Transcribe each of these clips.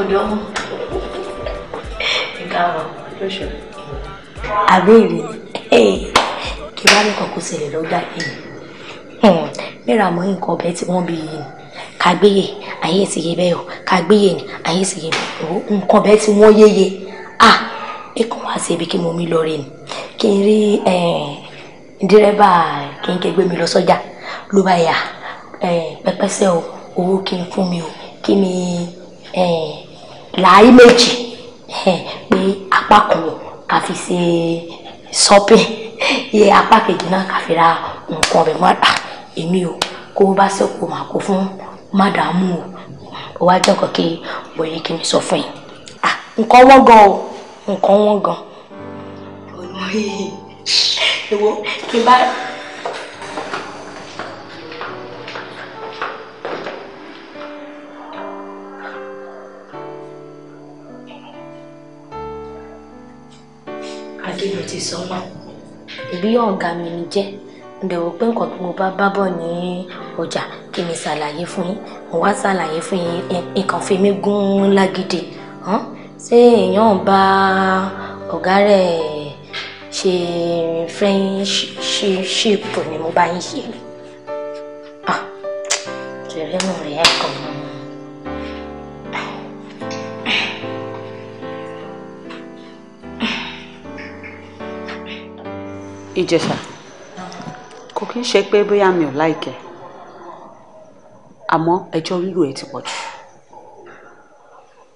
ọ̀dọ́ ìkàwọ̀ lóṣù àbẹ́rẹ́ kí wàá ní kọ̀kọ́ ṣẹlẹ̀ lọ́dà yìí hmm, mẹ́ra mọ́ nǹkan ọbẹ̀ tí wọ́n bí yìí kàgbéyè ayé ìsìyẹ bẹ́ẹ̀ o kàgbéyè ni ayé ìsìyẹ bẹ́ẹ̀ o nǹkan ọbẹ̀ tí wọ́n yéye à ẹ̀kan wá sí ibi kí mo mi lọ rẹ̀ ni kí n rí eh, dírẹ́bà kí n kẹgbẹ́ mi lọ sọ́jà. So ló bá yà pẹpẹsẹ o owó kí n fún mi o kí mi làáyí méjì pé apá kan o ká fi ṣe shopping iye apá kejì náà ká fi ra nǹkan rẹ̀ wá èmi o kó bá sẹ́kù mà kó fún mádàámù o wá jẹ́ nǹkan kí bòye kí n sọ fún yín nǹkan wọ́n gan o nǹkan wọ́n gan. ìwọ kí n bá mi ò ti sọ mọ́ ìbí ọ̀gá mi ni jẹ́ mo dẹ̀ wò pé nǹkan tí mo bá bá bọ̀ ní ọjà kí mi ṣàlàyé fún yín mo wá ṣàlàyé fún yín nǹkan fi mí gún lágídí ṣé èèyàn bá ọ̀gá rẹ̀ ṣe friendship ni mo bá yín ṣe. Ah, ṣe rẹ́mu rẹ̀ ẹ̀kan. ìjẹsà kò kí n ṣe pé bóyá mi ò láìkẹ àmọ́ ẹjọ́ rírò ẹ ti pọ̀ jù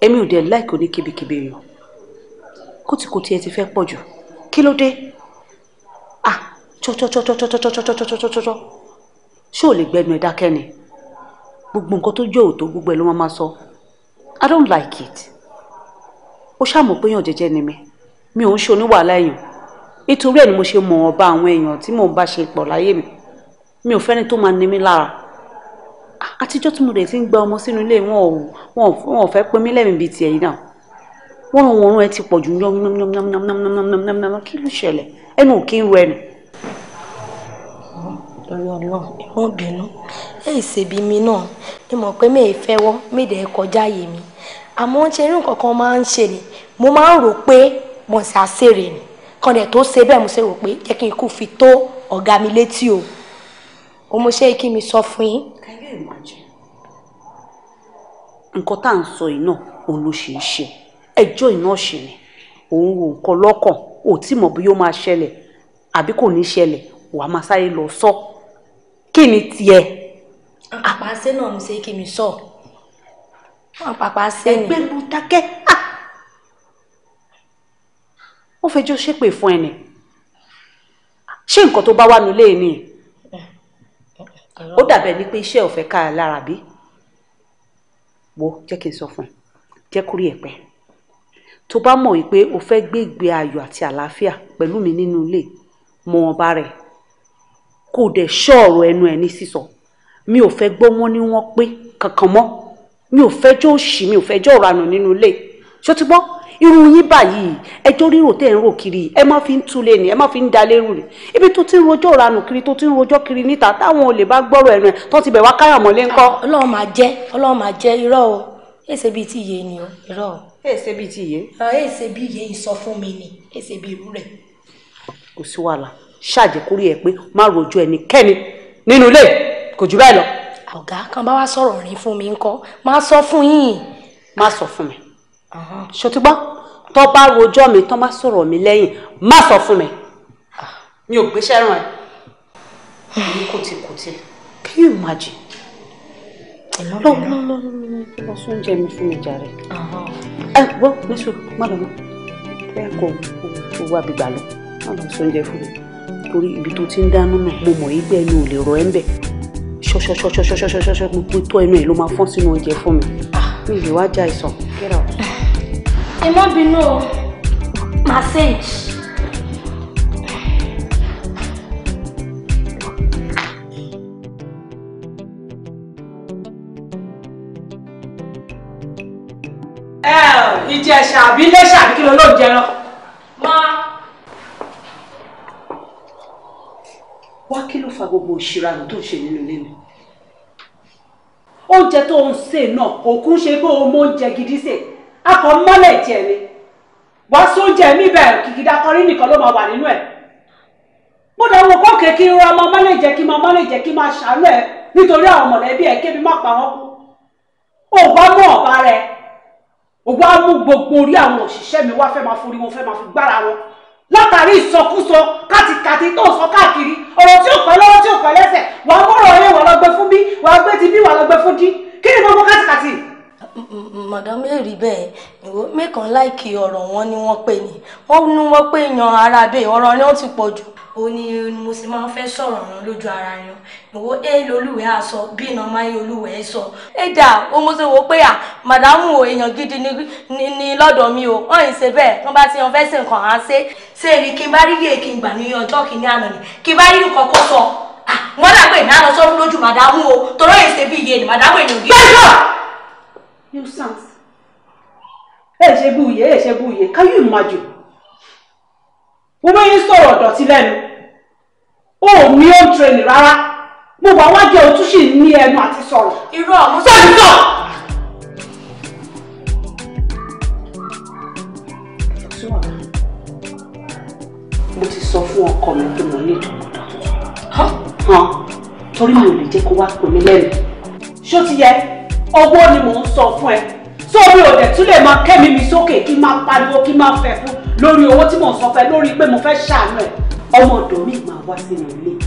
èmi ò dé láìkẹ oníkebèkebè yìí kùtìkùtì ẹ ti fẹ́ pọ̀ jù kí ló dé ah tọ́tọ́tọ́tọ́tọ́tọ́tọ́tọ́tọ́tọ́tọ́ ṣé ò lè gbẹnu ẹ dákẹ́ ni gbogbo nǹkan tó jẹ́ òótọ́ gbogbo ẹ ló máa máa sọ i don't like it ó ṣàmọ̀ pé yàn jẹ́jẹ́ ni mi mi ò ń ṣe oníwàhálà èèyàn nítorí ẹ̀ ni mo ṣe mọ̀ ọba àwọn èèyàn tí mò ń bá ṣe pọ̀ láyé mi mi ò fẹ́ni tó máa ní mi lára àtijọ́ tí mo dẹ̀ ti ń gba ọmọ sínú ilé wọn ò wọn ò fẹ́ pín mí lẹ́mìí bíi tiẹ̀ yìí náà wọ́n ràn wọ́n ẹ ti pọ̀ jù yánmúyánmúyánmúyánmúyánmúyánmúyánmú kan dẹ̀ tó ṣe bẹ́ẹ̀ mo ṣe rò pé jẹ́ kí n kú fi tó ọ̀gá mi létí o o mo ṣe kí mi sọ fún yín. Can you imagine? nǹkan tá à ń sọ yìí náà òun ló ṣe é ṣe ẹjọ́ iná ṣì ni òun wo nǹkan lọ́kàn ò tí mọ̀ bí ó máa ṣẹlẹ̀ àbí kò ní ṣẹlẹ̀ wàá máa sáré lọ sọ kí ni tiẹ̀. àpàṣẹ náà mo ṣe kí mi sọ àpàṣẹ ni. ẹgbẹ́ lu dákẹ́ ah! wọ́n fẹjọ́ ṣépè fún ẹ nì ṣé nǹkan tó bá wà nílé ni ó dàbẹ̀ ni pé iṣẹ́ ọ̀fẹ́ ká lára bí wo jẹ́ kí n sọ fún ẹ jẹ́ kúrí ẹ̀ pẹ́ tó bá mọ̀ wípé o fẹ́ gbé ìgbé ayọ̀ àti àlàáfíà pẹ̀lú mi nínú ilé mọ ọba rẹ̀ kò dẹ̀ ṣọ́ ọ̀rọ̀ ẹnu ẹ̀ ní sísọ mi ò fẹ́ gbọ́ wọ́n ní wọ́n pé kankan mọ́ mi ò fẹ́ jọ́ òṣì mi ò fẹ́ jọ́ ọ̀ranù nínú ilé ṣó ti gbọ́ irun yín báyìí ẹjọ́ rírò tẹ́ ń rò kiri ẹ má fi ń túlẹ̀ ni ẹ má fi ń dalé rù ni ibi tó ti ń rojọ́ ranù kiri tó ti ń rojọ́ kiri níta táwọn olè bá gbọ́rọ̀ ẹnu ẹ̀ tó ti bẹ̀ wá káyà mọ́lé ńkọ́. Ah, ọlọ́run máa jẹ́ ọlọ́run máa jẹ́ irọ́ o èsè bíi ti yé ni o irọ́ o. èsè bíi ti yé. èsè ah, bíi yé ìsọfún mi ni èsè bíi irú rẹ̀. kò sí wàhálà ṣàjẹkórí ẹ pé má rojọ́ ẹnikẹ́ni nínú ilé kò jù bẹ́ẹ̀ lọ. ọ̀gá kan bá wá sọ̀rọ̀ rí fún mi ńkọ́ má sọ fún yín. má sọ fún mi ṣòtúgbọ́ tó bá rojọ́ mi tó má sọ̀rọ̀ mi lẹ́yìn má sọ fún mi ah, mi ò gbéṣẹ́ ràn ẹ́ ní kùtìkùtì can you imagine lọ sún jẹ mi fún mi jàre ẹ gbọ́ níṣu má lọ mọ́ bẹ́ẹ̀ kò kò wá bìgbà lọ má lọ sún jẹ fún mi torí ibi tó ti ń dáná náà mo mọ̀ yí bẹ́ẹ̀ ni ò lè rọ ẹ́ ń bẹ̀ ṣọṣọṣọṣọṣọṣọṣọ gbogbo tó ẹnu ẹ̀ ló máa fọ́n sínú oúnjẹ fún mi ah. mi ìlú wá já ìsàn ẹ má bínú o massage. ìjẹ̀ṣà àbí lẹ́ṣà àbí kí ló ló jẹ lọ. wá kí ló fa gbogbo òṣìranù tó ń ṣe nínú ilé mi oúnjẹ tó ń sè náà kò kún ṣe bó o mọ oúnjẹ gidi sè akọ mọ́lẹ̀ tiẹ̀ ni wọ́n sóúnjẹ mi bẹ́ẹ̀ kìkìdá kọrí nìkan ló máa wà nínú ẹ̀ mo dẹ̀ wò kókè kí n ra ọmọ mọ́lẹ̀ jẹ́ kí n máa mọ́lẹ̀ jẹ́ kí n máa ṣàánú ẹ̀ nítorí àwọn mọ̀lẹ́bí ẹ̀ kébi má pa wọ́n kú ògbọ́n mọ́ ọ̀bá rẹ̀ ògbọ́n á mú gbogbo orí àwọn òṣìṣẹ́ mi wá fẹ́ máa forí wọn fẹ́ máa fi gbára wọn látàrí ìsọkúsọ kátìkàtì tó sọ káàkiri ọ̀rọ̀ tí ò pẹ́ lọ́wọ́ tí ò pẹ́ lẹ́sẹ̀ wàá gbọ́rọ̀ ẹ̀ wà lọ́gbẹ́ fún bí wàá gbé ti bí wàá lọ́gbẹ́ fún dí kí ni gbogbo kátìkàtì madam eri bẹ́ẹ̀ ìwọ mẹ́kàn láìkì ọ̀rọ̀ wọn ni wọ́n pè ní wọ́n ní wọ́n pè yan ara bẹ́ẹ̀ ọ̀rọ̀ ni wọ́n ti pọ̀ jù o ní mo sì máa ń fẹ́ sọ̀rọ̀ lójú ara yan ìwọ ẹ sọ bí iná máa yẹ ẹ sọ ẹ dà ni lọ́dọ̀ mi o wọ́n yìí ṣe bẹ́ẹ̀ wọ́n bá ti yan ṣe kí sọ ìnáwó sọ́run lójú o ṣe bí nuisance ẹ ṣe bí uyè ẹ ṣe bí uyè can you imagine mo bẹ́ yín sọ̀rọ̀ ọ̀dọ̀tí lẹ́nu ó ní ó ń tẹ̀lé rárá mo wà wájú ẹ̀ òtún sì ní ẹnu àti sọ̀rọ̀. irọ́ àwọn sọ́ọ̀dì sọ. mo ti sọ fún ọkọ mi pé mo ní ìdùnnú tuntun torí mi ò lè jẹ́ kó wá pè mí lẹ́nu ṣó ti yẹ owó ni mò ń sọ fún ẹ tó mi ò dẹ̀ tún lè máa kẹ́mi mi sókè kí n máa pariwo kí n máa fẹ́ fún lórí owó tí mò ń sọ fún ẹ lórí pé mo fẹ́ ṣàánú ẹ ọmọ ọ̀dọ̀ mi máa wá sínú ilé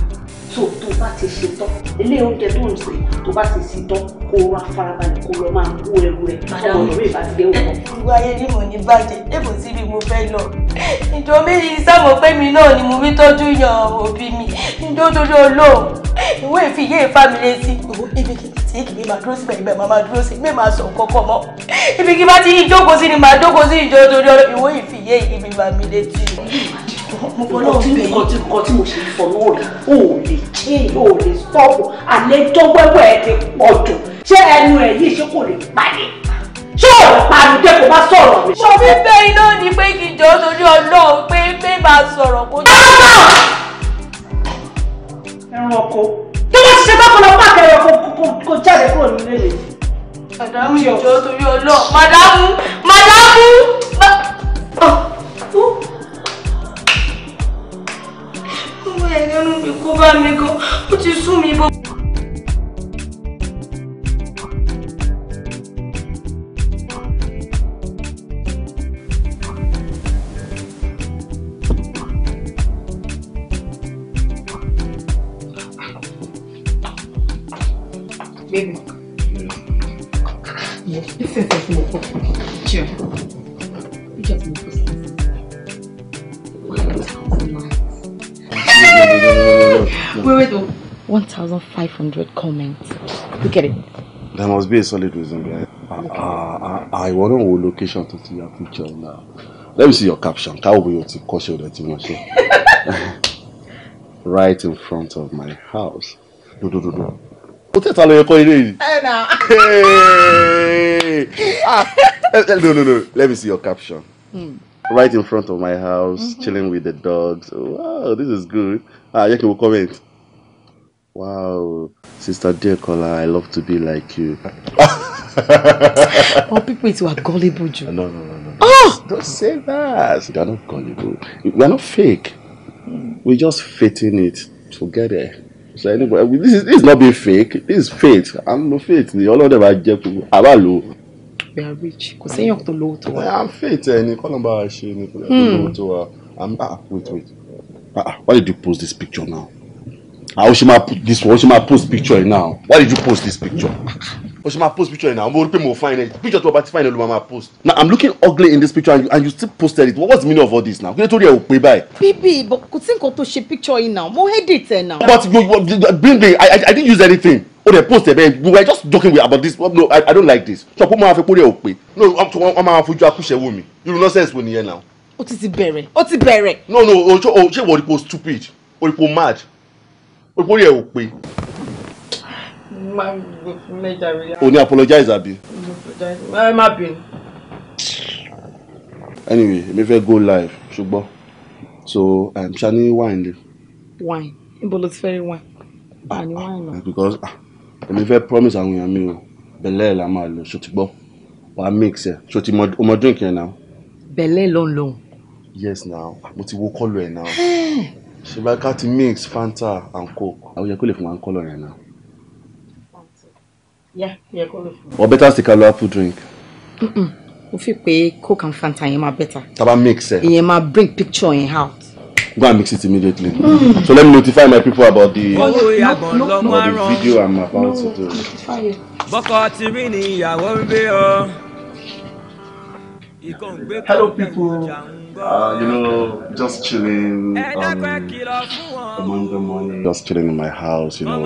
so tó bá ti ṣe tán ilé oúnjẹ tó ń sè tó bá ti ṣe tán kó wá farabalẹ̀ kó lọ máa kó ẹrù rẹ̀ ọmọ rẹ̀ bá ti dé wọn. gbogbo ayé ni mo ní bàjẹ́ débò sí mo fẹ́ lọ ìjọ méjì sábà pé mi náà ni mo fi tọ́jú yan òbí mi nítorí olóò ìwé ìfìyé ìfàmìlẹ̀ sí gbogbo ibikíbi tí kì máa dúró síbẹ̀ ibẹ̀ máa dúró sí mi máa sọ kọ́kọ́ mọ́ ibikíbi bá ti jókòó sí ni máa jókòó sí ìjọ torí ìwé ìfìyé ìbí létí nǹkan tí nǹkan tí mo ṣe fọ náà rí o ò lè jí o ò lè sọ́ọ̀bù àlejò wẹ́wẹ́ ẹ ti pọ̀ jù ṣé ẹnu ẹ yìí ṣé kò lè parí ṣé ò lè parí dé kò bá sọ̀rọ̀ mi. mo fi bẹ iná ni pé kí jọ torí ọlọ́run pé pé máa sọ̀rọ̀ kó. ẹran ọkọ tó bá ti ṣe bá kọlọ pàkẹ́ rẹ kó jáde kúrò nílé rẹ. màdàmú ìjọ torí ọlọ́run màdàmú màdàmú. ẹ̀ nínú mi kó bá mi gan ó ti sú mi bọ́. 1,500 comments. Look at it. There must be a solid reason behind okay. uh, I, I, I want to location to see your picture now. Let me see your caption. Ká wo ti kọ́ ṣe ọ̀dọ̀ tí wọ́n ṣe. Right in front of my house. Do do do do. What tẹ̀ta ló calling kọ́ ilé yìí. Ẹ nà. Ah, no, no, no. Let me see your caption. Hmm. Right in front of my house, mm-hmm. chilling with the dogs. Wow, this is good. Ah, you can comment. Wow, Sister Dear Caller, I love to be like you. All people who are gullible, you. No, no, no, no. Oh! Don't say that. They are not gullible. We are not fake. We just faith in it together. So anyway, this is, this is not being fake. This is faith. I'm no faith. The all of them are just abalo. We are rich. Kò sẹ́yìn ọ̀tọ̀ lówó tó wà. I'm faith ẹni eh, kọ́nàmbá ṣe ni kò hmm. lówó tó wà. I'm ah wait wait. Ah, ah, why did you post this picture now? ah o ṣe ma this one o ṣe post picture now why did you post this picture o ṣe ma post picture now mo rí pé mo fine ẹ picture to o fine ẹ ló ma post. Now i'm looking ugly in this picture and you, and you still posted it what's the meaning of all this now kí ló torí ẹ ò pé báyìí. bíbí ìbò kò sí nǹkan tó ṣe picture yìí now mo edit ẹ now. but you, you bring me i i, didn't use anything o de post ẹ we were just joking with about this no i, I don't like this so pé mo máa fi pórí ẹ ò pé no wọn máa fojú akúṣẹ̀ wò mí irú nonsense wo nìyẹn now. o ti ti bẹ̀rẹ̀ o ti bẹ̀rẹ̀. no no o ṣe wọ́n rí po stupid o rí po mad gbogbo yẹ ò pé. o ní apologize àbí. ẹ má bínú. anyway èmi fẹ́ go live ṣùgbọ́n so um, ṣá ní wine le. wine níbo ló ti fẹ́ rí wine. Ah, àní wine náà. Ah, because ah, èmi fẹ́ promise àwọn èèyàn mi o bẹ̀lẹ́ ẹ̀ la máa lò ṣó ti gbọ́ wàá mix ẹ̀ ṣó ti ọmọ drink yẹn náà. bẹ̀lẹ́ ló ń lòun. yes now mo ti wo kọ́lù ẹ̀ náà ṣùgbọ́n ká ti mix fanta and coke. àwọn yẹ kó lè fún wa ń kọ́lọ̀ yẹn náà. or better still ká lọ apple drink. mo fi pé coke and fanta yẹn máa better. taba mix ẹ. ìyẹn máa bring picture yẹn out. go and mix it immediately. Mm. so let me notify my people about the, oh, no, no, no, about the video I'm about no, to do. bọ́kọ ti rí ni ìyàwó ń gbé ọ. hello people. Uh, you know, just chilling um, among the money. just chilling in my house, you know.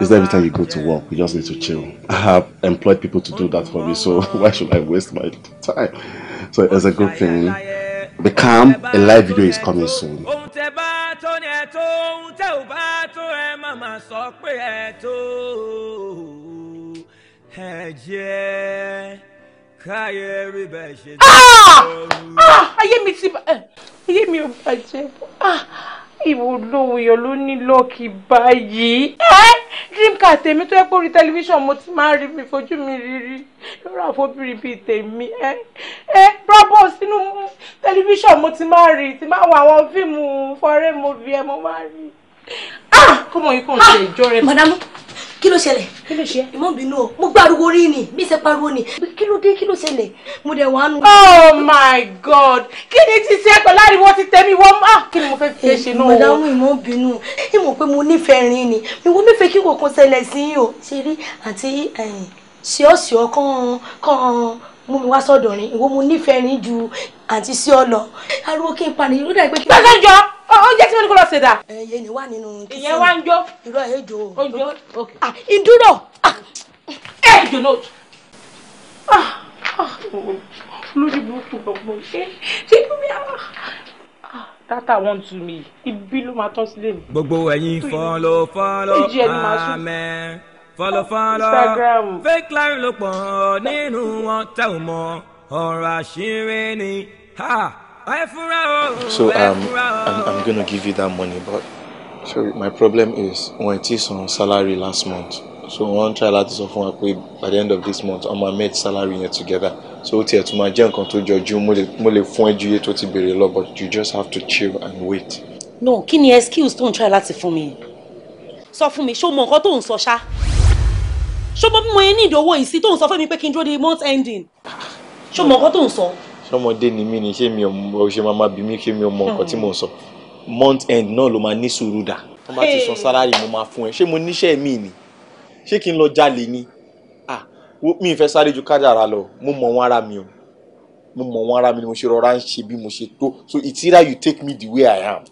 It's every time you go to work, you just need to chill. I have employed people to do that for me, so why should I waste my time? So it's a good thing. Be calm, a live video is coming soon. Yeah. káyé rí bẹ́ẹ̀ ṣe tó ah! rú. Ah! Ah! ayé mi ti ayé mi ò bàjẹ́ ìwò olówó yọ ló ní lọ́ọ̀kì báyìí. Eh! dreamcar tèmi tó yẹ kó rí tẹlifíṣàn mo ti máa ń rí mi fojú mi rírí lórí àfọ́bìnrin bíi tèmi. Eh! Eh! bravo sínú tẹlifíṣàn mo ti máa ń rí ti máa wọ àwọn fíìmù fọrẹ́ mo fi ẹ mo máa ń rí. kọ́mọ yìí kàn ṣe ìjọ rẹ. màdàmú kí ló ṣẹlẹ̀ kí ló ṣe ìmọ̀ bínú o mo gbàrúwò rí ni mi ṣe pariwo ni kí ló dé kí ló ṣẹlẹ̀ mo dẹ̀ wá nù. oh my god kí ni ti ṣe pẹ̀lú ariwo ti tẹ̀mí wọ́n mọ́ ah, kí ni mo fẹ́ fi ṣe náà o. mọ̀dáhùn ìmọ̀ bínú ìmọ̀ pé mo nífẹ̀ẹ́ rin ni mi wọ́n nífẹ̀ẹ́ kí kòkó ṣẹlẹ̀ sí yìí o ṣe rí àti eh, ṣíọ́ṣíọ́ kàn kàn mú mi wá sọ́dọ̀ rìn ìwọ mo nífẹ̀ẹ́ rìn ju àǹtí sí ọ lọ ariwo kí n pa nìyí ló dà pé kí n. gbàgbé jọ oúnjẹ tí mo ní kó lọ ṣe dà. ẹyẹ ni wà nínú. ìyẹn wá ń jó. irọ́ ẹ̀ jò. ó jó ok. ìdúró. ẹ jò náà. Ah, ah, ah, lórí burúkú gbọ̀ngbọ̀n ṣé ṣé kí mi á tata one two mi ibi ló máa tọ́ sílé mi. gbogbo ẹ̀yin fọ́n ló fọ́n ló amẹ́ fọlọfọlọ fake life ló pọ̀ nínú wọn tá ò mọ̀ ọ̀rọ̀ àṣírí ni So um, I'm, I'm gonna give you that money but sorry my problem is when it is on salary last month so one trial at sọ fún wa pé by the end of this month I'm I made salary yẹn together so ó tiẹ̀ tún máa jẹ́ nǹkan tó jọjú mo lè fún ẹ ju iye tó ti béèrè lọ but you just have to chill and wait. no kí ni excuse tó ń try láti fún mi sọ fún mi ṣé o mọ nǹkan tó ṣọmọ bí mo yẹn ní ìdówó yìí sí tó ń sọ fún mi pé kí n dúró de month ending ṣọmọ nǹkan tó ń sọ. ṣọmọdé ni mí ni ṣé mi ò ṣe máa ma bí mi ṣé mi ò mọ nǹkan tí mò ń sọ month end náà ló máa ní sùúrù dà wọ́n bá ti sọ sálárì mo máa fún ẹ ṣé mo níṣẹ́ mi ni ṣé kí n lọ jalè ni ah mi ì fẹ́ sáré ju kádàrá lọ mo mọ̀ wọ́n ara mi o mo mọ̀ wọ́n ara mi ni mo ṣe rọra ń ṣe bí mo ṣe tó so it's either you take me the way I am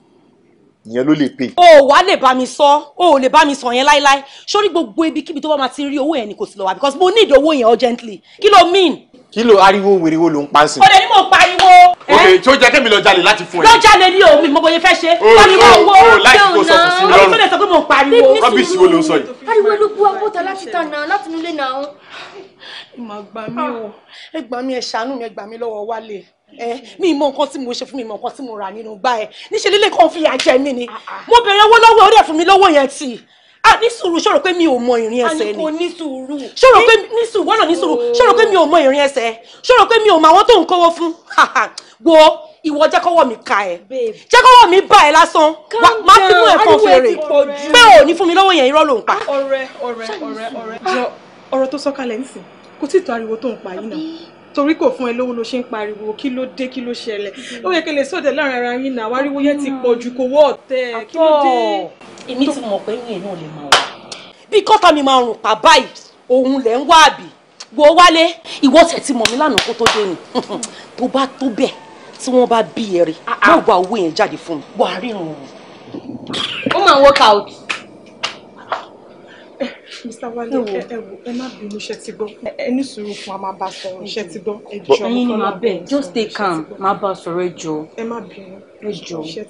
ìyẹn ló lè pè. o ò wá lè bá mi sọ o ò lè bá mi sọ yẹn láíláí sórí gbogbo ibikíbi tó bá máa ti rí owó yẹn ni kò sí lọ wá because mo need owó yẹn urgently kí ló mean. kí ló ariwo wèrè wo ló ń pa sí. o lè ní mò ń pariwo. òkè eh? tí ó jẹ kémi lọ jalè láti fún ẹ. lọ jalè ni òun mi mo bóyá fẹ́ ṣe. o o o láì kó sọ fún sí lọ́rùn. ọbí tó lè sọ pé mò pariwo. rọ́bìsì wo ló ń sọ yìí. ariwo ló bu abóta láti tàn náà láti nulẹ̀ náà ẹ máa gbà mí ah. o ẹ gbà mí ẹ ṣàánú mi ẹ gbà mí lọ́wọ́ wálé ẹ mi mọ nǹkan tí mo ṣe fún mi mọ nǹkan tí mo rà nínú gbá ẹ níṣẹ́ lílé kan fi àjẹ mi ni ah, ah. mo bẹ̀rẹ̀ owó lọ́wọ́ orí ẹ̀ fún mi lọ́wọ́ yẹn tì a ní sùúrù ṣòro pé mi ò mọ ìrìn ẹsẹ̀ ni a ní kò ní sùúrù ṣòro pé ní sùúrù wọ́n náà ní sùúrù ṣòro pé mi ò mọ ìrìn ẹsẹ̀ ṣòro pé mi ò mọ àwọn tó ń kówó fún wo ìwọ jẹ́ kọ́wọ́ mi ka ẹ̀ jẹ́ kọ́wọ́ mi bá ẹ lásán má fi mú ẹ̀kan fèrè pé ò ní fún mi lọ́wọ́ yẹn irọ́ ló ń pa. ọ̀rẹ́ ọ̀rẹ́ ọ̀rẹ́ ọ̀rẹ́ ọ̀rọ̀ tó sọ́kalẹ̀ ń sìn kò tí ì tó ariwo tó ń pa yìí náà torí kò fún ẹ lówó ló ṣe ń pariwo kí ló dé kí ló ṣẹlẹ̀ ó yẹ kí lè sọ̀tẹ̀ láàrin ara yín náà wáríwó yẹn ti pọ̀ ju kò wọ́ ọ̀tẹ̀ kí ló dé. èmi ti mọ̀ pé yín náà lè máa wà. bí kọ́tà mi máa rùn pa báyìí òun lẹ̀ ń wá àbí wo wálé ìwọ tẹ̀ ti mọ̀ mí lánàá kó tó dé ni tó bá tó bẹ̀ tí wọ́n bá bí ẹ̀rí má ah, ah. gba owó yẹn jáde fún mi. wàá ríran work out mr wale ẹ wo ẹ má bínú ṣe ti gbọ́ ẹ sùúrù fún a máa bá sọ̀rọ̀ ṣe ti gbọ́ ẹyin ni màá bẹ̀ just stay calm má bá sọ̀rọ̀ ẹ jọ ẹ má bínú ẹ jọ ṣé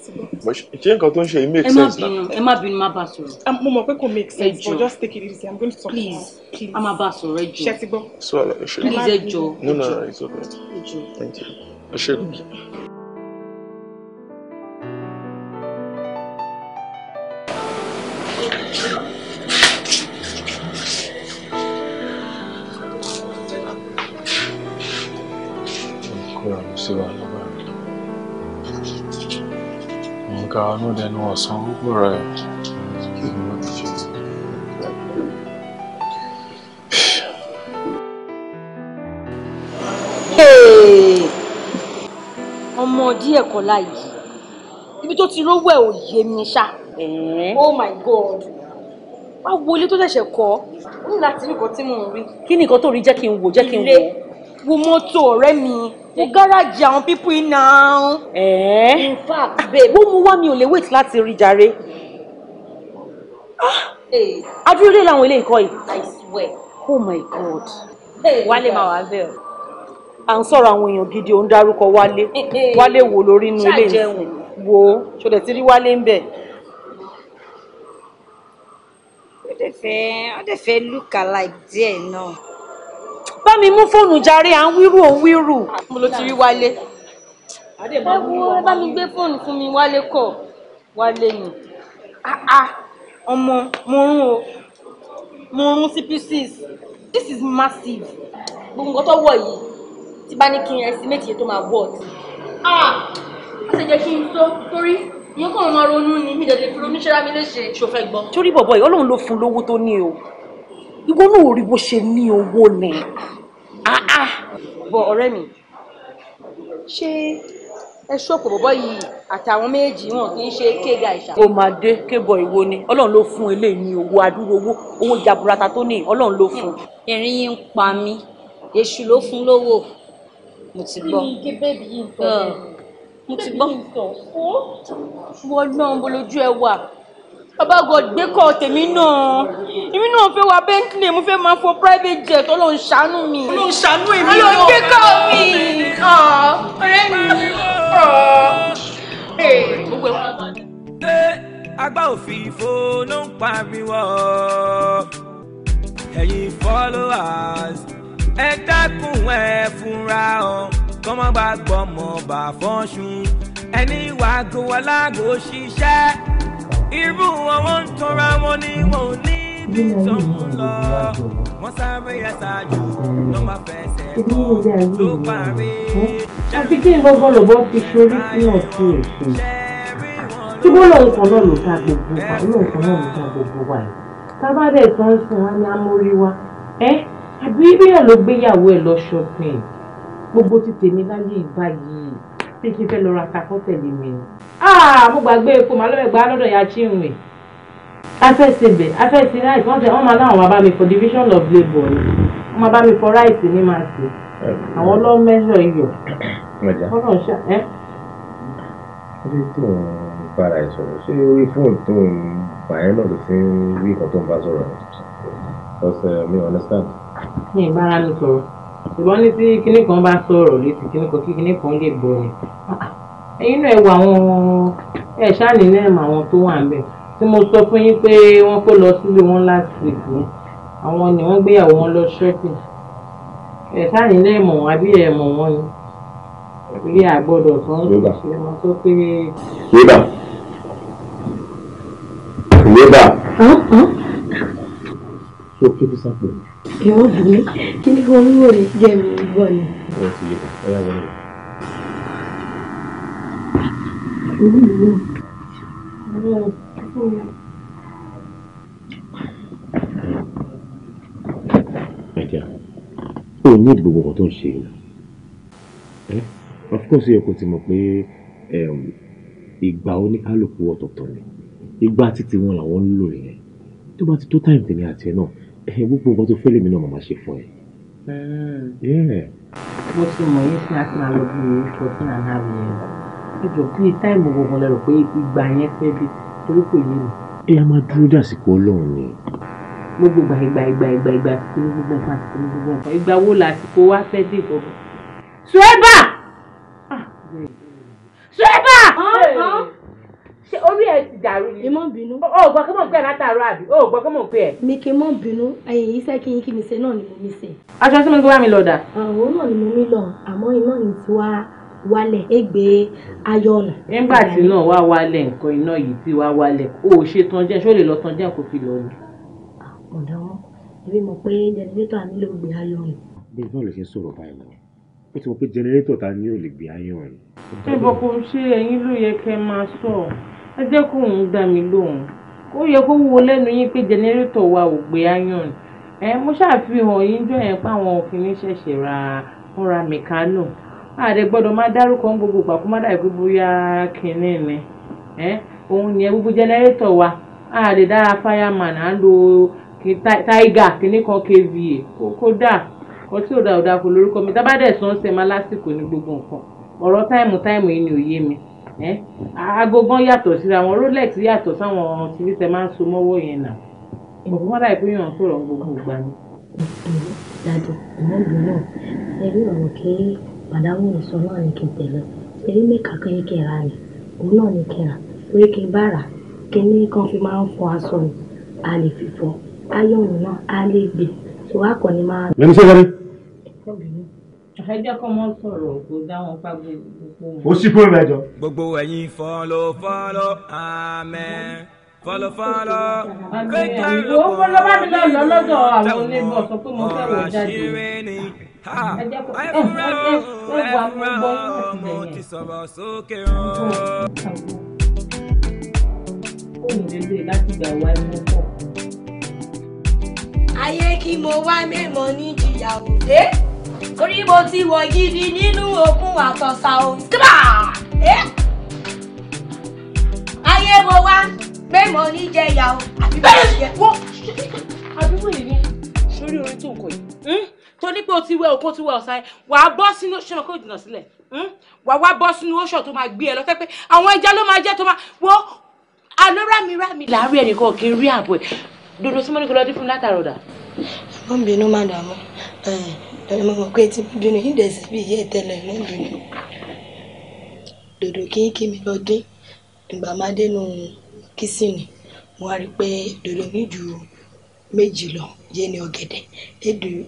nǹkan tó ń ṣe yìí make sense na. ẹ má bínú má bá sọ̀rọ̀. Ah, mo mọ̀ pé kò make sense but just take it easy i'm going to talk to you. a má bá sọ̀rọ̀ ẹ jọ ṣe ti gbọ́. Uh, please ẹ jọ. no no it's okay. ẹ jọ. Thank you. sí wàhálà báyìí nǹkan ọ̀nà ìdẹnu ọ̀sán púpọ̀ rẹ̀ kí ni wọ́n ti ṣe. oh my god wá wo ilé tó ṣẹ̀ṣẹ̀ kọ́ ó ní láti rí wo mọ́tò ọ̀rẹ́ mi wo gáràjì àwọn pípú iná. ẹ̀ẹ́ in fact babe ó mú wá mi ò lè wait láti rí jàre. Ah. adúlélé làwọn ilé ìkọ́ yìí. I swear. oh my god. wálé máa wá bẹ́ẹ̀ o. à ń sọ̀rọ̀ àwọn èèyàn gidi ò ń dárúkọ wálé eh, eh. wálé wò lórí inú ilé yìí wo ṣọlẹ̀ tí rí wálé ń bẹ̀. ó dẹ̀ fẹ́ ó dẹ̀ fẹ́ look alike díẹ̀ náà bá mi mú fóònù jàre à ń wírù ò ń mo ló ti rí wálé. bá mi gbé fóònù fún mi wálé kọ wálé ni ah, ah, ọmọ mo rún o mo rún cp6 this is massive gbogbo nǹkan tó wọ̀ yìí tí bá ní kí n estimate yẹn tó máa wọ̀ ọ́ ah ó sì jẹ́ kí n tó torí ìyókùn ọmọ ronú ni mi dẹ̀ lè fi ronú ṣẹ́ra mi léṣe. ṣòfẹ́ gbọ́. torí bọ̀bọ̀ yìí ọlọ́run ló fún lówó tó ní o ìwọ náà ò rí bó ṣe ní owó ni ah, ah. bọ ọ̀rẹ́ mi ṣé ẹ ṣọ́ọ̀pù bọ̀bọ̀ yìí àtàwọn méjì wọn kì í ṣe kéga ìṣà. o máa dé kébọ ìwo ni ọlọ́run ló fún eléyìí ní owó adúrú owó owó jaburata tó ní ọlọ́run ló fún. ẹ̀rín yìí ń pa mí èṣù ló fún lówó mo ti gbọ́. kí ni ike bẹ́ẹ̀bì yìí ń tọ́ mo ti gbọ́. wọ́n náà ń bolojú ẹ wà bàbá god gbé kọ́ tèmi náà èmi náà fẹ́ wá bentley mo fẹ́ máa fọ private jet ọlọ́run ṣàánú mi. ọlọ́run ṣàánú èmi náà ọlọ́run gbé kọ́ mi ah, ọ̀rẹ́ mi ah. eh, gbogbo ẹ̀ agbá òfin ìfowóná ń pariwo ẹ̀yin followers ẹ dákun ẹ fúnra ọ kọ́mọ́ gbàgbọ́ mọ̀ bá fọ́nṣun ẹni wàá gbowó aláàgó ṣiṣẹ́ irú àwọn ń tanra wọn ni wọn ò ní ibi tó ń lọ wọn sáré aṣáájú ló máa fẹsẹ̀ bọ̀ ló parí. àti kí n gbọ́gbọ́ lọ́bọ́ fi sórí sí ọ̀sìn èso tí wọ́n kan náà ló ta gbogbo wa lọ́n kan náà ló ta gbogbo wa yìí tábà dẹ̀ tó sùn wá ní amórí wa ẹ́ àbí bíyà ló gbéyàwó ẹ̀ lọ shopping gbogbo ti tèmi láyé ìbáyìí bí kí n fẹ́ lọ ra kakọ́ tẹ̀lé mi ni. Ah, mo gbàgbé epo màá lọ́wọ́ ẹgbàá lọ́dọ̀ ya chinwe afẹ́sẹ̀ bẹ̀ afẹ́sẹ̀ ráìtì wọ́n tẹ wọ́n máa láwọn wá bá mi for division of labour ni wọ́n máa bá mi for right ní màá sí àwọn ọlọ́mẹ́sọ̀ iyọ̀ ọlọ́run ṣá ẹ́. ṣé tó ń bára ẹ sọ̀rọ̀ ṣé orí fóònù tó ń bà ẹ́ náà ló fi ń rí nǹkan tó ń bá sọ̀rọ̀ ọ̀sẹ̀ uh, mi understand. mi ì mi sọ̀rọ̀ ṣùgbọ́n ní tí kinní kan bá sọ̀rọ̀ létí kinní kan kí kinní kan lè gbọ́ ni ah, ah, ẹ̀yin náà ẹ wọ àwọn ẹ ṣáàní náà mọ àwọn tó wà níbẹ̀ tí mo sọ fún yín pé wọ́n kó lọ sílé wọn láti ìlú àwọn ni wọ́n gbéyàwó wọn lọ shopping ẹ ṣáàní náà mọ̀ wọn àbí ẹ mọ̀ wọn ni ilé àgbọ̀dọ̀ kan ṣe wọn tó pé. yébà yébà ṣé o kébí sápò ni. ìwọ bù mí kí ni wọn wò lè jẹ mi gbọ ni. ẹ ti yẹ ẹ yà o ní gbogbo ọ̀rọ̀ ń ṣe yìí. Of course, yẹ kó ti mọ̀ pé ìgbà oníkálukú ọ̀tọ̀ọ̀tọ̀ ni. Ìgbà títí wọn làwọn ń lò yẹn. Tó bá ti tó táìmù tèmi àti ẹ náà, gbogbo nǹkan tó fẹ́ lèmi náà màmá ṣe fún ẹ. mo ti na yín sí àti máa lọ bí mi sọ sí àná mi yẹn ẹjọ kí ni táìmù gbọngàn lẹrọ pé ìgbà yẹn pẹ́ bí torí kò yé mi. ẹ a máa dúró dàsìkò Ọlọ́run ni. gbogbo ìgbà ìgbà ìgbà ìgbà ìgbà àsìkò ní gbogbo nǹkan àsìkò ní gbogbo nǹkan ìgbà wo làsìkò wá fẹ́ dé ìbọ̀bọ̀. sueba sueba ṣé orí ẹ ti dàrú ni. ìmọ̀ bínú. o gbọ́ kí mò ń pè látàárọ̀ àbí o gbọ́ kí mò ń pè ẹ̀. mi kì í mọ̀ bínú ẹ̀yìn yìí sẹ́ kí n kí mi ṣe náà ni mo mi ṣe. aṣọ tí mo gbé wá mi lọ dà. àwọn náà ni mo mi lọ àmọ́ iná mi ti wá wálẹ̀ égbé ayọ̀nà. nígbà tí náà wá wálẹ̀ nǹkan iná yìí ti wá wálẹ̀ o ò ṣe tán jẹ́ ṣó lè lọ tán jẹ́ kó fi lọ ni. ọ̀dà wọn ẹbí mọ̀ pé jẹnẹrétọ̀ àmì ló gbé ayọ̀nà. bẹ́ẹ̀ náà lè ṣe sọ̀rọ̀ báyìí lọ ó ti mọ̀ pé jẹnẹrétọ̀ ta ni ò lè gbé ayọ̀nà. ṣé bọ́kọ̀ ṣé ẹ̀yin ló yẹ kẹ́ máa sọ ẹ jẹ́ kó òun dá mi lóhùn ó yẹ kó wúwo lẹ́nu yín pé jẹnẹrétọ̀ wa ò gbé iron ẹ mo ṣàfihàn yín jọ yẹn pé àwọn òfin ṣẹ̀ṣẹ̀ ra múra mẹ̀kánù àdẹ gbọ́dọ̀ máa dárúkọ ń gbogbo ìgbà kó má dàbí bóyá kìnínní ni ẹ òun ni ẹ gbogbo jẹnẹrétọ̀ wa àdẹ dára fireman à ń lo tiger kìnní kan kva kódà kan tí ò dá ò dá kò lórúkọ mi tábàdẹ̀ sọ́nsẹ̀ máa lásìkò ní gbogbo nǹkan ọ̀rọ̀ táìmù táìmù yìí ni ò yé mi. Eh? aago gan yàtọ̀ síra wọn rolex yàtọ̀ sáwọn tìbí tẹ máa ń so mọ́wọ́ yẹn nà bọ̀bọ̀ wọn dàbí pé yàn sọ̀rọ̀ gbogbo ìgbà ni. dàdù ìmọ̀gbìn náà ẹ rí ọ̀rọ̀ kí bàdámù sọ náà ní kí n tẹ̀lé ẹ mẹ́ka kan ní kẹra ni òun náà ní kẹra orí kí n bá rà kí ní kan fi máa ń fọ aṣọ ni a lè fi fọ ayọ̀nù náà a lè gbè tó wà kàn ní máa. lẹ́nu sẹ́yìn ẹjọ́ kọ́ mọ́ sọ̀rọ̀ kò dáhùn pa gbogbo. ó sì kúrò lẹ́jọ́. gbogbo ẹ̀yin fọ́lọ́ fọ́lọ́ amẹ́ fọ́lọ́ fọ́lọ́. mi lọ lọ lọ́dọ̀ àwọn oníbọ̀ sọ pé mo fẹ́ wò jáde. ẹjẹ́ kọ́ ẹ ẹ ẹ wà mí gbọ́ láti bẹ̀yẹn. ó ń délé láti gbà wá ẹmu pọ̀. ayé kí mo wá mẹ́mọ́ ní ìyàwó dé orí mo ti wọ̀ gidi nínú òkun àtọ̀sà o. Eh? ayé mo wá pé mo ní jẹ ìyá o àbí mo ní jẹ. àbí mo lè ní sórí orin tó ń kọ yìí hmm? tó ní pé o ti wẹ òkun ti wẹ ọ̀sán yẹn wà á bọ́ sínú ṣọ́nà kó jìnnà sílẹ̀ hmm? wà á wá bọ́ sínú oṣù tó máa gbé ẹ lọ́tẹ́ pé àwọn ẹja ló máa jẹ́ tó máa wọ́ àlọ́ rámi rámi. láàárín ẹnìkan kì í rí ààbò ẹ̀ dodo sí mọ́nìkọ́ lọ́dún fún látàrọ̀dà. wọ́n bínú má dààmú pẹ̀lú mọ̀ pé tí mo bínú yìí dẹ̀sí bí ìyá ìtẹ́lẹ̀ ló ń bínú dòdò kí kí mi lọ dín ìgbà máa dénú kìsìnì mo wá rí i pé dòdò mi ju méjì lọ yé ni ọ̀gẹ̀dẹ̀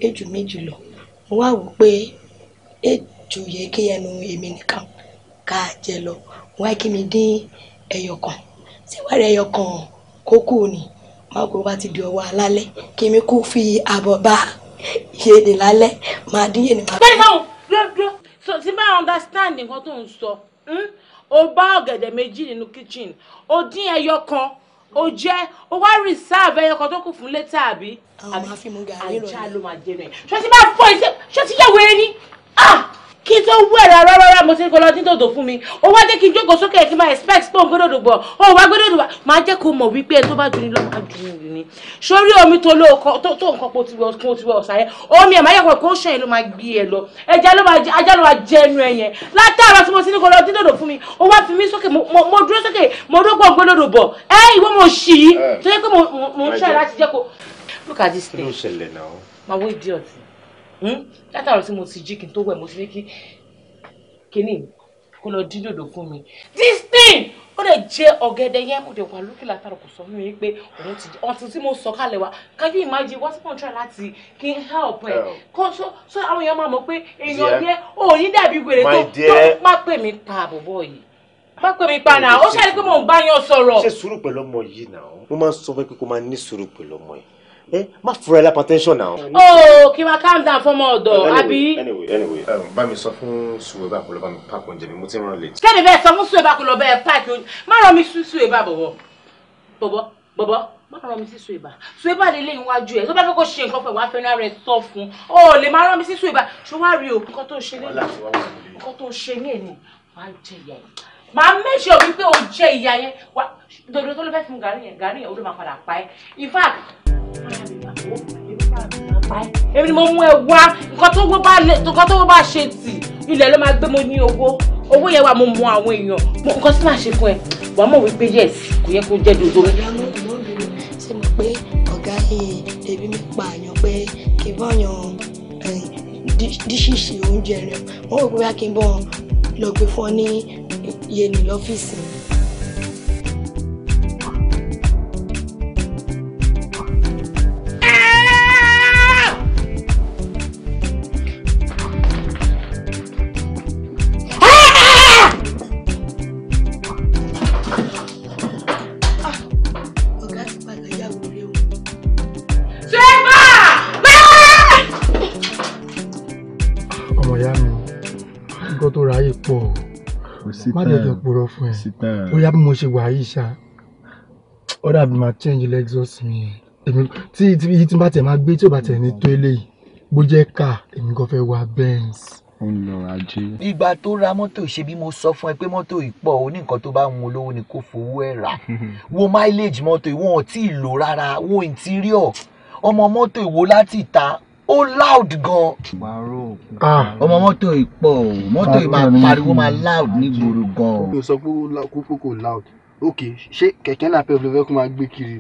èjù méjì lọ mo wá wò pé èjù yẹ kí ẹnu èmi nìkan ká jẹ lọ mo wá kí mi dín ẹyọ kan síwárẹ̀ ẹyọ kan kókù ni wọn kò ti di ọwọ́ alálẹ̀ kí mi kú fi àbọ̀ bá a iye ni lálẹ́ máa dín yé ni máa. bẹ́ẹ̀ báwo dúró dúró so ti bá understand nǹkan tó ń sọ hmm? o bá ọ̀gẹ̀dẹ̀ méjì nínú kitchen o dín ẹyọ kan o jẹ o wá reserve ẹyọ kan tó kù fún later àbí. àwọn máa fi mú gàrí rọ àìjá ló máa jẹ rẹ ṣé ti máa fọ iṣẹ́ ṣé ti yẹ wẹ́rẹ́ ni. Ah! kí n tó wú ẹ̀rọ rárá mo ti kọ́ lọ dín fún mi ó wá dé kí n jókòó sókè kí n máa expect pé òun gbé dòdò bọ̀ ó wá gbé dòdò bọ̀ máa jẹ́ kó mọ̀ wípé ẹni tó bá dunni lọ́ọ́ máa ni sórí omi tó ló tó nǹkan kó ti wọ ọ̀sà yẹn omi ẹ̀ máa yẹ̀kọ̀ kó ṣẹ̀yìn ló máa gbé ẹ lọ ẹja ló máa ajá ló máa jẹ ẹnu ẹ yẹn látàárọ̀ tí mo ti kọ́ lọ dín fún mi ó wá fi mí sókè mo mo dógbò eh. look at this thing. Hmm? látàrọ̀ tí mo ti jí kí n tó wẹ̀ mo ti ní kí kíní kó lọ dín dòdò fún mi this thing ó lè jẹ ọ̀gẹ̀dẹ̀ yẹn mo dẹ̀ wà lókè látàrọ̀ kò sọ fún mi pé òun ti ọtí tí mo sọ kalẹ̀ wa can you imagine wọ́n ti kàn láti kí n help ẹ̀ kó so so àwọn èèyàn máa mọ̀ pé èèyàn yẹn òní dàbí wèrè tó tó má pè mí pa àbọ̀bọ̀ yìí má pè mí pa náà ó ṣàlẹ́ mò ń bá yàn sọ̀rọ̀. ṣé sùúrù pẹ̀lú ọmọ yìí náà mo máa ń sọ fún ẹ pé kó máa ní sùúrù pẹ̀lú ọmọ yìí ẹ eh, má fura ẹ lápọn tẹ́ńsọ̀n náà. ooo oh, kí n calm down fún ọmọ ọ̀dọ̀ àbí. anyway anyway um, bá mi sọ fún sùwé bá kò lọ bá mi pààkì oúnjẹ mi mo ti ń rán late. kẹ́ni bẹ́ẹ̀ sọ fún sùwé bá kò lọ bẹ́ẹ̀ pààkì oúnjẹ má rán mi sí sùwé bá bọ̀bọ̀ bọ̀bọ̀ bọ̀bọ̀ má rán mi sí sùwé bá sùwé bá lélẹ̀ iwájú ẹ̀ tó bá fẹ́ kó ṣe nǹkan fún ẹ̀ wá fẹ́ràn rẹ̀ sọ fún o lè má rán mi sí sùwé bá ṣó wá rí o nǹkan tó ṣe lẹ́yìn nǹkan tó ṣe ní ẹ̀yìn wá jẹ ìyá yẹn màá méjì ò wípé o jẹ ìyá yẹn wá dòdò tó ló fẹ́ fún gàrí yẹn gàrí yẹn ó ló máa padà pa ẹ́ in fact èmi ni mo mú ẹ wá nǹkan tó wọ́n bá ṣe tì ilẹ̀ ló máa gbé mo ní owó owó yẹn wà mo mọ àwọn èèyàn nǹkan tí màá ṣe fún ẹ wàá mọ̀ wípé yes kò yẹ kó jẹ́ dodo. ṣe mo pé ọ̀gá yìí ẹbí mi pa àyàn pé kì í bọ̀yàn díṣìṣì oúnjẹ rẹ̀ wọ́n rò pé kí n bọ̀ lọ gbé fún ọ ní yẹnì lọ́fíìsì mi. má dẹ̀jẹ̀ purọ́ fún ẹ bóyá bí mo ṣe wà yìí ṣá ọ̀dà bí máa change lexus mi èmi tí iye tí n bá tẹ̀ máa gbé tí ò bá tẹ̀ ní tó eléyìí bó jẹ́ ká èmi kan fẹ́ wá benz. ó ń lọ ajé. ìgbà tó ra mọ́tò ṣe bí mo sọ fún ẹ pé mọ́tò ìpọ̀ ó ní nǹkan tó bá wọn olówó ni kò fowó ẹ̀ rà wo mileage mọ́tò ìwọ̀n ò tí ì lò rárá wo interior ọmọ mọ́tò ìwo láti ìta ó loud gan. Ah. ọmọ mọ́tò yìí pọ̀ o mọ́tò yìí máa pariwo máa loud nígboro gan. mi ò sọ pé kókó loud ok ṣé kẹ̀kẹ́ náà pẹ̀lú fẹ́ kó máa gbé kiri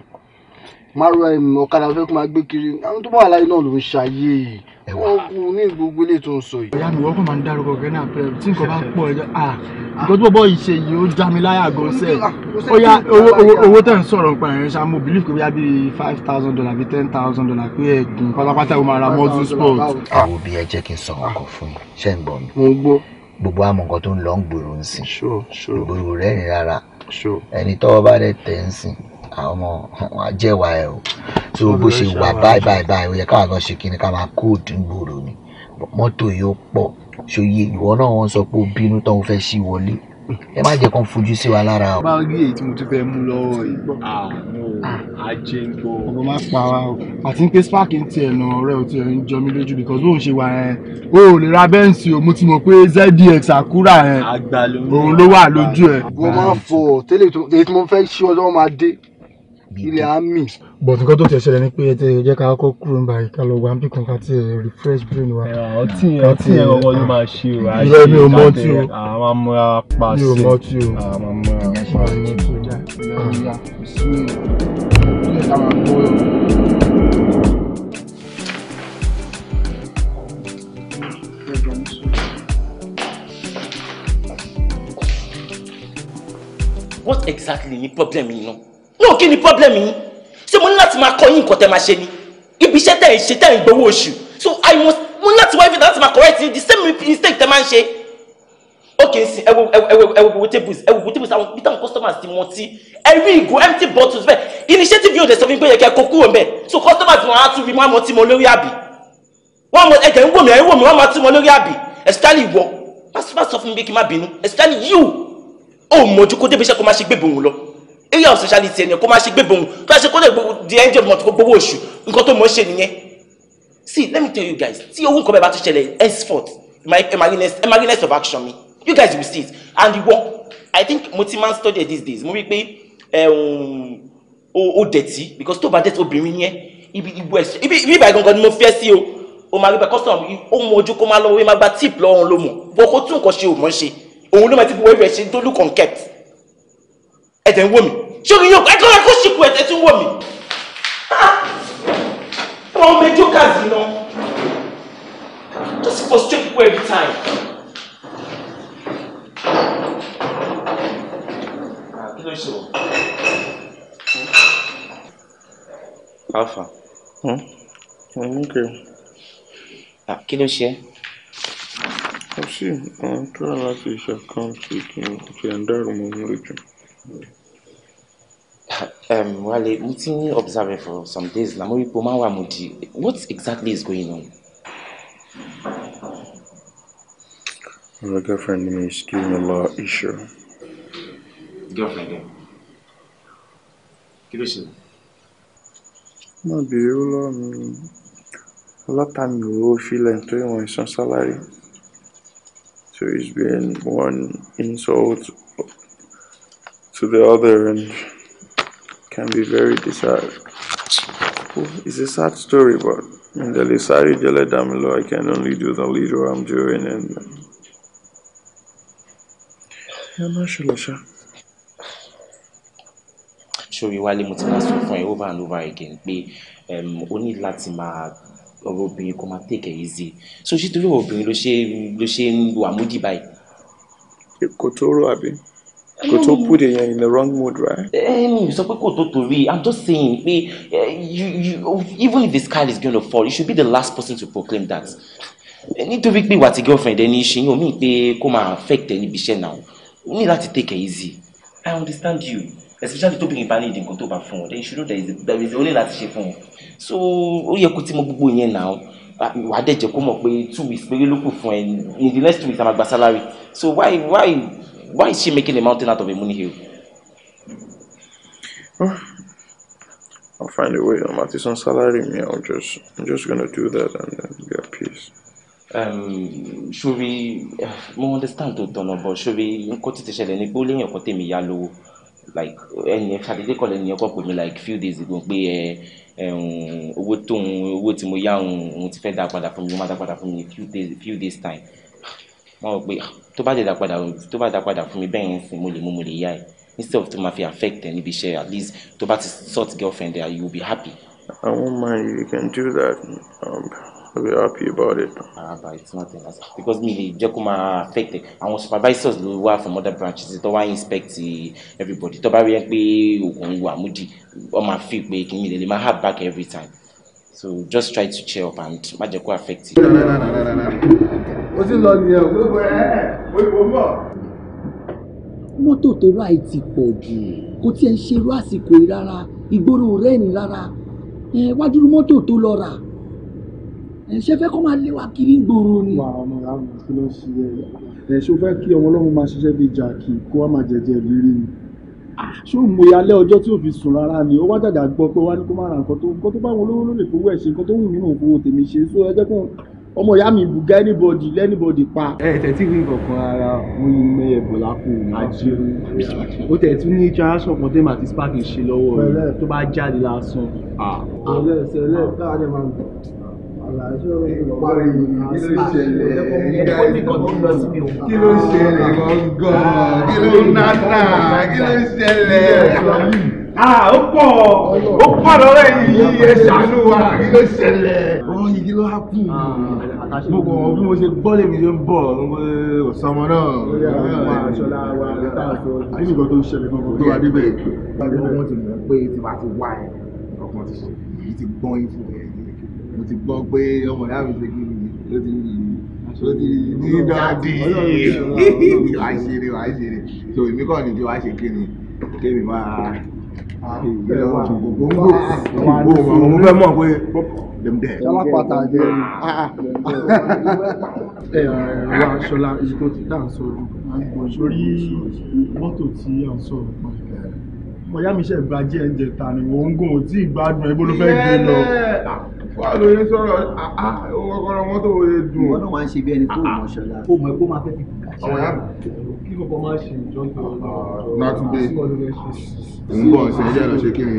márùn ẹ̀mí ọ̀kadà fẹ́ kó máa gbé kiri àwọn tó wà láyé náà ló ń ṣàyè wọ́n kú ní gbogbo ilé tó ń sọ yìí. ìyá mi wọ́n kàn máa ń dárúkọ gẹ́gẹ́ náà pẹ̀lú tí nǹkan bá pọ̀ ẹ̀jẹ̀ à nǹkan tó bọ́ ìṣe yìí ó já mi láyà gan sẹ́ ó yá owó tẹ̀ ń sọ̀rọ̀ pa ẹ̀rín ṣá mo believe kò bí bí five thousand dollar bí ten thousand dollar pé ẹ̀gbìn pátápátá ó máa ra mọ́tò sport. àwọn òbí ẹ jẹ́ kí n sọ ọkọ̀ fún yín ṣé ń gbọ́ mi. mo ń gbọ́. gbogbo àmọ̀ nǹkan tó ń lọ ń gbòòrò ń sìn. gbòòrò rẹ̀ ń rárá. ẹni tọ́wọ́ bá dẹ̀ tẹ̀ ń sìn àwọn ọmọ wa jẹ́ wa ẹ̀ o tí o bó ṣe wà báyìí báyìí báyìí o yẹ káwọn kan ṣe kíni ká máa kó òdùn gbòòrò ni mọ́tò yóò pọ̀ ṣòye ìwọ náà wọ́n sọ pé o bínú tán o fẹ́ ṣí wọlé ẹ má jẹ́ kán fojú sí wa lára o. báyìí èyí tí mo tún fẹ́ mú lọ́wọ́ ìgbọ́ àwọn ajé ń bọ̀. ọmọ máa pa wa o àti pé spark ń tiẹ̀ nà ọ̀rẹ́ o tiẹ̀ ń jọ mí lójú because bóun ṣe wà yẹn o ò lè ra bẹ́ǹsì o mo ti mọ̀ pé zdx àkúrà yẹn òun ló wà lójú ẹ̀. wọ́n máa fọ tẹ́lẹ̀ tí mo fẹ́ ṣí ọjọ́ máa dé ilẹ̀ á but nǹkan tó ti ṣẹlẹ̀ ni pé ẹ jẹ́ ká kọ́ kúrò ń báyìí ká lọ wá bí kan ká ti refresh brain wa. ọtí yẹn ọtí yẹn ọmọ yóò máa ṣe o àṣe ìdájẹ àwọn amúra pa sí i àwọn amúra pa sí i. What exactly ni problem yìí náà? náà kí ni problem yín ṣé mo ní láti máa kọ́ yín nǹkan tẹ́ máa ṣe ni ibi iṣẹ́ tẹ̀ ń ṣe tẹ̀ ń gbowó oṣù so i must mo ní láti wá evidence láti máa correct the same mistake tẹ́ máa ń ṣe ok nsi ẹ wo ẹ wo ẹ wo tables ẹ wo tables àwọn bitter customers ti wọn ti ẹ rí ìgò empty bottles bẹ́ẹ̀ initiative yóò dé sọ fún mi pé yẹ kẹ́ kó kúrò mbẹ so customers wọn á tún rí wọn á mọ tí mo lórí àbí wọn mọ ẹjẹ ń wò mí ẹ ń wò mí wọn máa tún mọ lórí àbí especially wọ má sọ fún mi pé kí n má bínú especially you ó mọ̀jú kó débi iṣẹ́ kó má ṣe gbébọn òun lọ area of speciality ẹni kó má ṣe gbé bòun tó ṣe kó lè di end of month oṣù nǹkan tó mọ̀ ṣe nìyẹn see let me tell you guys tí owó nǹkan bẹ́ẹ̀ bá tún ṣẹlẹ̀ export emariness of action mi you guys will see it and the work i think mo man study these days mo rí pé ó um, dẹ̀tí because tó bá dẹ̀tí obìnrin yẹn ibi ibu ẹ̀sùn ibi ibi ìbàdàn gangan ni mo fẹ́ sí o o máa rí pé custom ó mú ojú kó má lọ́wọ́ ó máa gba tip lọ́rùn ló mọ̀ bó kó tún nǹkan ṣe ò mọ̀ ṣe òun ló máa ti bu wẹ́rẹ́ ṣe tó look ẹ̀tẹ̀ ń wò mí ṣókè yóò ẹ̀kọ́ ẹ̀kọ́ ṣìkú ẹ̀tẹ̀ tún wò mí. ẹ̀wọ̀n ah! ọmọ ẹjọ́ kàzí náà just frustrate people every time. Ah, hmm? Hmm? Hmm, ah, kí ló ṣe wọ. Ah, mo ní kí o. kí ló ṣe é. Sì, anche la stessa canzone che andare a un regione. Um, Wale, we've been observing for some days. Namori Pomawa Mudi, what exactly is going on? My girlfriend is doing a law issue. Girlfriend, eh? Kí ló ṣe? Mo bèrè owó lọ́wọ́ mi. Ọlọ́pàá mi ò filẹ̀ nítorí wọn ìsan sálárì. So it's been one insult to the other and can be very desirable. It's a sad story, but in the Lisari Jele Damilo, I can only do the little I'm doing and I'm not sure. sórí wálé mo ti máa sọ fún ẹ over and over again pé o ní láti máa ọ̀rọ̀ obìnrin kó máa take it easy so ṣé torí obìnrin ló ṣe ló ṣe ń lo àmúdì báyìí. kò tó rọ àbí kò put èèyàn in the wrong mood right. ẹni eh, eh, i'm just saying eh, you you even if the sky is going to fall you should be the last person to proclaim that nítorí pé ìwà àti girlfriend ẹni ṣe yín omi pé kó máa affect ẹ níbi iṣẹ́ náà o ní to take it easy i understand you especially tó bìnrin bá ní ìdìǹkan tó bá then you should know there is there is only láti ṣe fún so ó yẹ kó tí mo gbogbo yẹn náà ah, wàá dẹ̀ jẹ́ two weeks péré ló for in the next two weeks a máa salary so why why Why is she making a mountain out of a molehill? Oh, I'll find a way. I'm at this on salary. Me, I'm just, I'm just gonna do that and then get peace. Um, should we? Mo understand to tọ̀nà but should we? Nǹkan tí the ṣẹlẹ̀ ni pé ó léyìn ọ̀kan tèmi yá lówó like ẹni ṣàdédé kọ́ lẹ́ni ọkọ̀ pè me, like few days ago be eh, ẹ um, owó tóun owó tí mo yá òun òun ti fẹ́ dá padà fún mi ó má few days few days time wọn ò pé ah, tó bá dé padà tó bá dá padà fún mi bẹ́ẹ̀ yẹn sìn mo lè mú mo lè yá ẹ instead of tó máa fi affect ẹ níbi iṣẹ́ at least tó bá ti sort girlfriend there you will be happy. I won't mind if you can do that. Um, I'll be happy about it. Ah, but it's not enough because me, lè jẹ́ kó máa affect àwọn supervisors to work from other branches tó wá inspect everybody tó bá rí ẹ pé òun wà múdi wọ́n máa fi pé kí back every time so just try to cheer up and má jẹ́ kó affect you mo ti lọ nìyẹn o. gbogbo ẹ ẹ mo ìbò mọ. mọ́tò tó rà ẹ ti pọ̀ jù kò tiẹ̀ ń ṣerú àsìkò yìí rárá ìgboro rẹ̀ ní rárá ẹ wá dúró mọ́tò tó lọ rà ẹ ṣe fẹ́ kó máa lé wa kiri gbòòrò ni. wà ọmọ ìyá mi kí ló ń ṣe ẹ ẹ ṣó fẹ́ kí ọmọ ọlọ́run máa ṣiṣẹ́ bíi jàkì kó wá máa jẹjẹ rírí ni ṣó mo ya lẹ́ ọjọ́ tí ò fi sùn rárá ni ó wá jàjà gbọ́ pé wá ní kó má ra nǹkan tó nǹkan tó bá wọn olówó ló lè fowó ẹ̀ ṣe nǹkan tó wù nínú òfowó tèmi ṣe é so ẹ kó ọmọ ìyá mi bùgá anybody lẹ́nibody pa. ẹ ẹ tẹ̀sí rí kankan ara mo yin mẹ́yẹ bọ̀lá kù àjẹrù ó tẹ̀ tún ní transaction kan tẹ́lẹ̀ àti spark ṣe lọ́wọ́ rẹ̀ tó bá jáde lásán. ọ̀lẹ́ ìṣẹ̀lẹ̀ káàdé máa ń bọ̀ kí ló ṣẹlẹ̀ gangan kí ló nana kí ló ṣẹlẹ̀. Ah, ó pọ̀ ó pọ̀ lọ́rọ̀ yìí ẹ ṣàánú wa kí ló ṣẹlẹ̀. ọmọ yìí ló há kù ah, mo kọ bí mo ṣe gbọ́ lèmi ṣe ń bọ̀ ọ̀sánmọ náà. àyè nìkan tó ń ṣẹlẹ̀ kankan tó wà níbẹ̀. ọmọ ti mọ̀ pé tí wàá ti wá ẹ̀ ọkàn ti ṣe èyí ti gbọ́n yín fún ẹ̀ mo ti gbọ́ pé ọmọ ìyá mi ṣe kí ni ló ti ló ti ní dọ́ọ̀dì àìṣeré àìṣeré so èmi kàn ní kí wàá ṣe kí ni kémi mo fẹ́ mọ̀ pé dem dẹ̀. sálápàtà jẹ ẹ̀rọ aṣọlá ìgò tí tá à sórí mọ́tò tí à ń sọ̀rọ̀ pa ọ̀yá mi ṣe ìbàjẹ́ ẹ̀jẹ̀ ta ni òun gùn tí ì gbádùn ló fẹ́ gbé lọ. wà á lóye sọ̀rọ̀ ọkọ̀ ọmọ tó wọlé dùn. ìwọ náà wá ń ṣe bí ẹni tó mọ̀ ṣọlá ó mọ̀ ẹ́ kó máa fẹ́ fi kàṣà kí kò kọ́ máa ṣe ìjọ́jọ́ látúndé ń bọ̀ ṣe ẹjẹ́ lọ ṣe kí ni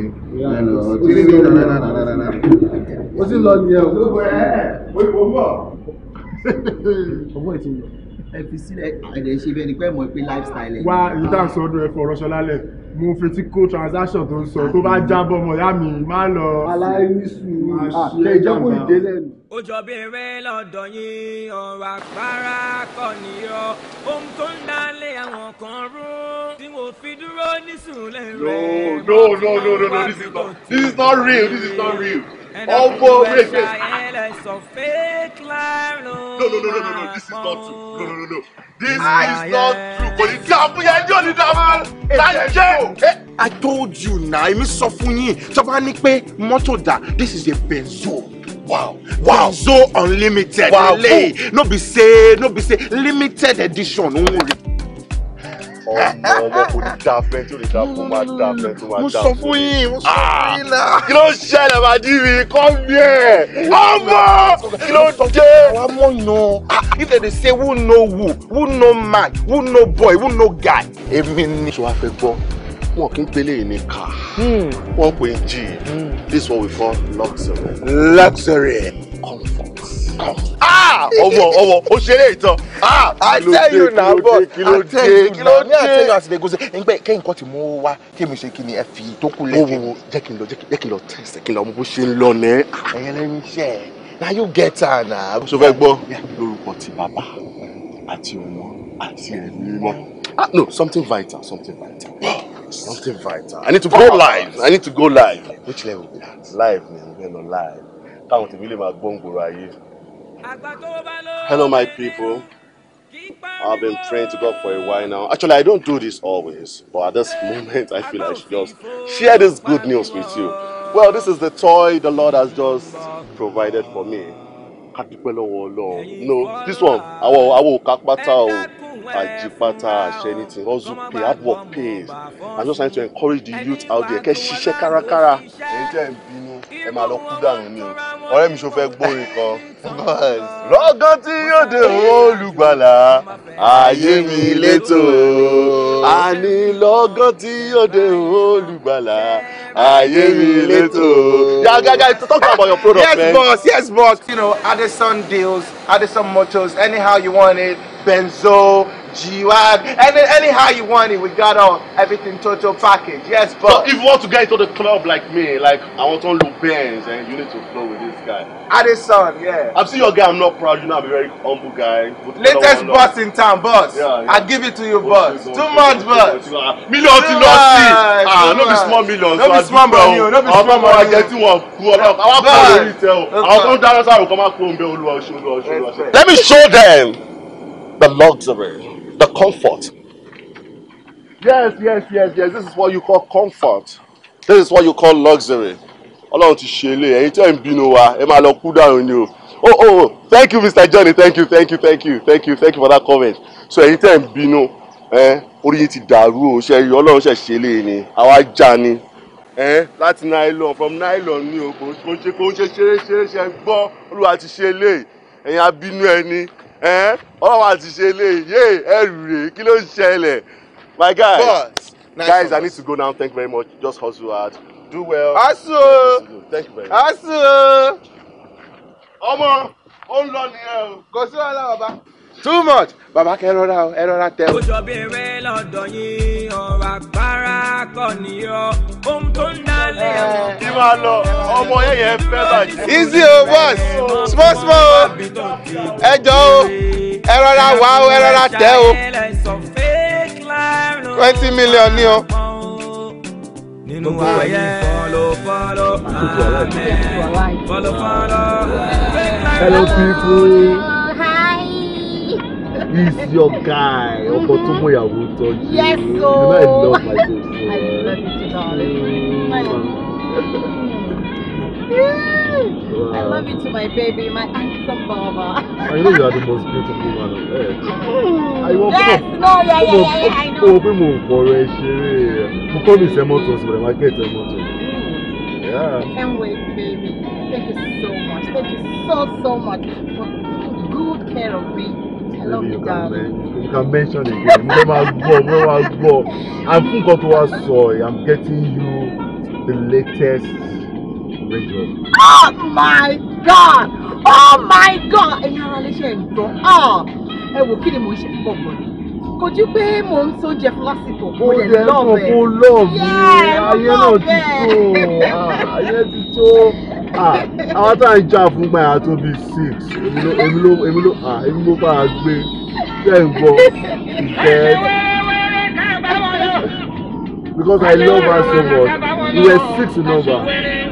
ẹnu tí ní ní ìdáná náà náà náà náà. ó sì lọ ní ẹ o. owó ètò ìlọ ẹ fi sílẹ̀ ẹdẹ ṣe bẹ́ẹ̀ ni pé mọ̀ pé lifestyle ẹ. wá èyí tá à ń sọ ọdún ẹ fọ̀rọ̀ ṣọlá lẹ̀ mo fetí kó transaction tó ń sọ tó bá jábọ̀ mọ̀ yá mi má lọ. aláìní sùúrù àtẹ̀jọ́ ah, kò ì délẹ̀ ó jọ bí eré lọ́dọ̀ yín ọ̀rọ̀ àpárá kọ́ nìyọ ohun tó ń dálé àwọn kan rú tí mo fi dúró nísùnlé rẹ̀. no no no no no this is not this is not real this is not real. ọgbọ wait wait. no no no no no this is not true no no no no this is not true kò ní dààmú yẹn yóò ní dààmú láyé jẹ́ o. I told you na èmi sọ fún yín tó bá ní pé mọ́tò dà this is a benzo wow wow benzo unlimited wow lay no be say no be say limited edition òun rè. ọmọ ọmọ kò ní dá fẹ́ tó lè dá fún máa dá fẹ́ tó máa dá fún. mo sọ fún yín mo sọ fún ah. yín náà. kí ló ń ṣẹlẹ̀ máa dí mi come here ọmọ kí ló ń jẹ́. àwọn ọmọ yàn ah, if they dey say who know who who No man who know boy who No guy. èmi ni. sọ wá fẹ́ gbọ́ wọn kì í pele yìí ní car wọn pè é jeep this one we call luxury. luxury. comfort. Ah! ọmọ ọmọ o ṣeré ìtàn. Ah! i tell you na boy. i tell you kí ló dé kí ló dé kí ló dé ngbẹ kẹ́yìn kan ti mú wá kí mi ṣe kí ni ẹ fi tó kú lẹ́yìn. wo wo jẹ́ kí n lọ jẹ́ kí n lọ tẹ̀sẹ̀ kí n lọ mú bó ṣe ń lọ ní. Ah, ẹyẹ lẹ́yìn iṣẹ́ ẹ̀ na you get her na. so fẹ́ gbọ́ lórúkọ ti bàbá àti ọmọ àti ẹ̀mí mímọ́. Ah, no something vital something vital. Something vital. I need to go live. I need to go live. Which level be that? Live, man. We're not live. Táwọn tèmi lè máa gbọ́n Hello, my people. I've been praying to God for a while now. Actually, I don't do this always, but at this moment, I feel I should just share this good news with you. Well, this is the toy the Lord has just provided for me ká dúpẹ́ lọ́wọ́ no this one àwọ̀ àwọ̀ kápátá o àjípátá àṣẹ anything hustle pay hard work pays i'm just trying to encourage the youth out there kẹ́ ṣiṣẹ́ kárakára. èyí tẹ́ ń bínú ẹ máa lọ kú dànù ni o ọ̀rẹ́ mi ṣo fẹ́ gbórin kan. lọ́gán tí yóò dé olùgbàlà ayé mi létò àní lọ́gán tí yóò dé olùgbàlà ayé mi létò. yàgàgà talk about your product. yes man. boss yes boss. You know, Addison Deals, Addison Motors, anyhow you want it. benzo, G-Wagon, any, anyhow you want it, we got all everything total package. Yes, but, So if you want to get into the club like me, like I want to look Benz, and eh, you need to flow with this guy. Addison, yeah. I've seen your guy. I'm not proud. You know, I'm a very humble guy. But Latest boss in town, boss. Yeah, yeah. I give it to you, boss. Two months, boss. Millions to not see. Ah, no be small millions. No be small money. Oh, no be small money. I'm get you one cool up. I want to retail. I want to down outside. I will come out home. Let me show them the luxury, the comfort. Yes, yes, yes, yes. This is what you call comfort. This is what you call luxury. Ọlọ́run ti ṣe ilé ẹ̀yin tí ẹ ń bínú wa ẹ máa lọ kú dànù ni o. Oh oh thank you Mr. Johnny thank you thank you thank you thank you thank you for that comment. So ẹ̀yin tí ẹ ń bínú ẹ orí yìí ti dàrú o ṣe ẹ̀yin Ọlọ́run ṣe ṣe ilé ni àwa já ni. Ẹ láti nylon from nylon ni o kò ń ṣe kò ń ṣe ṣeré ṣeré ṣe gbọ́ Olúwa ti ṣe ilé ẹ̀yin abínú ẹni ẹ ọlọ́wọ́ àti ṣe eléyìí yé ẹrù rè kí ló ń ṣẹlẹ̀ my guys nice guys i need to go now thank you very much just hustle hard do well hustle thank you very much hustle ọmọ ó ń lọ nìyẹn o kò sí wàhálà bàbá too much Baba, kẹ rọra o ẹ rọra tẹ o. oṣù obìnrin lọ́dọ̀ yìí ọ̀rọ̀ àgbára kọ́ nìyọ ohun tó ń dálé ẹ̀wọ̀n. kí máa lọ ọmọ yẹyẹ fẹ́ bàjẹ́. easy o boss small small o ẹ jọ o ẹ rọra wá o ẹ rọra tẹ o twenty million ni o. nínú ayé fọlọ fọlọ amẹ fọlọ fọlọ fake life. hello people. He's your guy. Mm-hmm. Ọkọ tó mọ ìyàwó tọ́jú. Yes o. You know I love my baby. I love you wow. I love you mm. to my baby, my handsome Baba. I know you are the most beautiful man on earth. Mm. I want yes, to, no, yeah, yeah, yeah, yeah, I know. Oh, pé mo fọ̀rọ̀ ẹ ṣeré. Mo kọ́ mi sẹ́ mọ́tò sí ma get ẹ mọ́tò. Yeah. Mm. Can't wait, baby. Thank you so much. Thank you so, so much for taking good care of me baby you can mention again mo fẹ́ máa gbọ́ mo and fún nǹkan tó wá sọ i'm getting you the latest radio. oh my god oh my god ẹ̀yin ara lè ṣe ẹ̀gbọ́n oh! ẹ wò kí ni mo ṣe fún ọ̀gbọ́n ni kojú pé mò ń tó jẹ fúlásìkò mo lè lọ́ọ̀bù ẹ̀ ayé náà ti tó ah, ayé ti tó. Ah, tá à ń jà fún gbàyà tó six èmi ló èmi ló èmi ló ah, bá a gbé tẹ̀ ń bọ̀ ìfẹ́ because I love her so much we were six in number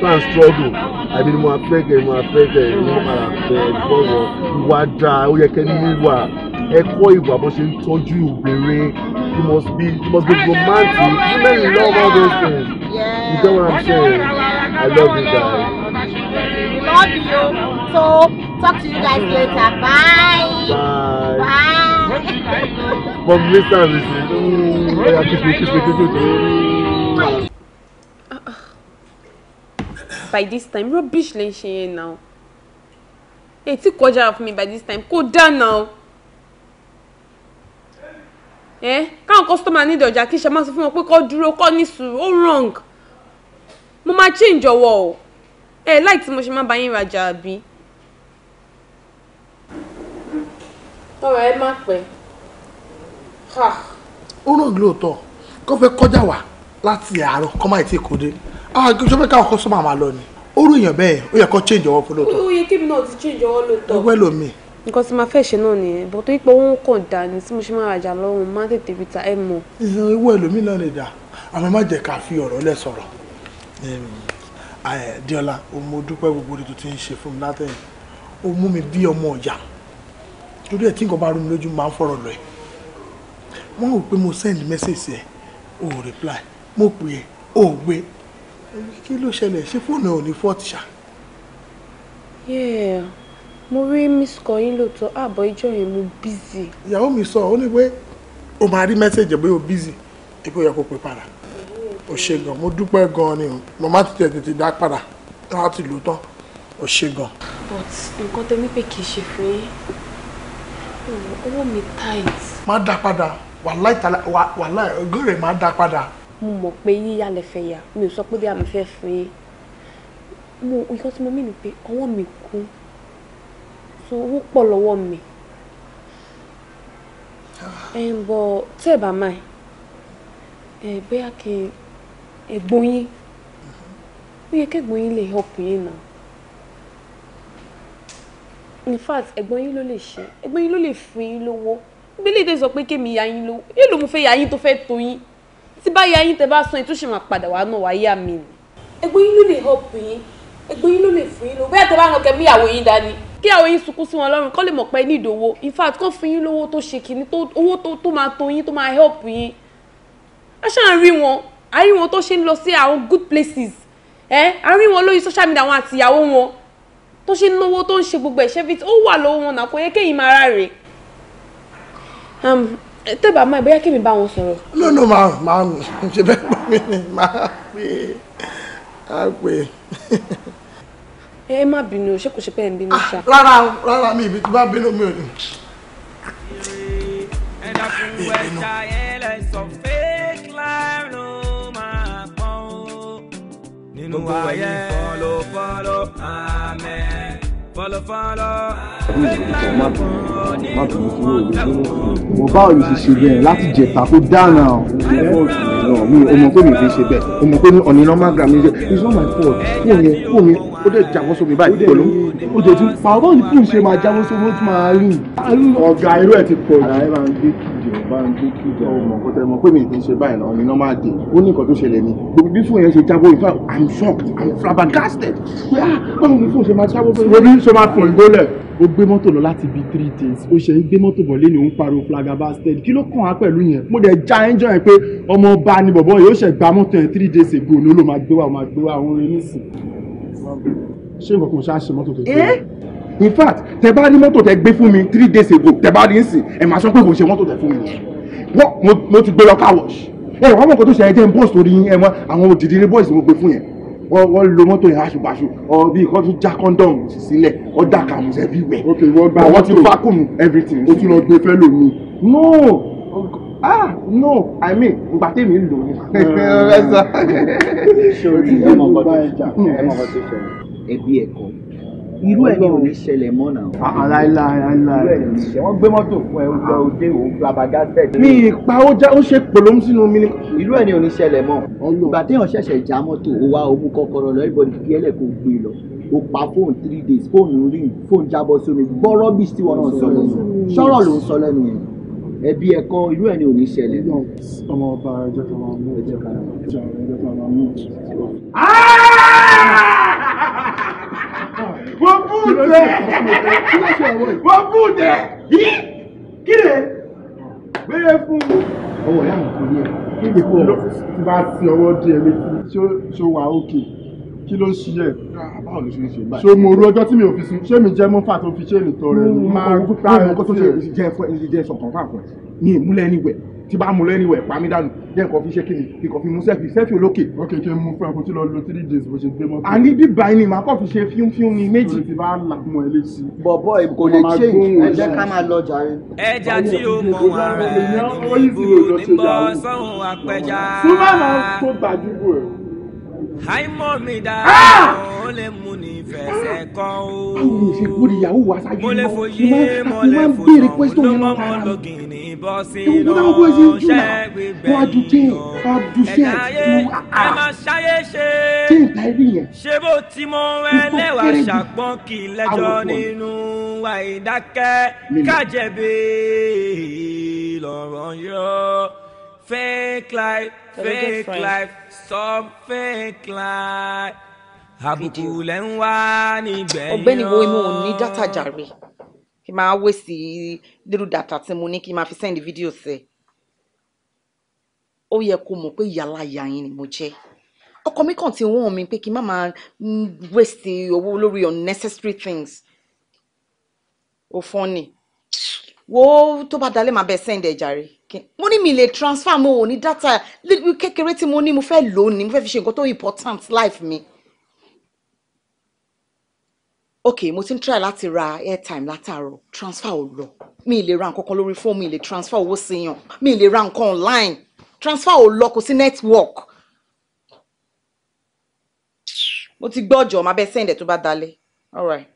so I struggle I mean mo afẹ́kẹ̀ mo afẹ́kẹ̀ mo ara fẹ́ ìfọwọ́ ìwà dáa ó yẹ kẹ́ ní ìwà ẹ̀kọ́ ìwà bó ṣe ń tọ́jú obìnrin you must be you must be romantic You women love all those things yeah. you get what I'm saying I love you guys love you. So talk to you guys later. Bye. Bye. Bye. But Mr. and Mrs. yeah, kiss me, kiss me, kiss me. By this time, rubbish lè ń ṣe yẹn now. Ètí kọjá fún by this time, kò down now káwọn kọ́sítọ́mà nídìí ọjà kí ṣe máa sọ fún wọn pé kó duro. Call me sùúrù ó wrong Mama change your wall ẹ láì tí mo ṣe máa bá yín rajà àbí. tọrọ ẹ má pẹ́ ó ràn lóòótọ́ kó fẹ́ kọjá wá láti àárọ̀ kó má tí ì kó dé àgbẹ̀jọ́ fẹ́ káwọn kọ́sọ́mà máa lọ ni ó èèyàn bẹ́ẹ̀ ó yẹ kó change ọwọ́ fún lóòótọ́. ó yẹ kí mi náà ti change ọwọ́ lóòótọ́. ẹgbẹ́ lomi. nǹkan tí màá fẹ́ ṣe náà nìyẹn bó tó yípo owó kàn dà ní tí mo ṣe máa rajà lọ́rùn má tètè fi ta ẹ̀ mọ́. ìwọ ẹlòmíì náà lè dà àmọ́ má jẹ́ ká fi ọ̀rọ̀ lẹ̀ sọ̀rọ̀. Diola o mo dúpẹ́ gbogbo orí tó ti ń ṣe o mú mi bí ọmọ ọ̀yà torí ẹ̀ tí nǹkan bá rú mi lójú máa ń fọ̀rọ̀ lọ ẹ̀ wọ́n rò pé mo send message ẹ̀ o ò reply mo pè ẹ̀ o ò gbé kí ló ṣẹlẹ̀ ṣé fóònù ẹ̀ ò ní yeah mo rí miss kọ yín lóòótọ́ àbọ̀ ah, ìjọ yẹn mo busy. ìyàwó mi sọ ọ ní pé o máa rí message ẹ̀ bóyá o busy ẹ pé o yẹ kó pè o ṣe gan mo dúpẹ́ gan ni mo má tètè tètè dá padà láti lò tán o ṣe gan. but nǹkan tẹ́mi pé kì í ṣe fún yín owó mi tight. má dá padà wàláì tàlà wàláì ogún rẹ̀ má dá padà. mo mọ̀ pé yíyá lẹ fẹ́ yà mi ò sọ pé bí a mi fẹ́ fún yín mo nǹkan tí mo mí ni pé ọwọ́ mi kú so owó pọ̀ lọ́wọ́ mi ẹ̀ ń bọ̀ tẹ́ ẹ̀ bá máa ẹ̀ bóyá kí n ẹ̀gbọ́n yín ó yẹ kẹ́gbọ́n yín lè help yín náà in fact ẹ̀gbọ́n yín ló lè ṣe ẹ̀gbọ́n yín ló lè fún yín lówó gbélé ìdè sọ pé kémi ya yín lówó yín ló mo fẹ́ ya yín tó fẹ́ tó yín tí bá ya yín tẹ bá san ìtúnṣe máa padà wá náà wáyé àmì ni. ẹ̀gbọ́n yín ló lè help yín ẹ̀gbọ́n yín ló lè fún yín lówó bẹ́ẹ̀ tẹ bá ràn kẹ́mi ìyàwó yín dání kí àwọn yín sunkún sí wọn lọ́rùn kọ́ lè mọ̀ pé ní ìdòwò in fact kọ́ fún yín lówó tó ṣe kìíní owó tó máa tó yín tó máa help yín ẹ ṣáà ń rí wọn àárín wọn tó ṣe ń lọ sí àwọn good places ẹ eh? àárín wọn lórí social media wọn àti ìyàwó wọn tó ṣe ń náwó tó ń ṣe gbogbo ẹ̀ṣẹ́ fi ó wà lọ́wọ́ wọn nàkó yẹ kéyìn máa rà rè um, tẹ́bà máa bóyá kémi bá wọn sọ̀rọ̀. lónà máa máa ṣe bẹ́ẹ̀ pọ̀ mí ni ma, pè é á pè é. ẹ má bínú ṣé kò ṣe pé ẹ ń bínú ṣá. Ah, rárá rárá mi ìbí tí bá bínú mi ò ní. ẹ bínú. nínú ayé fọlọ Follow, àmín fọlọ fọlọ. mo bá òye ṣe ṣe bẹ́ẹ̀ láti jẹ̀ta kó dáná o. mi ò mọ̀ pé mi fi ṣe bẹ́ẹ̀ o mọ̀ pé ọ̀nì náà má gbà mí it's not my fault fún mi fún mi ó dẹ̀ jáwọ́ sómi báyìí pẹ̀lú ó dẹ̀ tún pàrọ̀ ní fún ṣe máa jáwọ́ sómi ó tún máa rìn. ọ̀gá irú ẹ̀ ti pọ̀ jù ọmọ kò tẹ mọ pé mi kì í ṣe báyìí náà ni normal day ó ní nǹkan tó ṣẹlẹ̀ ni gbogbo bí fóònù yẹn ṣe jábọ́ in fact i'm shocked i'm flabbergasted pé ah báwo ni fóònù ṣe máa jábọ́ bẹ́ẹ̀. orí ṣe máa fún ìgbólẹ̀. ó gbé mọ́tò lọ láti bíi three days ó ṣe ń gbé mọ́tò bọ̀ lẹ́nu òun pariwo flabbergasted kí ló kàn á pẹ̀lú yẹn mo dẹ̀ já ẹjọ́ yẹn pé ọmọ ọba ni bọ̀bọ̀ yóò ṣẹ̀ gba mọ́tò yẹn three days ago ló ló máa gbé wa máa gbé wa òun rẹ nísìn ṣé nǹkan kan ṣáà ṣe mọ́tò tó gbé in fact tẹ bá ní mọ́tò tẹ gbé fún mi three days ago tẹ bá ní í sìn ẹ máa sọ pé kò ṣe mọ́tò tẹ fún mi wọ́n mo ti gbé lọ car wash ẹ wọ́n mọ̀ kó tó ṣe ẹ jẹ́ bọ́ọ̀sì torí yín ẹ mọ́ àwọn òdìdí ní bọ́ọ̀sì mo gbé fún yẹn wọ́n lo mọ́tò yẹn aṣùbàṣù ọ bí kò tún já kọ́ńdọ̀mù sílẹ̀ ọ dà kàmù sẹ́bí wẹ̀ ọwọ́ ti vacuum everything o tún lọ gbé fẹ́ lómi. no ah no i mean ìgbà tèmi ń lò ó. ṣé o ti ẹ mọ̀ bọ́ tó ṣẹlẹ̀ ẹbí ẹ̀kọ́ irú ẹ̀ ni ò ní ṣẹlẹ̀ mọ́ náà. àlàyé ah, ah, àlàyé wọ́n gbé mọ́tò fún ẹ lọ òde òun gbabaga tẹ̀lé. mi ìpa ó já ó ṣe pòlóm sínú mi ni. irú ẹ̀ ni ò ní ṣẹlẹ̀ mọ́. ìgbà téèyàn ṣẹ̀ṣẹ̀ já mọ́tò ó wá ó mú kọ́kọ́rọ́ lọ everybody fi ẹlẹ́ kó gbé e lọ ó pa fóònù three days fóònù ring fóònù jábọ́ sómi gbọ́rọ́ bí tí wọ́n náà sọ lẹ́nu sọ̀rọ̀ ló ń sọ lẹ́nu yẹn ẹbí ẹ̀kọ́ irú ẹ̀ ni ò ní ṣẹlẹ̀. ọmọ ọba ẹjọ́ kan máa mú ẹjọ́ kan máa mú búùtẹ̀ wọ́n búùtẹ̀ yìí kí lè gbére fún un. ọwọ́ ìyá mi kò ní ẹ kí lè kó ọ bá ti ọwọ́ di ẹ létí ṣó wà ókè kí ló ń ṣiyẹ ṣé mo ru ọjọ́ tí mi ò fi sun ṣé mi jẹ́ mọ́fà tó fi ṣé mi tọrẹ máa ń gbà ẹ̀ tó ṣe jẹ́ sọ̀kan fáfọ̀ ní ìmúlẹ̀ níwẹ̀ tí bá mu lẹ́rìn wẹ̀ pa mí dànù jẹ́ nǹkan fi ṣe kí ni kíkọ́ fi mú sẹ́fì sẹ́fì olókè. ok ṣe mú fún ẹ kó tí lọ lo three days bó ṣe gbé mọ́tò. àní bíbá ẹni màá kọ́ fi ṣe fíúnfíún ni méjì. o ti bá là mọ ẹ létí. bọ̀bọ̀ kò lè ṣe ẹ jẹ́ ká máa lọ jàre. ẹja tí ó mọ ara ẹ níbo níbo sọ́hun àpẹja. súnmọ́ àwọn tó gbàdúgbò ẹ̀ àìmọ̀ mi dá o lè mú ní fẹsẹ̀ kọ́ o. báwo ni ìṣègùn rí ìyàwó wa sáyé mọ́ mo lè foyé mo lè foyé lọ́mọ mọ́ lọ́gìn ní bọ́sì lọ ṣẹ́gbẹ́ bẹ́ẹ̀ lọ ẹ̀dá ayé ẹ má ṣayé ṣe ṣé bó ti mọ ẹlẹ́wàá ṣàpọ́n kì í lẹ́jọ́ nínú àìdákẹ́ kájẹ̀bi lọ́rọ̀ yọ fake life fake life sọ fake lie àbùkù lẹ ń wá níbẹ̀ yọ. ọ̀gbẹ́ni wo inú òní dátà jàre kí n máa wéṣì little data tí mo ní kí n máa fi send video sí ẹ ó yẹ kó mọ̀ pé ìyàlá ìyá yín ni mo jẹ́ ọkọ mi kàn ti wọ́n mi pé kí n má máa waste owó lórí unnecessary things ò fọ́n ni wo tó bá dalẹ̀ máa bẹ send ẹ̀ jàre mo ní mi lè transfer mo ò ní data kékeré tí mo ní mo fẹ́ lò ní mo fẹ́ fi ṣe nǹkan tó important life mi. ok mo ti ń try láti ra airtime látàárọ̀ transfer ò lọ mi lè ra nǹkan kan lórí fóònù mi lè transfer owó sí yàn mi lè ra nǹkan online transfer ò lọ kò sí network. mo ti gbọ́ ọ̀jọ̀ máa bẹ́ẹ̀ sẹ́ǹdẹ̀ tó bá dalẹ̀ all right.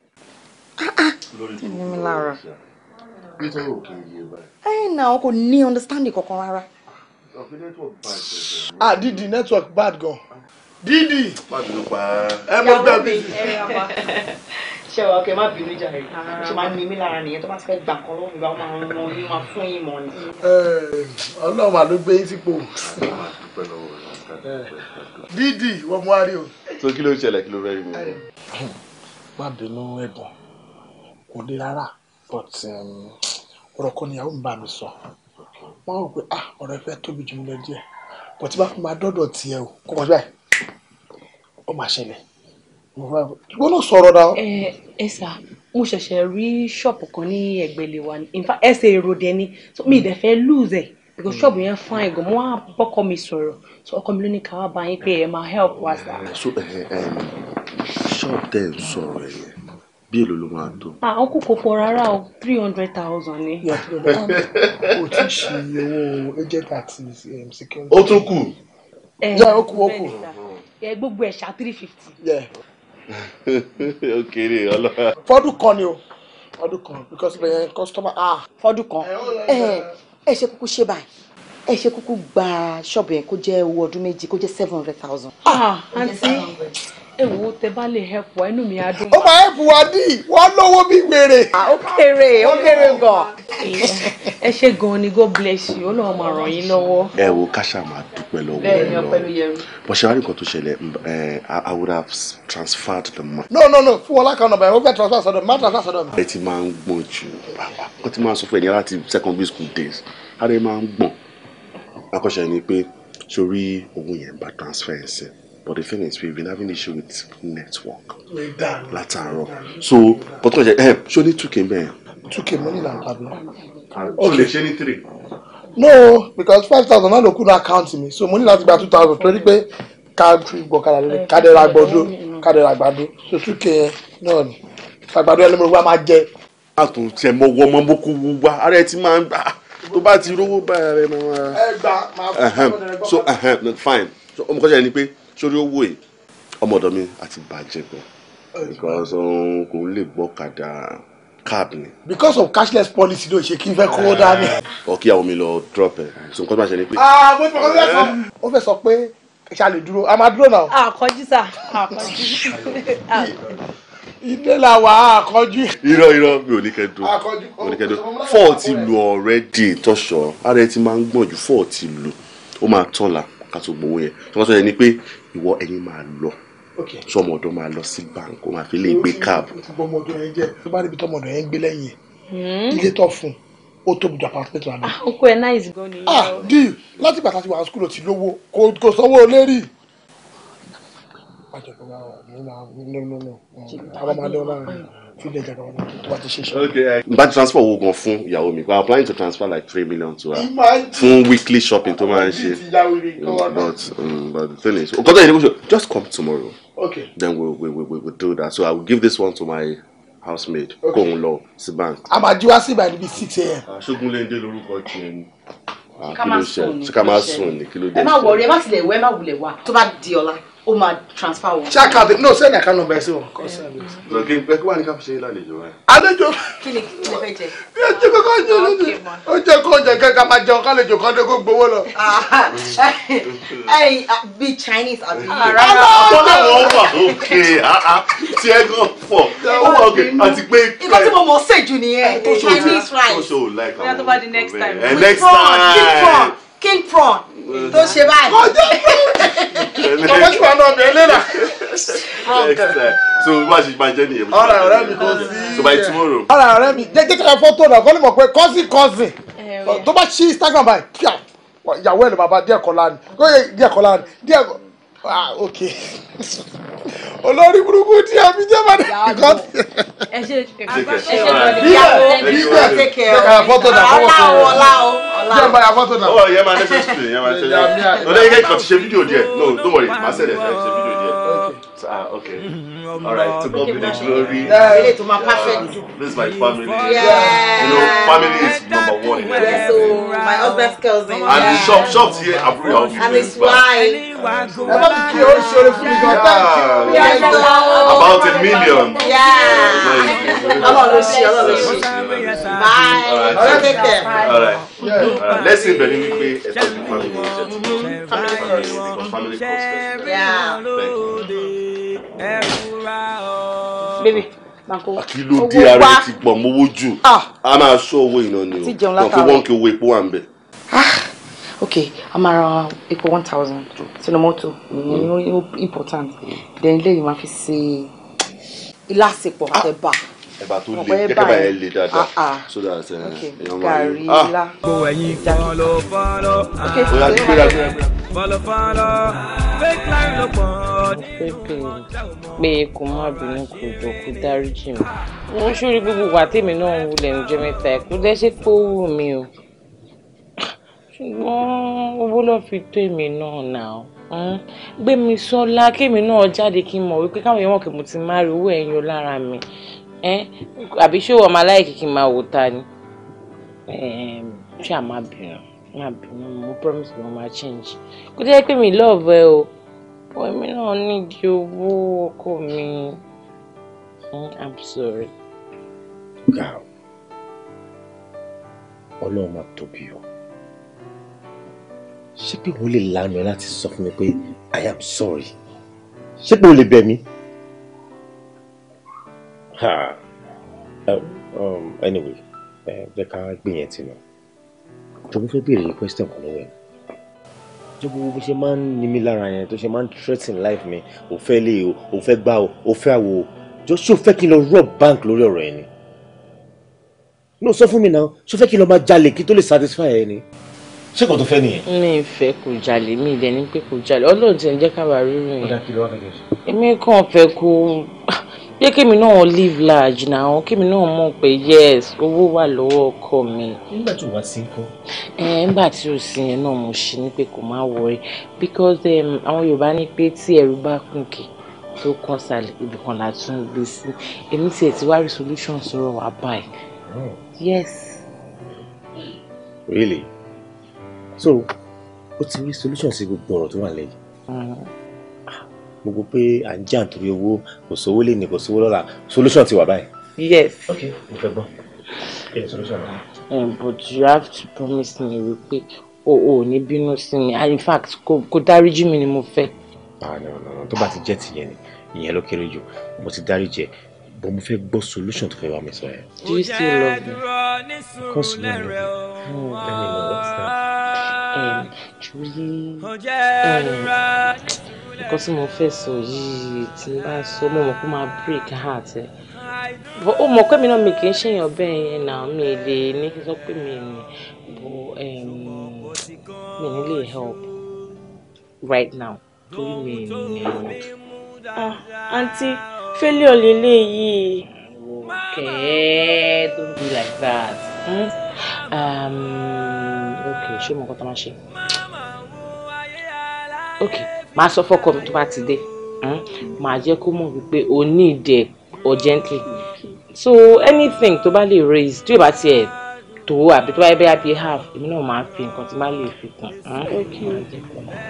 ah ah. lórí tó ń gbé tẹ́yìn òkè yìí báyìí. ẹ na wọn kò ní understanding kankan rárá. ah didi network bad gan didi. ẹ mọ gbà bí. ṣé wa ọkẹ má bínú jàre ṣe máa ní mí lára nìyẹn tó bá ti fẹ́ gbà kan lọ́wọ́ ìgbà máa ń ran yín máa fún yín mọ̀ ni. ọlọ́run mà ló gbé yín sípò. didi wọ́n mú àárẹ̀ o. so kí ló ń ṣẹlẹ̀ kí ló rẹ́ ìmọ̀. má bínú ẹ̀gbọ́n kò le rárá but um, ọ̀rọ̀ kan níyàwó mi bá mi sọ wọ́n rò pé ah ọ̀rọ̀ ẹ fẹ́ tóbi jù mí lọ díẹ̀ but tí bá fi máa dọ́dọ̀ tiẹ̀ o kò kọjá ẹ̀ ó máa ṣẹlẹ̀ ìwọ náà sọ̀rọ̀ náà. ẹ ẹ sà mo ṣẹ̀ṣẹ̀ rí ṣọ́ọ̀pù kan ní ẹ̀gbẹ́lẹ̀ wa ní nfa ẹsẹ̀ èrò dẹ ni so mi ìdẹ fẹ́ lose ẹ̀ because ṣọ́ọ̀bù yẹn fine gan mo wá bọ́kọ mi sọ̀rọ̀ so ọkọ mi ló ní káwá bá yín pé ẹ máa help wa sà. Eh, eh, so eh, ṣọ́ọ̀bù tẹ̀ ń sọ̀rọ̀ ẹ̀ bí èlò ló máa tó. àwọn ah, kò kópo rárá o three hundred thousand ni. o tún ṣe owó agent àti um, security. ó tún kù. ẹ ẹ ó kù ó kù. ẹ gbogbo ẹ̀ ṣá three fifty. ó kéré ọlọ́run. fọ́dún kan ni o fọ́dún kan because my eh, customer ah. fọ́dún kan ẹ eh, eh, ẹ ṣe kúkú ṣe báyìí ẹ ṣe kúkú gba ṣọ́ọ̀bù yẹn kó jẹ́ owó ọdún méjì kó jẹ́ seven hundred thousand. ah àǹtí. Ah, èwo tẹ bá lè help wa inú mi á dùn. ó máa help wa ní wọn lówó bí gbèrè. Ah, ó kéré ó kéré gan. ẹ ṣe gan ni god bless you Ọlọ́run máa ràn yín lọ́wọ́. ẹ wo káṣá máa dúpẹ́ lọ́wọ́ ẹ lọ bọ́sẹ̀ wá ní nǹkan tó ṣẹlẹ̀ i would have transferred the money. no no no fún wọn lákàn náà báyìí wọ́n fẹ́ transfer sọ́dọ̀ mi má transfer sọ́dọ̀ mi. ẹ ti máa ń gbọ̀n jù ó ti máa sọ fún ẹ ní láti secondary school days á lè máa ń gbọ̀n akọ́ṣẹ́ ni pé sórí owó yẹn bá transfer ẹ̀ sẹ́yìn but the thing is we've been having issue with network látàárọ̀ so but kò jẹ ẹ ṣó ní two k bẹ́ẹ̀. two k mo ní ìlànà tàbí. o ah, lè three. no because five thousand I don't kú ní àkáǹtì mi so money last about two thousand Twenty pay card three. gbọ̀kadà lẹ́lẹ́ kádẹ́rẹ́ àgbọ̀dọ̀ kádẹ́rẹ́ àgbàdo so two k náà ni àgbàdo ẹ lómi wá máa jẹ. àtún tiẹ̀ mọ wọ ọmọ boko wúwa ara ẹ ti máa ń gbà tó bá ti rówó báyà rẹ máa. ẹ gbà so fine ọmọkọ́jà ni pé sórí owó yìí ọmọ ọ̀dọ̀ mi àti bàjẹ́ gan because kò lè gbọ́ kàdà cab ni. because of cashless policy ló ṣe kí n fẹ́ kó dání. ọkì àwọn mi lọ drop ẹ so nǹkan tó bá ṣe ni pé. ah mo ti mọ̀ kó fẹ́ sọ. ó fẹ́ sọ pé ṣá lè dúró a máa dúró náà. àkọjú sá àkọjú. ilé la wà àkọjú. irọ́ irọ́ mi ò ní kẹ́ dún mi ò ní kẹ́ dún fọ́ọ̀ ti lu already tọ́ṣọ̀ ara ẹ ti máa ń gbọ̀n ju fọ́ọ̀ ti lu ó máa tọ́la ká tó gbowó yẹn tó bá sọ yẹn ni pé ìwọ ẹ̀yin máa lọ sọ ọmọ ọ̀dọ̀ máa lọ sí bank ó máa fi lè gbé cab. o ti gbọ́ ọmọ ọ̀dọ̀ yẹn jẹ tó bá níbi tó ọmọ ọ̀dọ̀ yẹn gbé lẹ́yìn hmm. ilé tó fún ó tóbi jù apartment wa lọ. okú ẹ náìsì gan ni. ah deal láti gbà láti wà sukùl ti lówó kò sanwó lérí. àjọ̀dún wa ò ní ma ní ní ní ní àwọn ọmọdé wa náà fílẹ̀ jàgbá transfer owó gan fún ìyàwó mi i'm planning to transfer like three million to her fún weekly shopping tó máa ń ṣe mm, but um, but the thing is ọkọ tó yẹ kó ṣe just come tomorrow okay. then we we we we do that so i will give this one to my housemaid kó òun lọ sí bank. a máa jí wá sí ìbàdàn bíi six a.m. Ah, ṣógunléndé lórúkọ tiẹ̀ ah, ni kí ló ṣe kí ló máa ẹ má wọrí ẹ má tilẹ̀ wẹ má wulẹ̀ wá tó bá di ọ̀la ó máa transfer wọn. ṣé àkàtà no send account number sí wọn. lọ́kì ẹ kí wàá ní ká fi ṣe lálejò rẹ. àlejò kí ni kí ni fẹ́ jẹ. bí ẹ jẹ kọ́kọ́ jẹ lóde ó jẹ kó jẹ kẹ́kẹ́ máa jẹun kálejò kan dé kó gbowó lọ. Ah, eh, eh, ah, bí Chinese àbí. àpò ah, náà wọ́n wà òkè tí ẹ gan pọ̀ ó wà òkè àti pé. nǹkan tí mo mọ̀ ọ́ sèjú nìyẹn Chinese rice. ó ṣòwò láìka wọn. bí a tó bá di next time. Eh, next time king prawn tó ṣe báyìí. kọjá prawn ọmọ ṣùgbọ́n náà bẹ̀rẹ̀ lẹ́la. so bá a ṣe máa jẹ́ nìyẹn. ọ̀rọ̀ ọ̀rẹ́ mi kò sí. so by tomorrow. ọ̀rọ̀ ọ̀rẹ́ mi jẹ́ jẹ́ kẹ́kẹ́ fọ́tò náà kọ́ ló mọ̀ pé cousin cousin eh, tó bá ṣí Instagram báyìí ìyàwó ẹ̀ ló máa bá díẹ̀ kọ́lá ni díẹ̀ kọ́lá ni díẹ̀ kọ́lá ah ok olórí burúkú tí a fi jẹ́ bàdé nǹkan tí. ẹ ṣe ẹ ṣe bíbẹ bíbẹ ẹ fọ́tò náà fọwọ́ fún ọ ọlá o jẹ n bára fọ́tò náà. ọwọ yẹn máa ní fẹsùn yẹn máa ní fẹsùn. ọdẹ yẹn kàn ti ṣe fídíò díẹ̀ no don't worry màá ṣẹlẹ̀ ṣe fídíò. Ah, okay. All right, to God be the glory. to my perfect. This is my family. Yeah. You know, family is number one. Yeah, so my husband's cousin. And the shop, shop here, Abuja. And it's wife. About a million. Yeah. Ololoshi, Ololoshi. Bye. All right. Take care. All right. All right. Let's say Benin Wikwe, especially family. Family first, because family first. Yeah. Thank you ẹ fura bébè banko owó wá owó wá ti pọ̀ mowó jù ah. a máa sọ owó iná ni o kàn fún wọn kí owó epo wà ń bẹ̀. Ah, ok a máa ra epo one thousand sínú mọ́tò ìyẹn ni mm. ó important then lẹ́yìn máa fi ṣe ìlàsìpọ̀ ah. àtẹ̀bà ẹ̀bà tó le kẹ́kẹ́ bá yẹn le dáadáa ah, ah. so that èèyàn máa rí ah. gbogbo ẹ̀yin fọlọ fọlọ àgbẹ̀rẹ̀ àgbẹ̀rẹ̀ fọlọ fọlọ fake line ló pọ̀ nínú ọjà pé kò má bínú kò jọ kó dáríjì mi wọ́n ṣórí gbogbo wà tèmi náà ń wo lẹ́nu jẹ́ mẹ́ta ẹ̀kú dẹ́sẹ̀ pé wù mí o ṣùgbọ́n owó ló fi tó èmi náà náà hmm? gbé mi sọ́lá kémi náà jáde kí n mọ̀ wípé káwọn èèyàn mọ̀ kí mo ti má rí owó ẹ̀yìn lára mi Eh, àbí ṣé wọ́n máa láìkí kí n máa wò ta ni ehm, ṣé à máa bìnrin máa bìnrin mo promise mo máa change kó jẹ́ pé mi love ẹ o bọ́ èmi náà nídìí owó ọkọ mi hmm, i'm sorry. ga ọlọ́run máa tóbi o ṣé pé wọ́n lè lanu láti sọ fún mi pé i am sorry ṣé pé o lè bẹ̀ mí ha um, um, anyway eh, jẹ́ ká gbìyànjú náà tó mo fẹ́ béèrè question kan lọ́wọ́ ẹ̀ jẹ́ gbogbo bó ṣe máa ń ní mi lára yẹn tó ṣe máa ń threaten life mi ò fẹ́ lé o ò fẹ́ gbá o ò fẹ́ àwò o jọ ṣó kí n lọ rob bank lórí ọ̀rọ̀ ẹ̀ ni no sọ fún mi náà ṣó fẹ́ kí n lọ máa jalè kí n tó lè satisfy ẹ ni ṣé kò tó fẹ́ nìyẹn. mi ìfẹ́ kò jalè mi ìdẹ ní pé kò jalè ọlọ́run ti ń jẹ́ ká wà rírun yẹn èmi kàn fẹ́ kó yé kí mi náà live large náà kí mi náà mọ̀ pé yes owó wà lọ́wọ́ ọkọ mi. nígbà tí wàá sí kọ́. ẹ nígbà tí o sì yẹn náà mo ṣe ni pé kò má wọrí because àwọn Yorùbá ní pé tí ẹrù bá kùn kì tó kàn sàlẹ̀ ibì kan gbé sí èmi tiẹ̀ ti wá resolution sọ̀rọ̀ wá báyìí. Oh. yes. really so o ti rí solution sí gbogbo ọ̀rọ̀ tó wà lẹ́yìn gbogbo pé à ń jà nítorí owó kò sówó lè ní kò sówó lọ́la solution ti wà báyìí. yes. ok mo fẹ́ gbọ́ kí ni solution náà. Um, but you have to promise me wípé o ò ní bínú sí mi ah, in fact kò dáríjì mi ni mo fẹ́. Ah, tó bá ti jẹ́ tìyẹn ni ìyẹn ló kéré jù mo ti dáríjì ẹ but mo fẹ́ gbọ́ solution tó fẹ́ bá mi sọ yẹn. do you still love me. of course you love me. ẹ̀mí ló wọ́n sá. ṣùgbọ́n Because tí mo fẹ́ sọ yìí tí n bá sọ break heart But oh, ó mọ̀ pé mi náà mi kì í ṣèyàn bẹ́ẹ̀ Nick is mi lè ní kí n sọ um, help right now torí mi ní help. ah aunty failure lélẹ̀ yìí. okay don't be like that. Hmm? Um, okay show mo kọ́ tá okay máa sọ fọ́kọ mi tó bá ti dé máa hmm? jẹ́ kó mọ̀ wípé o ní ìdẹ̀ urgently so anything tó bá lè raise tí o bá tiẹ̀ tó àbí tó bá yẹ bẹ́ẹ̀ bí half èmi náà máa fi nǹkan tí má lè fi kàn. Hmm?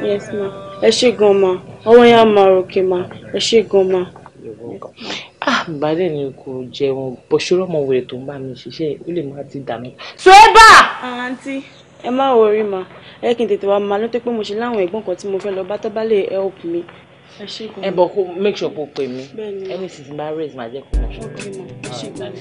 yes ma ẹ ṣé gan ma ọwọ́ yẹn á máa ròkè ma ẹ ṣé gan ma. ah ìbàdàn ni kò jẹun bọ̀ṣọ́rọ̀ ọmọ wẹ̀rẹ̀ tó ń bá mi ṣiṣẹ́ ó lè má ti dà mí. sọ́ẹ́bà. àǹtí ẹ má worry ma ẹ kí n tètè wá máa ló tó pé mo ṣe láwọn ẹ̀gbọ́n kan tí mo fẹ́ lọ bá tó bá lè help mi. ẹ ṣe kò mọ ẹ bọ kó make sure kó pè mí ẹni sì ti máa raise máa jẹ kó ok ma ẹ ṣe kò ní ojú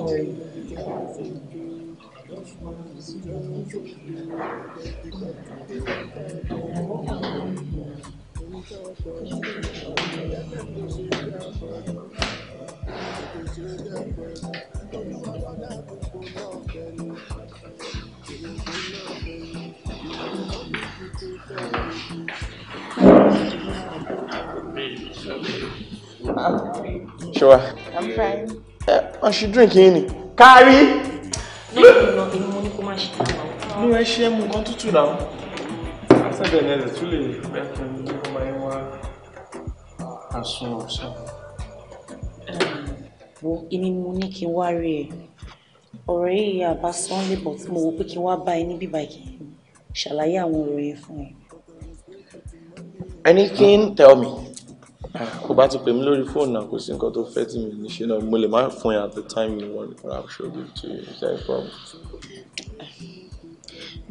ṣe mi. Sure. I'm fine. Yeah, Uh, she drinking. Carrie ní ẹ ṣe mú nǹkan tútù náà. àṣẹbẹ̀ ni ẹ̀rẹ̀ tún lè bẹ́ẹ̀ ní ọmọ yẹn wá àsun ọ̀sán. wo èmi mo ní kí n wá rí ẹ ọ̀rọ̀ yìí àbá sunday bọ̀ tí mo wò pé kí n wá bá ẹ níbí báyìí ṣàlàyé àwọn ọ̀rọ̀ yẹn fún ẹ. anything tell me kò bá ti pè mí lórí fóònù náà kò sí nǹkan tó fẹ́ tì mí níṣẹ́ náà mo lè má fún yín the time you want but i'm sure give to you that problem.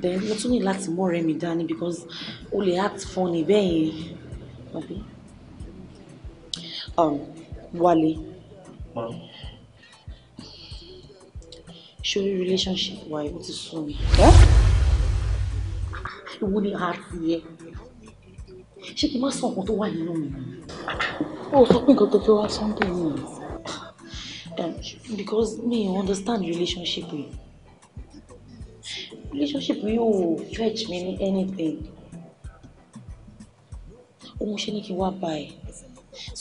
then mo tún ní láti mú ọ̀rẹ́ mi dání because o lè act funny bẹ́ẹ̀ yẹn àbí. Um, Wálé ṣórí relationship wa ìwọ ti sún mi ìwọ ni a ti yẹ ṣé kí n má sọ nǹkan tó wà nínú mi. Oh, something got to tó fẹ́ something, sunday ni because me you understand relationship relationship yìí ò fetch me anything òun ṣe ní kí n wá bá ẹ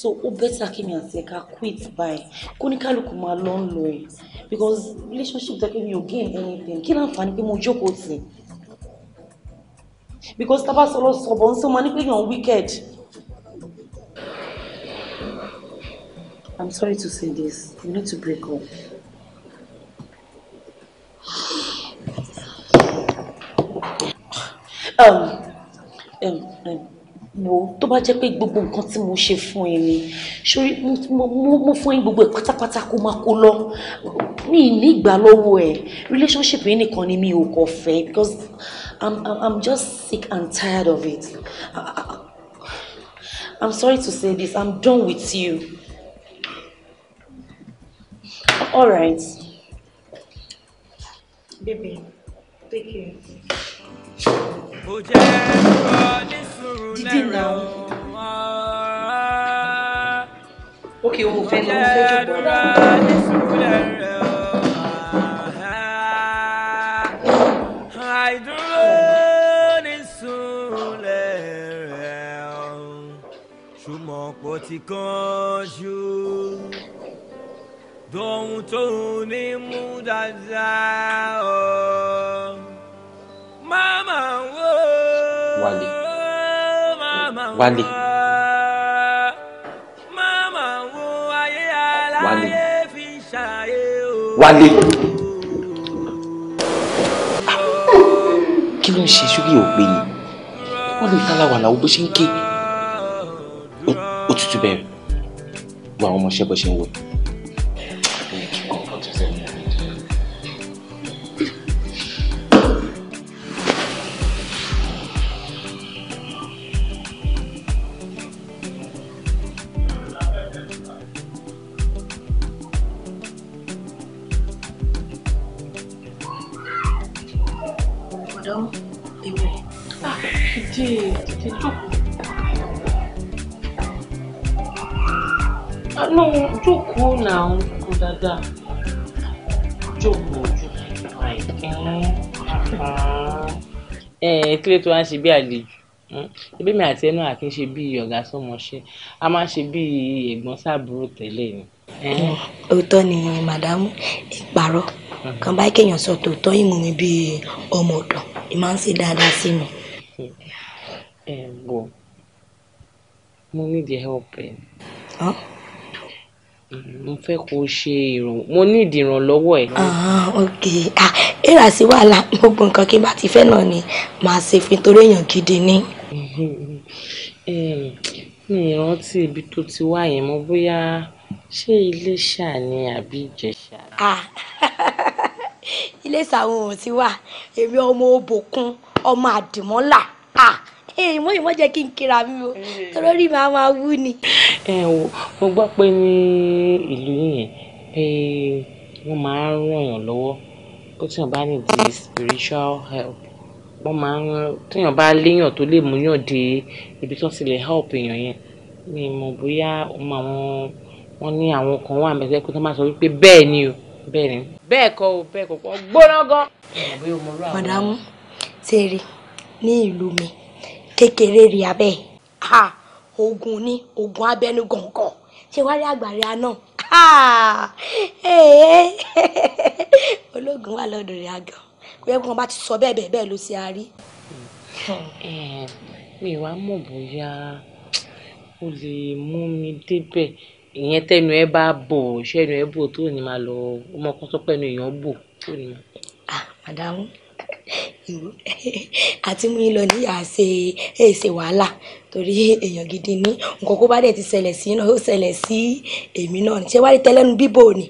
so ó bẹ́tà kí mi àti ẹ̀ka quit báyìí because relationship jẹ́ pé mi ò gain anything kí láǹfààní you joke jókòó tì because tábà sọ lọ sọ bọ́ ń wicked. I'm sorry to say this. We need to break up. Um, um, um, no, tó bá jẹ́ pé gbogbo nǹkan tí mo ṣe fún ẹ ni sórí mo fún ẹ gbogbo ẹ pátápátá kó máa kó lọ mi ní ìgbà lọ́wọ́ ẹ relationship yìí nìkan ni mi ò kọ̀ fẹ́ because I'm, I'm, I'm just sick and tired of it I, I, I'm sorry to say this I'm done with you. All right. Baby, take care. Didi now. Okay, we'll find out. ti kánjú dohun tó ní mú dáadáa ọ oh. máma wo oh. wálé wálé máma oh. wo ayé aláyé fi ṣàyè o. wálé kí ló ń ṣe sórí òpè yìí wọ́n lè tá láwàlà owó bó ṣe ń ké òtútù bẹ̀rẹ̀ gbọ́ àwọn ọmọ ṣẹ́gbọ́ ṣe ń wọ̀ yìí. kílẹ̀ tó wá ń ṣe bí àlejò ẹbí hmm? mi àti ẹnu àkín ṣe bí ọ̀gá sọmọṣẹ́ a máa ṣe bí ẹ̀gbọ́n sábúrò tẹ́lẹ̀ ni. òótọ́ ni màdámù ìpàrọ̀ hmm. kan báyìí kéèyàn sọ tòótọ́ ìmú mi bí ọmọ ọ̀dọ̀ ì máa ń ṣe dáadáa sí mi. ẹ bọ mo need your help. Huh? Mm, mo fẹ́ kó o ṣe ìrànwọ́ mo ní ìdí ìrànlọ́wọ́ ẹ̀. Ah, ok ah, èrà sí wàhálà gbogbo nǹkan kí n bá ti fẹ́ náà ni màá ṣe fi torí èèyàn gidi ni. Eh, mi ìrántí ibi tó ti wá yẹn mo bóyá ṣé Iléṣà ni àbí Ìjẹ̀ṣà. Ah, Iléṣà àwọn ò ti wà èmi ọmọ Òbòkun ọmọ Àdìmọ́là ìmọ̀ ìmọ̀ jẹ́ kí n kíra mi o tọ́rọ́ rí màá máa wú ni. ẹ wo mo gbọ́ pé ní ìlú yìnyín pé wọ́n máa ń ràn yàn lọ́wọ́ ó tí wọ́n bá ní di spiritual help wọ́n máa ń tíyàn bá léyàn tó lè múyàn dé ibi tó ti lè help èèyàn yẹn mi mọ bóyá wọ́n ní àwọn kan wà mẹ́tẹ́ pé tó máa sọ wípé bẹ́ẹ̀ ni o bẹ́ẹ̀ ni bẹ́ẹ̀ kọ́ o bẹ́ẹ̀ kọ́ pọ́n gan. màdàmú tèrè ní ìlú mi kékeré rí abẹ́ ha ogun ní ogun abẹ́nú gọ̀ǹgọ̀ ṣé wá rí àgbàrá náà ológun wà lọ́dọ̀ rẹ̀ àgàn pé wọn bá ti sọ bẹ́ẹ̀ bẹ́ẹ̀ bẹ́ẹ̀ ló ṣe á rí. mi wàá mọ̀ bóyá o lè mú mi débẹ̀ ìyẹn tẹnu ẹ bá bò ṣẹnu ẹ bò tó ní máa lọ ọmọkùnrin tó pẹ̀lú èèyàn bò tó ní. màdàmú àti mú yín lọ ní àṣẹ èsè wàhálà torí èèyàn gidi ní nǹkan kó bá dẹ̀ ti ṣẹlẹ̀ sí náà ó ṣẹlẹ̀ sí èmi náà ṣé wàá rí tẹ́lẹ́nu bíbò ni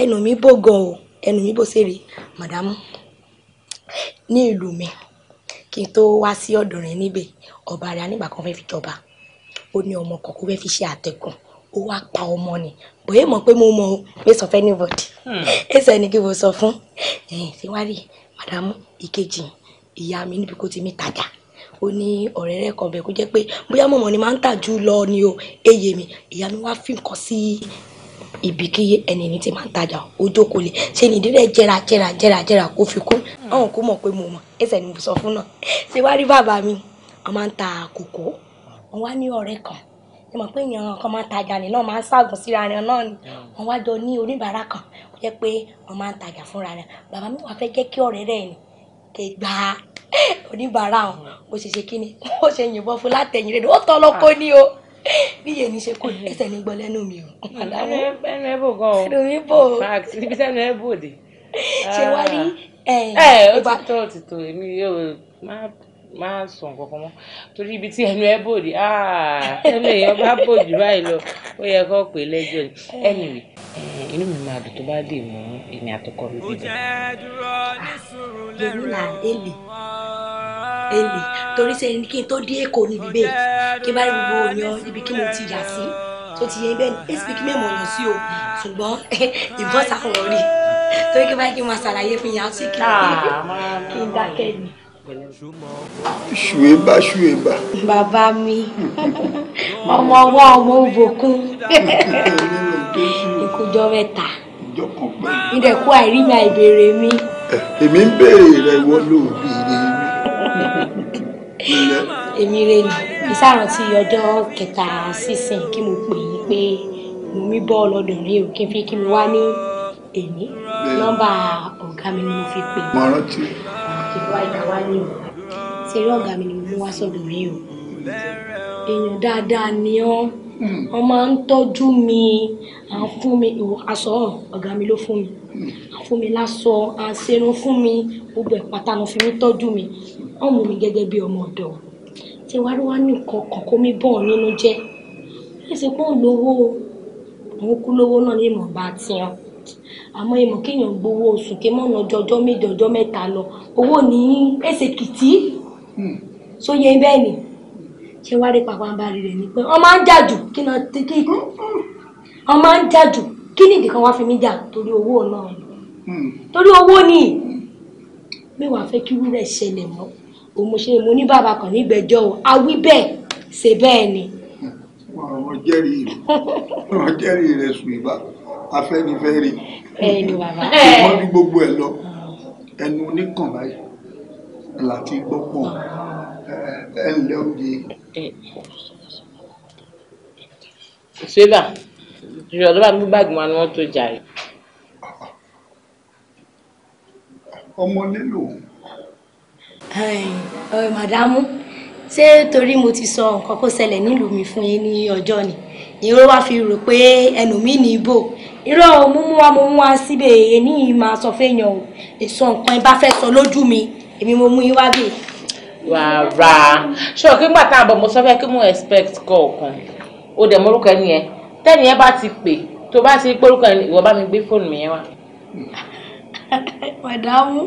ẹnu mi bò gan o ẹnu mi bò sèrè màdámù ní ìlú mi kí n tó wá sí ọ̀dọ̀ níbẹ̀ ọba rẹ̀ nígbà kan fẹ́ fi jọba ó ní ọmọ kan kó fẹ́ fi ṣe àtẹ̀kùn ó wá pa ọmọ ni bóyá mọ̀ pé mo mọ̀ o pé sọ fẹ́ anybody hmm. ẹsẹ̀ ni kí mo sọ fún ẹ̀ ṣé wàá rí i màdàmú ìkejì ìyá mi níbi kó ti mí tajà ó ní ọ̀rẹ́ rẹ̀ kan bẹ̀ kó jẹ́ pé bóyá mọ̀mọ́ ni máa ń tà jù lọ ni o èyè mi ìyá mi wá fi nǹkan sí ibikíye ẹni ní ti máa ń tajà ó jókòó lé ṣe ní ìdílé jẹra jẹra jẹra jẹra kó fi kún àwọn kò mọ̀ pé mo mọ̀ ẹsẹ̀ ni mo sọ fún náà ṣé wá rí bàbá mi wọ́n máa ń ta kòkó wọ́n wá ní ọ̀rẹ́ kan ẹ mọ̀ pé èèyàn kan máa ń tajà ní náà máa ń ṣàgùn síra ẹran náà ni wọ́n wá jọ ní oníbàárà kan jẹ́ pé wọ́n máa ń tajà fúnra rẹ̀ bàbá mi wàá fẹ́ jẹ́ kí ọ̀rẹ́ rẹ̀ ni kè gba oníbàárà hàn mo ṣe ṣe kíni mo ṣe yìnbọn fún látẹ̀yìn rẹ̀ ó tọ́ lọ́kọ ní o bí yèmí ṣe kó ẹsẹ̀ ní gbọ́ lẹ́nu mi o. ẹnu ẹ bò gan o ẹnu mi bò o ibi sẹ́nu ẹ bò dé. ṣé wàá rí ẹ ah. ẹ eh, eh, ó ti tó ó ti tó èmi yóò máa má sọ nǹkan kan mọ́ torí ibi tí ẹnu ẹ bòdì ah, ẹnu èèyàn bá bòdì báyìí lọ ó yẹ kó pè lẹ́jọ́ ni anyway eh, inú mi máa dùn tó bá dè mú èmi àtọkọ mi débẹ̀. èmi là èlì èlì torí sẹ́yìn kí n tó dé èkó níbi bẹ́ẹ̀ kí n bá rí gbogbo èèyàn ibi kí mo ti yà sí tó ti yẹ bẹ́ẹ̀ ní ẹ̀sìn kí mẹ́mọ̀ yàn sí o ṣùgbọ́n ìbọn sàkọ̀rọ̀ rí torí kí n bá kí n máa ṣàlàyé fún yàn sí ah, kí n dákẹ́ ni ṣùwébà ṣùwébà. bàbá mi ọmọ ọwọ́ ọmọ òbòkun ìkójọ mẹ́ta ìdẹ̀kú àìrími àìbèrè mi. Eh, èmi ń béèrè rẹ ìwọ ló béèrè èmi rè ní ìsárántí ọjọ́ kẹta sísìn kí mo pè yín pé mo mí bọ́ọ̀lù ọdún rí o kí n fi kí n wá ní èmi nọ́mbà ọ̀gá mi ni mo fi pè. mo rántí ìwà ìkàwá ni o ọ̀gá mi ni mo mú wá sọ́dọ̀ yín o èèyàn dáadáa ni ọ́ wọ́n máa ń tọ́jú mi à ń fún mi aṣọ ọ̀gá mi ló fún mi à ń fún mi láṣọ à ń ṣerun fún mi gbogbo ẹ̀ pátá ló fi mí tọ́jú mi wọ́n mú mi gẹ́gẹ́ bí ọmọ ọ̀dọ̀ tí wàá rí wá nìkan kàn kó mi bọ̀ nínú jẹ́ ẹ ṣe pé òun lówó òun kú lówó náà ní ìmọ̀ tiẹ̀ àmọ́ ẹ mọ̀ kéèyàn gbowó oṣù ké mọ̀nà ọjọ́ méje ọjọ́ mẹ́ta lọ owó ní èsèkìtì tó hmm. yẹ bẹ́ẹ̀ ni ṣé wá rí pàpàǹbarì rẹ̀ ni pé wọ́n máa ń jàjù kí náà ti kí wọ́n hmm, hmm. máa ń jàjù kí nìdí kan wá fi mí jà torí owó náà torí owó ni mẹ́wàá fẹ́ kí wúrẹ̀ ṣẹlẹ̀ mọ́ òun mo ṣe mo ní bàbá kan nígbẹ̀jọ́ o awí bẹ́ẹ̀ ṣe bẹ́ẹ̀ ni ọ̀rọ̀ jẹ́rìí rẹ̀ sùn ìbá afẹ́nifẹ́re ẹ̀yin ni bàbá. ṣùgbọ́n bí gbogbo ẹ̀ lọ ẹnu oníkàn báyìí láti gbọ́ pọ̀ ẹ ǹlẹ́ oye. ṣébà ìṣòro tó bá mú báàgì wọn ni wọ́n tó jà yìí. ọmọ nílò. màdámù ṣé torí mo ti sọ nǹkan kó ṣẹlẹ̀ nílùú mi fún yín ní ọjọ́ ni èrò wa fi rò pé ẹlòmíì ní ibo irọ́ múmú wa mo mú wa síbẹ̀ èyí yìí máa sọ fẹ́yàn o èso nǹkan ẹ bá fẹ́ sọ lójú mi èmi mo mú yín wá bẹ̀. rárá ṣọ kí gbàtà àbọ̀ mo sọ fẹ́ kí mo expect kọ́ o dẹ̀ mọ́rúkọ ẹni yẹn tẹ́ni yẹn bá ti pè tó bá ti pé orúkọ ẹni ìwọ bá mi gbé fóònù mi yẹn wá. màdámù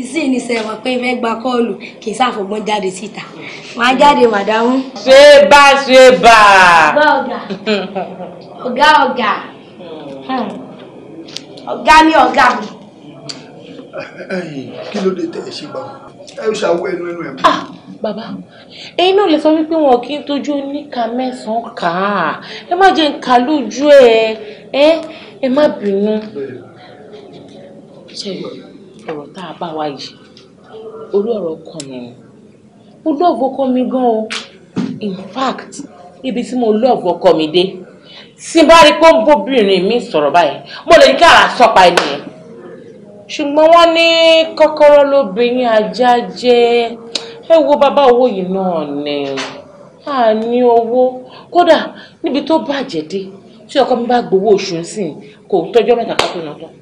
ìsìn ní sẹ́ẹ̀ mọ̀ pé ìfẹ́ gba kọ́ọ̀lù kì í ṣàfọ̀gbọ́n jáde síta màá jáde màdámù. ṣé bá ṣe bá. ọ̀gá ọ̀gá oga. ọ̀gá ọ̀gá mi hmm. ọ̀gá mi. kí ló dé tẹ̀ ẹ́ ṣe báwọn ẹ ṣàwọ ẹnu ẹnu ẹ. Ah, bàbá ẹ̀yin náà lè sọ wípé wọn kì í tójú oníka mẹ́sàn-án kà á ẹ má jẹ́ ń kà lójú ẹ ẹ má bínú ṣẹ́yìn ọ̀rọ̀ tá a bá wa yìí orí ọ̀rọ̀ kan ni mo love ọkọ mi gan o in fact ibi tí mo love ọkọ mi dé tí bá rí pé ó ń bóbìnrin mi sọ̀rọ̀ báyìí mo lè ní kí àrà sọ́pa ẹni yẹn ṣùgbọ́n wọ́n ní kọ́kọ́rọ́ lóbìnrin ajá jẹ́ ẹ wo bàbá owó yìí náà ni a ní owó kódà níbi tó bàjẹ́ dé tí ọkọ mi bá gbowó oṣù sìn kò tọ́jọ́ mẹ́ta ká tó tán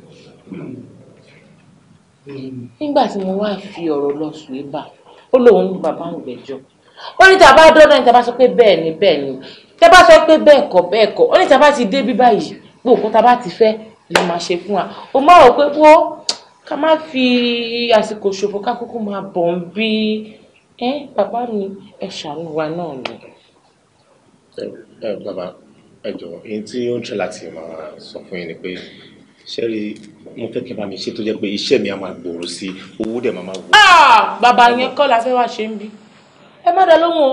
nígbà tí mo wá fi ọ̀rọ̀ lọ Suweba ó lóun ní bàbá ń gbẹ́jọ́ ó ní tàbá dọ́dọ̀ ní tàbá sọ pé bẹ́ẹ̀ ni bẹ́ẹ̀ ni tàbá sọ pé bẹ́ẹ̀ kọ́ bẹ́ẹ̀ kọ́ ó ní tàbá ti dé bí báyìí gbogbo tàbá ti fẹ́ ló máa ṣe fún wa ó máa rò pé wó ká má fi àsìkò ṣòfò ká kúkú máa bọ̀ ń bí bàbá mi ẹ ṣàánú wa náà ni. ẹ ẹ bàbá ẹ jọ̀wọ́ èyí tí ó ń ṣe láti máa sọ fún yín ni pé ṣẹ́rí mo fẹ́ kí n bá mi ṣe tó jẹ́ pé iṣẹ́ mi á máa gbòòrò sí i owó dẹ̀ máa máa wò. Ah! bàbá yẹn kọ́ la fẹ́ wá ṣe ń bí ẹ má dá lóhùn o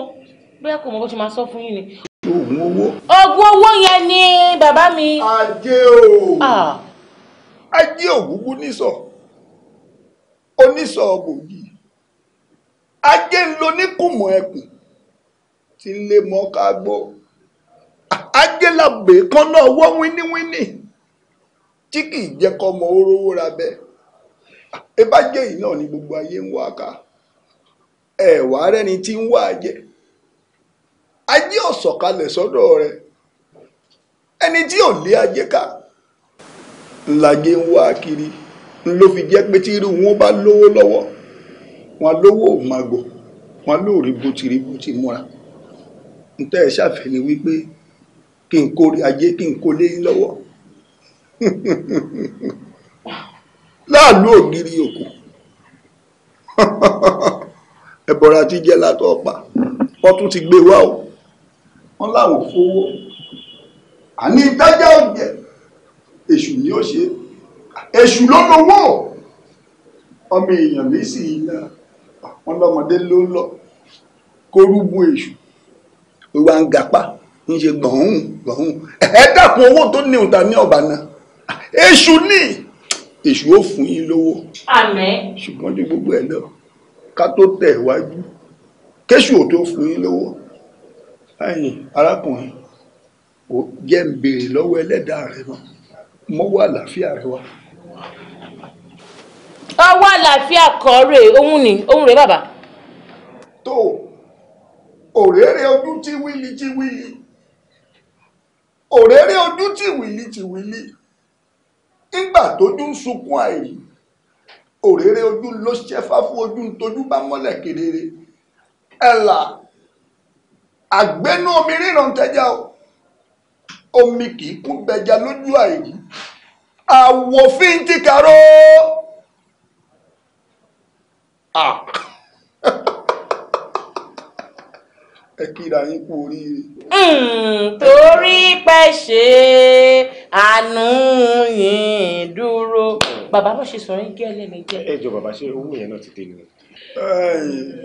bóyá kò mọ bó ṣe máa sọ fún yín ni. oògùn owó. oògùn owó yẹn ni bàbá mi. ajé o ah! ajé ògúngún nísọ onísọ gbòógì ajé ń lo níkùmọ̀ ẹkùn tí ń lè mọ́ ká gbọ́ ajé làgbé kan náà wọ́ wíníwíní. tí kì í jẹ́ kọ́mọ ó rówó ra bẹ́ẹ̀ ẹ bá jẹ́ yìí náà ni gbogbo ayé ń wá ká ẹ wàá rẹ́ni tí ń wá jẹ ajé ọ̀sọ̀kalẹ̀ sọ́dọ̀ rẹ ẹni tí ò lé ajé ká ńlájé ń wá kiri ló fi jẹ́ pé tí irú wọn bá lówó lọ́wọ́ wọn lọ́wọ́ láàlú ògiri òkú ẹbọra ti jẹ látọ ọpa wọn tún ti gbé wá o wọn láwọn fowó àní ìdájà ọjẹ èṣù ni ó ṣe èṣù ló lówó ọmọ èèyàn mi sì iná wọn lọmọdé ló ń lọ kórúbù èṣù wíwá ń gapá ń ṣe gbọ̀hún gbọ̀hún ẹ̀ẹ́dàkùn owó tó ní òǹtà ní ọ̀bà èṣù ní èṣù ó fún yín lówó àmín ṣùgbọ́n ní gbogbo ẹ̀ náà ká tó tẹ̀ wájú kéṣù ò tó fún yín lówó ẹ̀yin arákùnrin kò jẹ́ ń béèrè lọ́wọ́ ẹlẹ́dàá rẹ̀ náà mọ́wọ́ àlàáfíà rẹ̀ wá. ọwọ́ àlàáfíà kọ́ rèé òun ni òun rèé bàbá. tó òréré ojú tí wíìlì tí wíìlì òréré ojú tí wíìlì tí wíìlì nígbà tójú ń sunkún àìrí òréré ojú ló ṣẹ́fá fún ojú tójú bá mọ́lẹ̀ kedere ẹ̀là àgbénú omi ríran tẹ́já o omi kì kún gbẹja lójú àìrí àwòfín ti kàró. Ah. ẹ kíra yín kú oríire. Hmm, torí pẹ́ ṣe àánú yìí dúró. bàbá mo ṣe sọ̀rọ̀ yín kí ẹlẹ́ni jẹ́. ẹ jọ bàbá ṣe owó yẹn náà ti dé ni.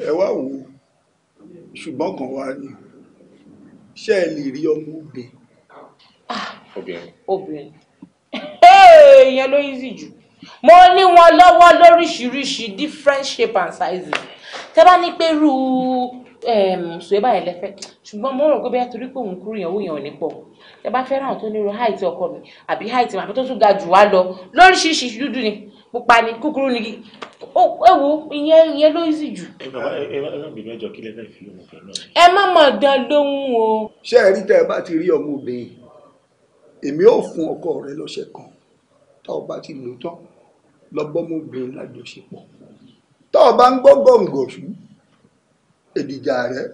ẹ wá wò ó ṣùgbọ́n kan wá ní ṣé ẹ lè rí ọmọ ah, obìnrin. obìnrin. obìnrin èèyàn ló easy jù mo ní wọn lọ́wọ́ lóríṣiríṣi different shape and sizes tẹ́ bá ní pé rú sùwé báyìí lẹ́fẹ́ ṣùgbọ́n mo rò pé bẹ́ẹ̀ torí pé òun kúrò yẹn owó yẹn ò ní pọ̀ ẹ bá fẹ́ràn àwọn tó ní irú height ọkọ mi àbí height màbí tó tún ga jù wá lọ lóríṣiríṣi dúdú ni pupa ni kúkúrú ni ẹ wo ìyẹn ìyẹn ló sì jù. ẹ má mọ̀ dán lóhùn o. ṣé ẹ rí tẹ́ ẹ bá ti rí ọmọbìnrin èmi ò fún ọkọ rẹ lọ́sẹ̀ kan tá ọ bá ti lò tán lọ́gbọ́mọbìnrin lájọṣepọ̀ tá ọ bá ń gbọ́ gọ̀ǹgọ̀ ṣùgbọ́n èdìjà rẹ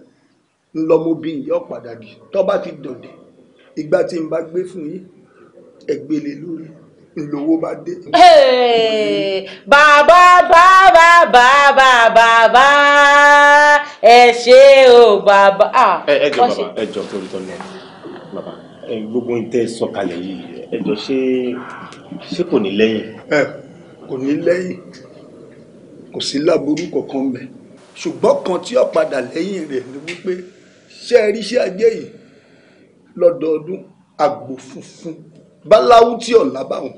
ńlọmọbí yọ pàdàgì tọba ti dọdẹ ìgbà tí n bá gbé fún yín ẹgbẹlẹ lórí ńlọwọ bá dé. bàbá bàbá bàbá bàbá ẹ ṣe o bàbá. ẹ ẹ jọ bàbá ẹ jọ torí tọ́lẹ̀ bàbá gbogbo ń tẹ́ sọ̀kalẹ̀ yìí ẹ jọ ṣé ṣé kò ní lẹ́yìn. ẹ kò ní lẹ́yìn kò sí láburú kankan bẹ́ẹ̀ ṣùgbọ́n kan tí ó padà lẹ́yìn rẹ̀ ni wípé ṣé ẹ rí iṣẹ́ ajé yìí lọ́dọọdún àgbò funfun báláwú tí ọ̀la báwọn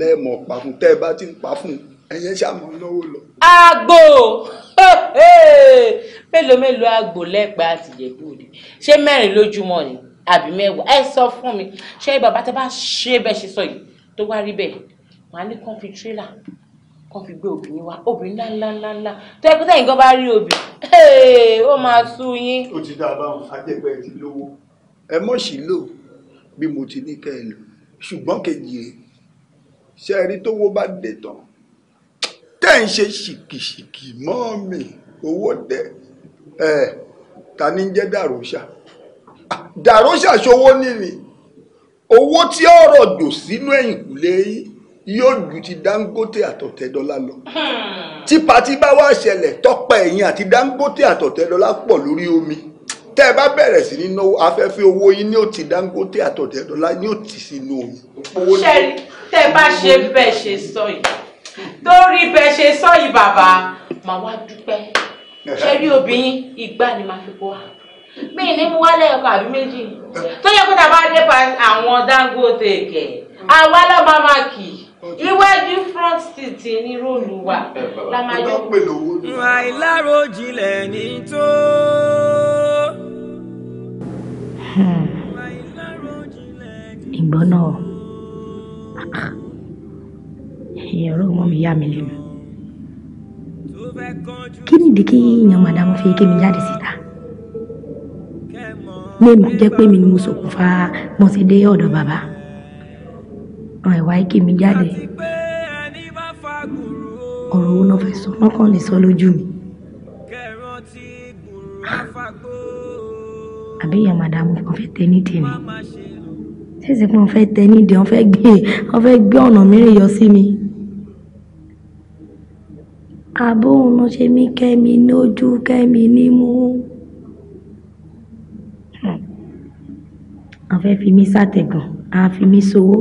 lẹ́ẹ̀mọ̀ pa fún tẹ́ ẹ bá ti ń pa fún ẹ̀yẹn ṣàmọ́ lọ́wọ́ lọ. àgbò mélòó mélòó àgbò lẹ́ẹ̀pẹ́ àti ìyẹ̀kú òde ṣé mẹ́rin lójúmọ́ ni àbí mẹ́wàá ẹ sọ fún mi ṣé bàbá tẹ bá ṣe bẹ́ẹ̀ ṣe sọ yìí tó wá rí bẹ́ẹ̀ màá ní kàn fi tírélà kọ́ fi gbé obìnrin wa obìnrin ńlá ńlá ńlá tó ẹkú tẹ̀yìn kan bá rí obì ó máa sú yín. ó ti dáa báwọn ajẹpẹ ti lówó ẹ mọ̀ sí lò bí mo ti ní kẹ́ ẹ lò ṣùgbọ́n kejì rẹ̀ ṣe rí tówó bá dé tán tẹ́ ń ṣe ṣìkìṣìkì mọ́ mi owó tẹ ẹ ta ni ń jẹ́ dàróṣà dàróṣà ṣowó nìyí owó tí ọ̀rọ̀ dò sínú ẹ̀yìnkùlé yìí yóò ju ti Dangote àtọ̀tẹ̀dọ́lá lọ hmm. tí pati bá wá ṣẹlẹ̀ tọ́pẹ́ ẹ̀yìn àti Dangote àtọ̀tẹ̀dọ́lá pọ̀ lórí omi tẹ́ ẹ bá bẹ̀rẹ̀ sí nínú afẹ́fẹ́ owó yín ní òtí Dangote àtọ̀tẹ̀dọ́lá ní òtí sínú omi. ṣé tẹ́ bá ṣe bẹ́ẹ̀ ṣe sọ yìí torí bẹ́ẹ̀ ṣe sọ yìí bàbá màá wá dúpẹ́ ṣé rí obìnrin ìgbà ni màá fi kó wa mi ní mú wálé ẹ̀kọ́ àbí méjì tó yẹ kó tá a bá dé pa àwọn Dangote kẹ̀ àwa lọ́ọ́ máa máa kì í iwájú front street ní róòlù wa la máa yọ. ìwà ìlàròjinlẹ̀ ní tó. ìgbọ́n náà ẹ̀rọ ọmọ mi yá mi lẹ́nu kí nìdí kí èèyàn máa dáhùn fi kémi jáde síta lè má jẹ́ pé mi ni mo ṣokùnfà mo ti ọ̀dọ̀ bàbá ran ìwà ike mi jáde ọ̀rọ̀ owó náà fẹ́ sọ lọ́kàn lè sọ lójú mi àbí ìyá màdàmú kan fẹ́ tẹ nídìí ni ṣèṣe pé wọ́n fẹ́ tẹ nídìí wọ́n fẹ́ gbé wọ́n fẹ́ gbé ọ̀nà mìíràn yọ sí mi àbóhùn náà ṣe mí kẹ́mi lójú kẹ́mi nímú. wọ́n hmm. fẹ́ fi mí sátẹ̀gàn á fi mí sowó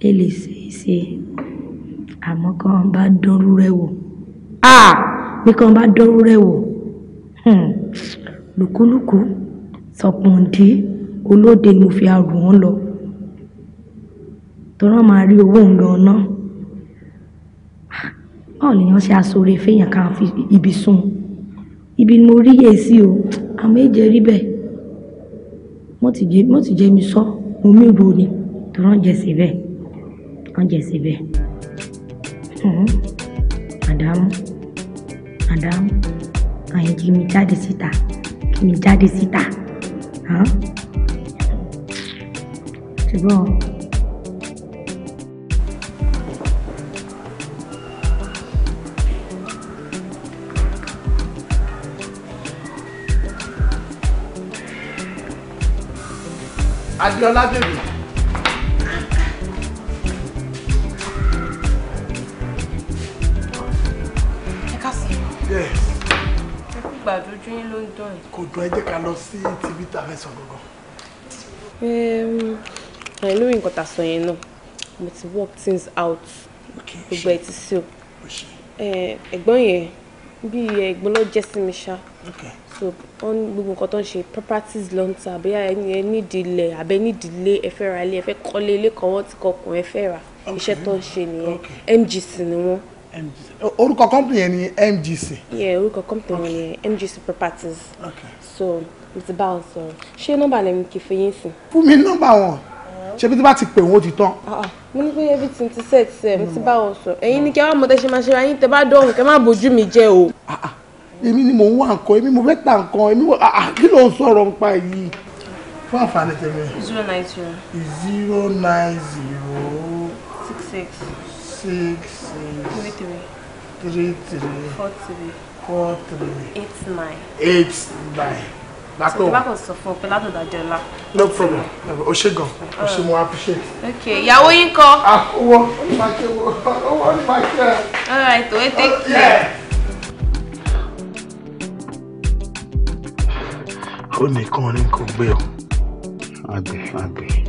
ẹ lè ṣe é ṣe àmọ́ kí bá dánrú rẹ̀ wò ah bí kí wọ́n bá dánrú rẹ̀ wò hmm. lùkúlùkù sọ̀pọ̀ǹdé olóde ni mo fi arù wọn lọ tọ́rọ́ máa rí owó ń lọ ná báwo lèèyàn ṣe aṣọre fẹ́yàn ká fi ibi sùn ibi ni mo rí yẹ̀ sí o àmọ́ èjẹ rí bẹ́ẹ̀ mo ti jẹ́ mi sọ mo mí ro ni tọ́rọ́ jẹ sí bẹ́ẹ̀ wọ́n jẹ́ síbẹ̀ àdámù àdámù àyè kí mi jáde síta kí mi jáde síta ṣùgbọ́n. Adiola Bèbè. ojú yín ló ń dán yìí. kò dùn ẹ jẹ́ ká lọ sí tìbí tá sọ gangan. ẹ lórí nǹkan tá yẹn náà mo ti work things out gbogbo ẹ ti sí o ẹ̀gbọ́n yẹn bí ẹ̀gbọ́n ló jẹ́ sí mi ṣá so wọ́n gbogbo nǹkan tó ń ṣe properties ló ń ta àbí ẹ nídìí ilẹ̀ àbẹ nídìí ilé ẹ fẹ́ ra ilé ẹ fẹ́ kọ́lé ilé kan wọ́n ti kọkùn ẹ fẹ́ ra iṣẹ́ tó ń ṣe nìyẹn MGC ni wọ́n mgc orúkọ company yẹn ni mgc. yeah orúkọ company yẹn okay. ni mgc properties. okay so mr bao sọ̀rọ̀ ṣé nọ́mbà lè mi kì í fi yín sìn. fún mi nọ́mbà wọn ṣe bí tí bá ti pè wọn ó ti tán. Ah, ah. mo ní pé everything ti set ṣe mi ti bá wọn sọ ẹ̀yin ni kí ẹ wá mọtẹ ṣe máa ṣe ra yín tẹ bá dọ̀hùn kẹ má bójú mi jẹ́ o. Ah, èmi ni mò ń wá nǹkan èmi mo fẹ́ ta nǹkan èmi kí ló ń sọ̀rọ̀ nípa èyí fún àǹfààní tẹ̀lé. zero nine zero. zero nine zero. six six six six three three three three four three four three eight nine eight nine lápẹ́ wọn. tòbákò sọ fún ọ pé ládùúgbò no problem o ṣe gan o ṣe mo appreciate. ok ìyàwó yín kọ. Ah, owó oníbàkẹ́ owó oníbàkẹ́. all right òwe take oh, care. ó nìkan ni kò gbé ọ. àbí àbí.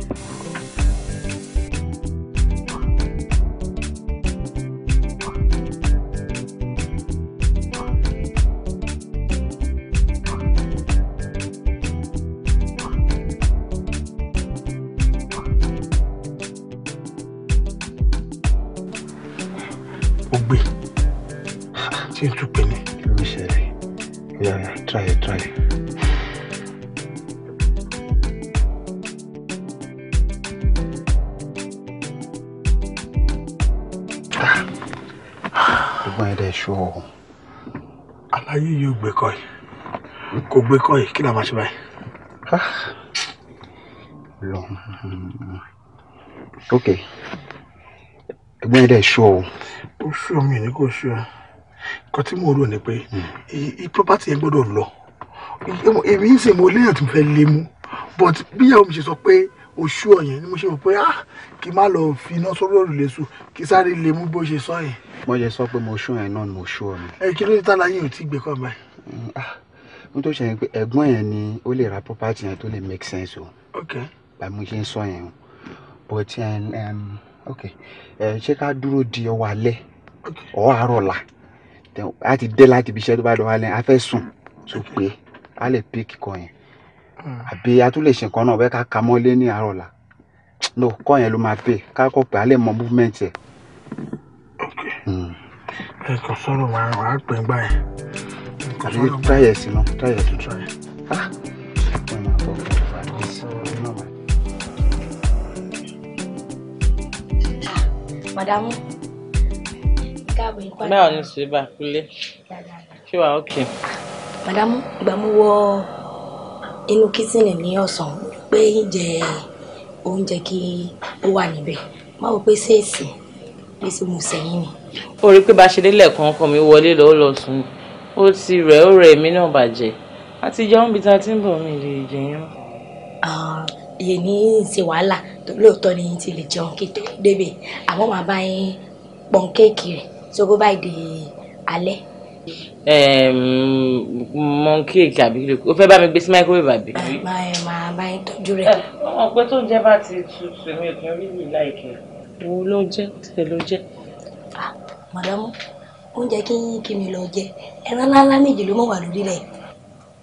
gbé kọ́ yìí kí la máa ṣe báyìí. Ah. ok ẹ̀gbọ́n yẹn dẹ̀ ṣọ́ o. ó ṣọ́ mi ní kò ṣọ́ nǹkan tí mò ń rò ni pé hmm. property yẹn gbọ́dọ̀ lọ èmi ń sìn mo léèyàn tó fẹ́ lé mú but bí ìyàwó mi ṣe sọ pé oṣù ọ̀yẹn ni mo ṣe rò pé ah kí n má lọ fi iná sórí òrùlé sùn kí sáré lè mú bó ṣe sọ yẹn. mo yẹ sọ pé mo ṣú yẹn náà ni mo ṣú ọ ni. ẹ kí ló dé tá láyé ò tí gbé kọ́ n tó ṣẹlẹ̀ pé ẹ̀gbọ́n yẹn ni ó lè ra property yẹn tó lè make sense o. ok bàmí ṣe ń sọ yẹn o but um, um ok ṣé ká dúró di ọwọ́ alẹ́ ọ̀ àárọ̀ la a ti dé láti ibi iṣẹ́ tó bá dọ̀wọ́ alẹ́ a fẹ́ sùn tó pé a lè pick kọ yẹn hmm. àbí a tún lè ṣe nǹkan náà bẹ́ẹ̀ ká ka mọ́lé ní àárọ̀ la no kọ́ yẹn ló máa pè ká kọ́ pé a lè mọ movement yẹn. ok hmm. ẹ kò sọ̀rọ̀ wàá pè ń gbà yẹn. Have you try it, Sino? Try it to try. Ah. When I talk about Madam, báwo ni ṣe bá kúlé ṣé wàá òkè. madam ìgbà mo wọ inú kítìnì ní ọ̀sán pé jẹ oúnjẹ kí ó wà níbẹ̀ má wò pé ṣèèṣì pé mo sẹ́yìn ni. ó rí i pé bá a ṣe kan mi wọlé lọ́wọ́ lọ́sùn ni ó ti rẹ̀ ó rẹ̀ mí náà bàjẹ́ àti jẹun bíi ta ti ń bọ̀ mí lè jẹun. èyí ní ṣe wàhálà lóòótọ́ ni ti lè jẹun kí tó débè àmọ́ màá bá yín pọ́n kéèkì rẹ̀ tó kó báyìí di alẹ́. mọ kéèkì àbí kí ló o fẹ́ bá mi gbé sí microwave àbí. màá bá yín tọ́jú rẹ̀. ọmọ pé tó ń jẹ́ bá ti tutù mi ò kí n rí mi láìkẹ́. wo ló jẹ́ tẹ̀ ló jẹ́. màdàmú oúnjẹ kí yín kí mi lọ jẹ ẹran ńláńlá méjì ló mọ̀ wà lórí rẹ̀.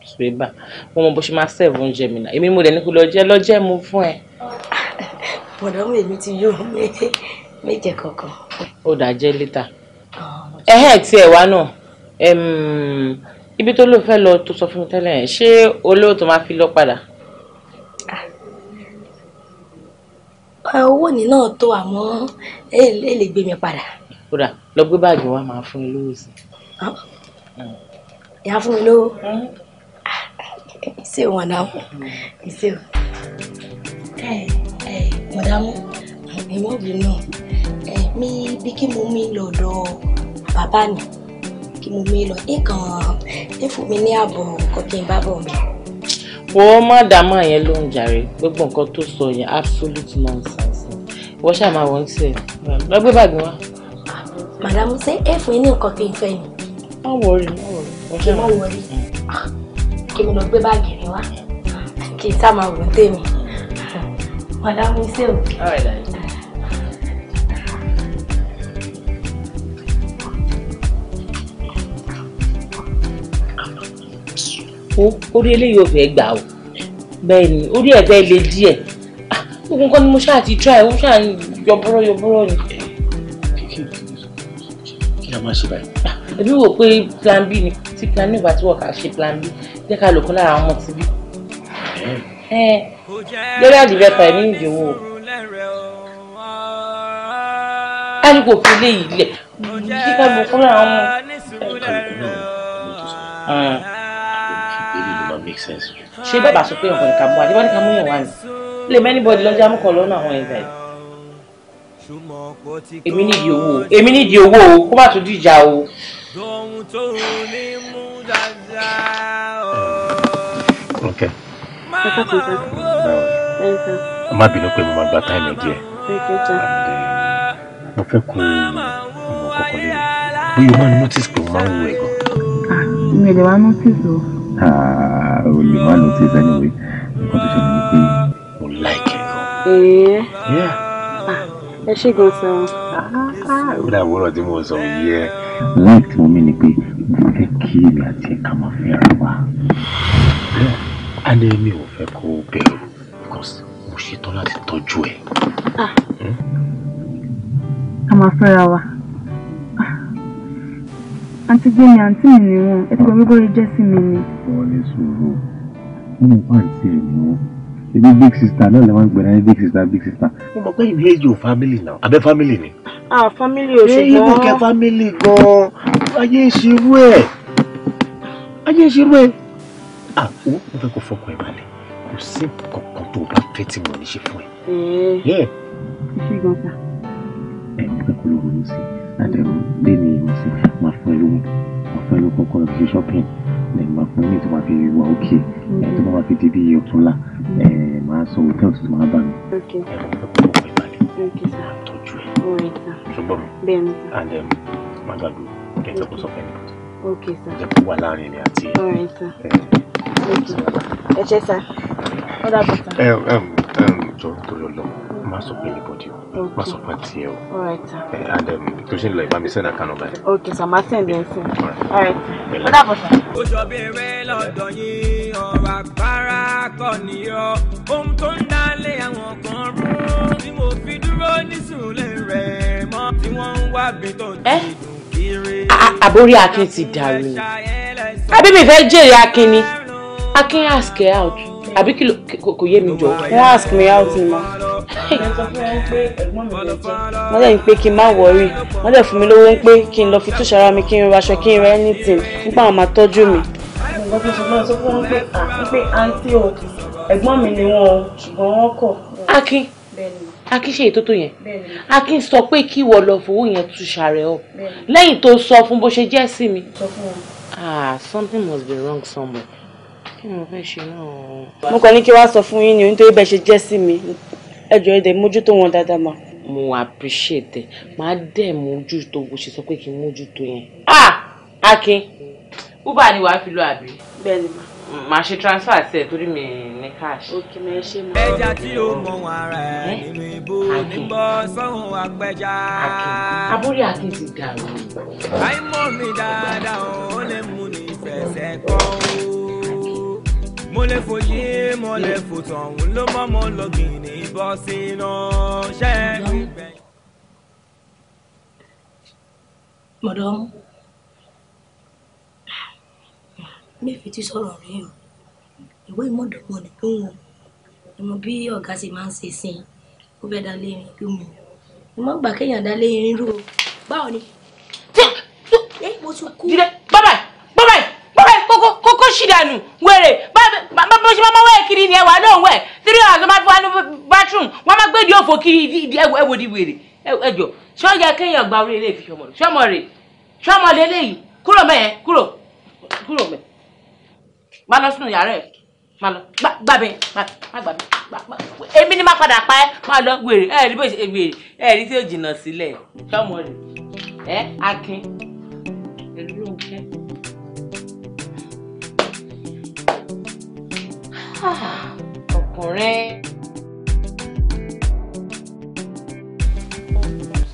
sùwébà wọn mọ bó ṣe máa sẹ́ẹ̀fù oúnjẹ mi náà èmi mo dẹ̀ ní kó lọ jẹ lọ jẹ mu fún ẹ. bọ̀dọ̀ mi èmi ti yóò méje kankan. ó dàá jẹ́ lítà. ẹ̀hẹ́ tiẹ̀ wá náà ibi tó ló fẹ́ lọ tó sọ fún mi tẹ́lẹ̀ yẹn ṣé olówó tó máa fi lọ padà. Ah. owó ni náà tó àmọ́ ẹ lè gbé mi padà kódà lọ gbé báàgì wa máa fún mi lówó sí. Ah. Hmm. ìyá fún mi lówó ṣé wọn náà ṣé o. ẹ ẹ mọ̀dámú ìwọ́n bí náà mi bí kí mo mi lọ́dọ̀ bàbá mi kí mo mi lọ nǹkan ẹ̀fọ́ mi ní ààbọ̀ nǹkan kí n bá bọ̀ mi. wọ́n má dààmú àyẹn ló ń jàre gbogbo nǹkan tó sọ yẹn absolute nonsense wọ́n ṣáà máa wọ́n ń tiẹ̀ lọ gbé wa madam say ẹ fún yín ní nǹkan tí n fẹ́ ni. má wọrí má wọrí ọjọ́ má wọrí ah, kí mi lọ gbé báàgì mi wá ah, kí n sá máa wò ó tèmi ah, madam ṣé o. orí eléyìí ò fẹ́ gbà o bẹ́ẹ̀ ni orí ẹ̀ bẹ́ẹ̀ le díẹ̀ gbogbo nǹkan ni mo ṣáà ti try ó ṣáà yọbọ́rọ́ yọbọ́rọ́ ni kí la máa ṣe báyìí. ẹbí wò pé plan b ni tí plan b bá ti wọ̀ ká ṣe plan b jẹ́ ká lòkun lára àwọn ọmọ ti bí. lórí àdìbẹ́ta ẹ̀ ní ìdíwọ́ o. kálukú fi lé ilẹ̀ kí kálukú fún àwọn ọmọ. ṣé bàbá sọ pé nǹkan ní ká mú wa ní ká mú yàn wá ni lè mẹ́ni bọ́ọ̀dì lọ́jọ́ amúkọ̀ lọ́nà àwọn ẹ̀dá yìí èmi nídìí owó èmi nídìí owó o kó má tún dìjà o. dohun tó ní mú dáadáa o. ok. má bínú pé mo máa gba táìmì díẹ̀ mo fẹ́ kó ọmọ kọ̀ọ̀kan lé mi bóyá o máa notice pé o máa ń wo ẹ̀ gan. lè wá notice o. o lè má notice anyway nǹkan tó ṣe ni pé mo like ẹ̀ gan. yeah ẹ ṣe gan sẹ wọn. ó dàbí ọ̀rọ̀ tí mo sọ yìí ẹ. láìpẹ́ omi ni pé mo fẹ́ kí èmi àti ẹ̀ka máa fẹ́ ra wa. alẹ́ mi ò fẹ́ kó bẹ̀rù because mo ṣetán láti tọ́jú ẹ̀. a ah. hmm? máa fẹ́ra wa àǹtí gbẹ̀mí àǹtí mi ni wọn ẹ ti gbọ́ mi bóyá jẹ́ sí mi ni. wọ́n ní sùúrù wọ́n mú pàǹtí ẹ̀ ni ibi big sister náà lè máa ń pè ní big sister big sister. mo mọ̀ pé you hate your family now abẹ́ family ni. ah family o ṣùgbọ́n. ṣé ibùkẹ́ family gan-an ayé ìṣirú ẹ̀ ayé ìṣirú ẹ̀. ah owó mo fẹ́ kó fọkàn ẹ̀ balẹ̀ kò sí kankan tó o bá fẹ́ tí mo ní ṣe fún ẹ. ṣé eh. gan ta. ẹ ẹ fẹ́ kó lóorun sí i àdéhùn lẹ́nu ìmọ̀sí máa fún ẹ lówó máa fún ẹ lówó kọ́kọ́ ẹ fi ṣọ́pìn màá fún yín tó máa fi wà òkè tó máa fi di bí ọ̀túnla màá sọ hòtẹ́ẹ̀lì tuntun máa bá mi. tọ́jú ẹ̀ ṣùgbọ́n mi and um, má gbàgbé kí n jẹ́ kó sọ fẹ́ nípa tó jẹ́ kó wà láàrin ilé àti ẹ̀ ẹ̀ ṣe sá ọ̀dà bọ̀tà. ẹ ẹ um, um, jọ nítorí ọlọ́run má sọ pé anybody o má sọ pé o eh, and then um, tó ṣe ń lọ send account number ok sir máa send yẹn sí i ó dàbọ̀ sir. lọ́dọ̀ yín ọ̀rọ̀ àgbára kọ́ nìyọ ohun tó ń dálé àwọn kan rú tí mo fi dúró ní sùúrù rẹ̀ mọ́ tí wọ́n ń wá bí tó ti eh? dùn kiri. àbórí akin ti dàrú ni àbí mi fẹ́ jèrè akin ni akin ask her out àbí kí kò yé mi jọ. wọ́n ask me out ni ma. wọ́n lẹ́yìn pé kí n má wọrí wọ́n lẹ́ fún mi lówó ń pé kí n lọ fi túṣe ara mi kí n raṣọ kí n ra anything nípa àwọn máa tọ́jú mi. ẹ̀gbọ́n mi ni wọ́n ṣùgbọ́n wọ́n kọ̀. akin akin ṣe ètò tó yẹn akin sọ pé kí wọ́n lọ fowó yẹn túṣà rẹ̀ ọ lẹ́yìn tó sọ fún bó ṣe jẹ́ sí mi. ah something must be wrong somewhere kí mo kàn ní kí wàá sọ fún yín ni nítorí bẹ́ẹ̀ ṣe jẹ́ sí mi ẹ jọ̀ọ́ mójútó wọn dáadáa mà. mo appreciate màá dẹ̀ mójútó bó ṣe sọ pé kí n mójútó yẹn. Ah! akin uber ni wàá fi lọ àbí. bẹ́ẹ̀ ma màá ṣe transfer sí ẹ torí mi ní cash. òkè mi ṣe mọ. ẹja tí ó mọ wọn ara eh? nínú ibò níbọ sọhùn apẹja. abúlé akin ti dàrú. àìmọ̀ mi dáadáa ó lè mú ní fẹsẹ̀ kọ́ mo lè fòye mo lè fòtàn òun ló mọ́ mo lọ gbìnì bọ́ sínú ṣẹ́ gbígbẹ́. mọ̀dọ́mú mi fi ti sọ̀rọ̀ rí o ìwé ìmọ̀dọ́gbọ̀n ni pé wọn ìmọ̀ bí ọ̀gá ṣe máa ń ṣe sí i ó fẹ́ dá lé irin lómi ìmọ̀ gbà kéèyàn dá lé irin rú o báwo ni. mo tún kú. jíde bye bye. ṣì were wèrè bó ṣe máa wẹ̀ kiri ni ẹwà náà wẹ̀ three hours máa fi wá bathroom wọ́n máa gbé di òfò kiri ẹwò di wèrè ẹjọ ṣé ó yẹ kéèyàn gba orí eléyìí fi ṣọmọ rẹ ṣọmọ rẹ ṣọmọ rẹ eléyìí ọkùnrin.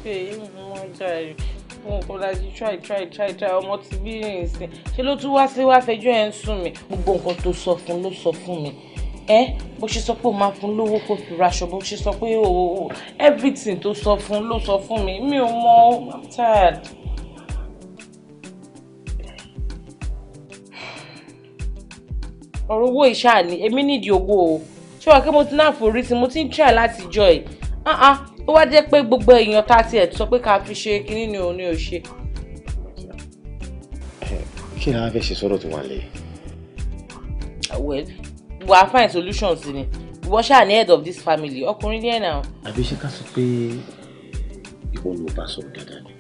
ṣe èyí mo mọ ọjà rẹ try try try try ọmọ ti bí ìrìnsìn ṣe ló tún wá sí wá fẹjọ́ ẹ̀ ń sùn mí gbogbo nǹkan tó sọ fún ló sọ fún mi ẹ bó ṣe sọ pé òun máa fún lówó kó fi raṣọ bó ṣe sọ pé o everything tó sọ fún ló sọ fún mi mi ò mọ i'm tired. ọ̀rọ̀ owó ìṣáà ni èmi nídìí owó o ṣé wàá kí mo ti náà forí sí mo ti ń try láti jọ ẹ̀ ó wá jẹ́ pé gbogbo èèyàn tá a ti ẹ̀ sọ pé ká fi ṣe kínní ni òun ni ò ṣe. kí ni a fẹ́ ṣe sọ́dọ̀ tó wà lé. well wàá find solutions ni ìwọ ṣáà ní head of this family ọkùnrin ní ẹ̀ náà. àbí ṣe ká sọ pé ìwọ ló bá sọ̀rọ̀ dáadáa ni.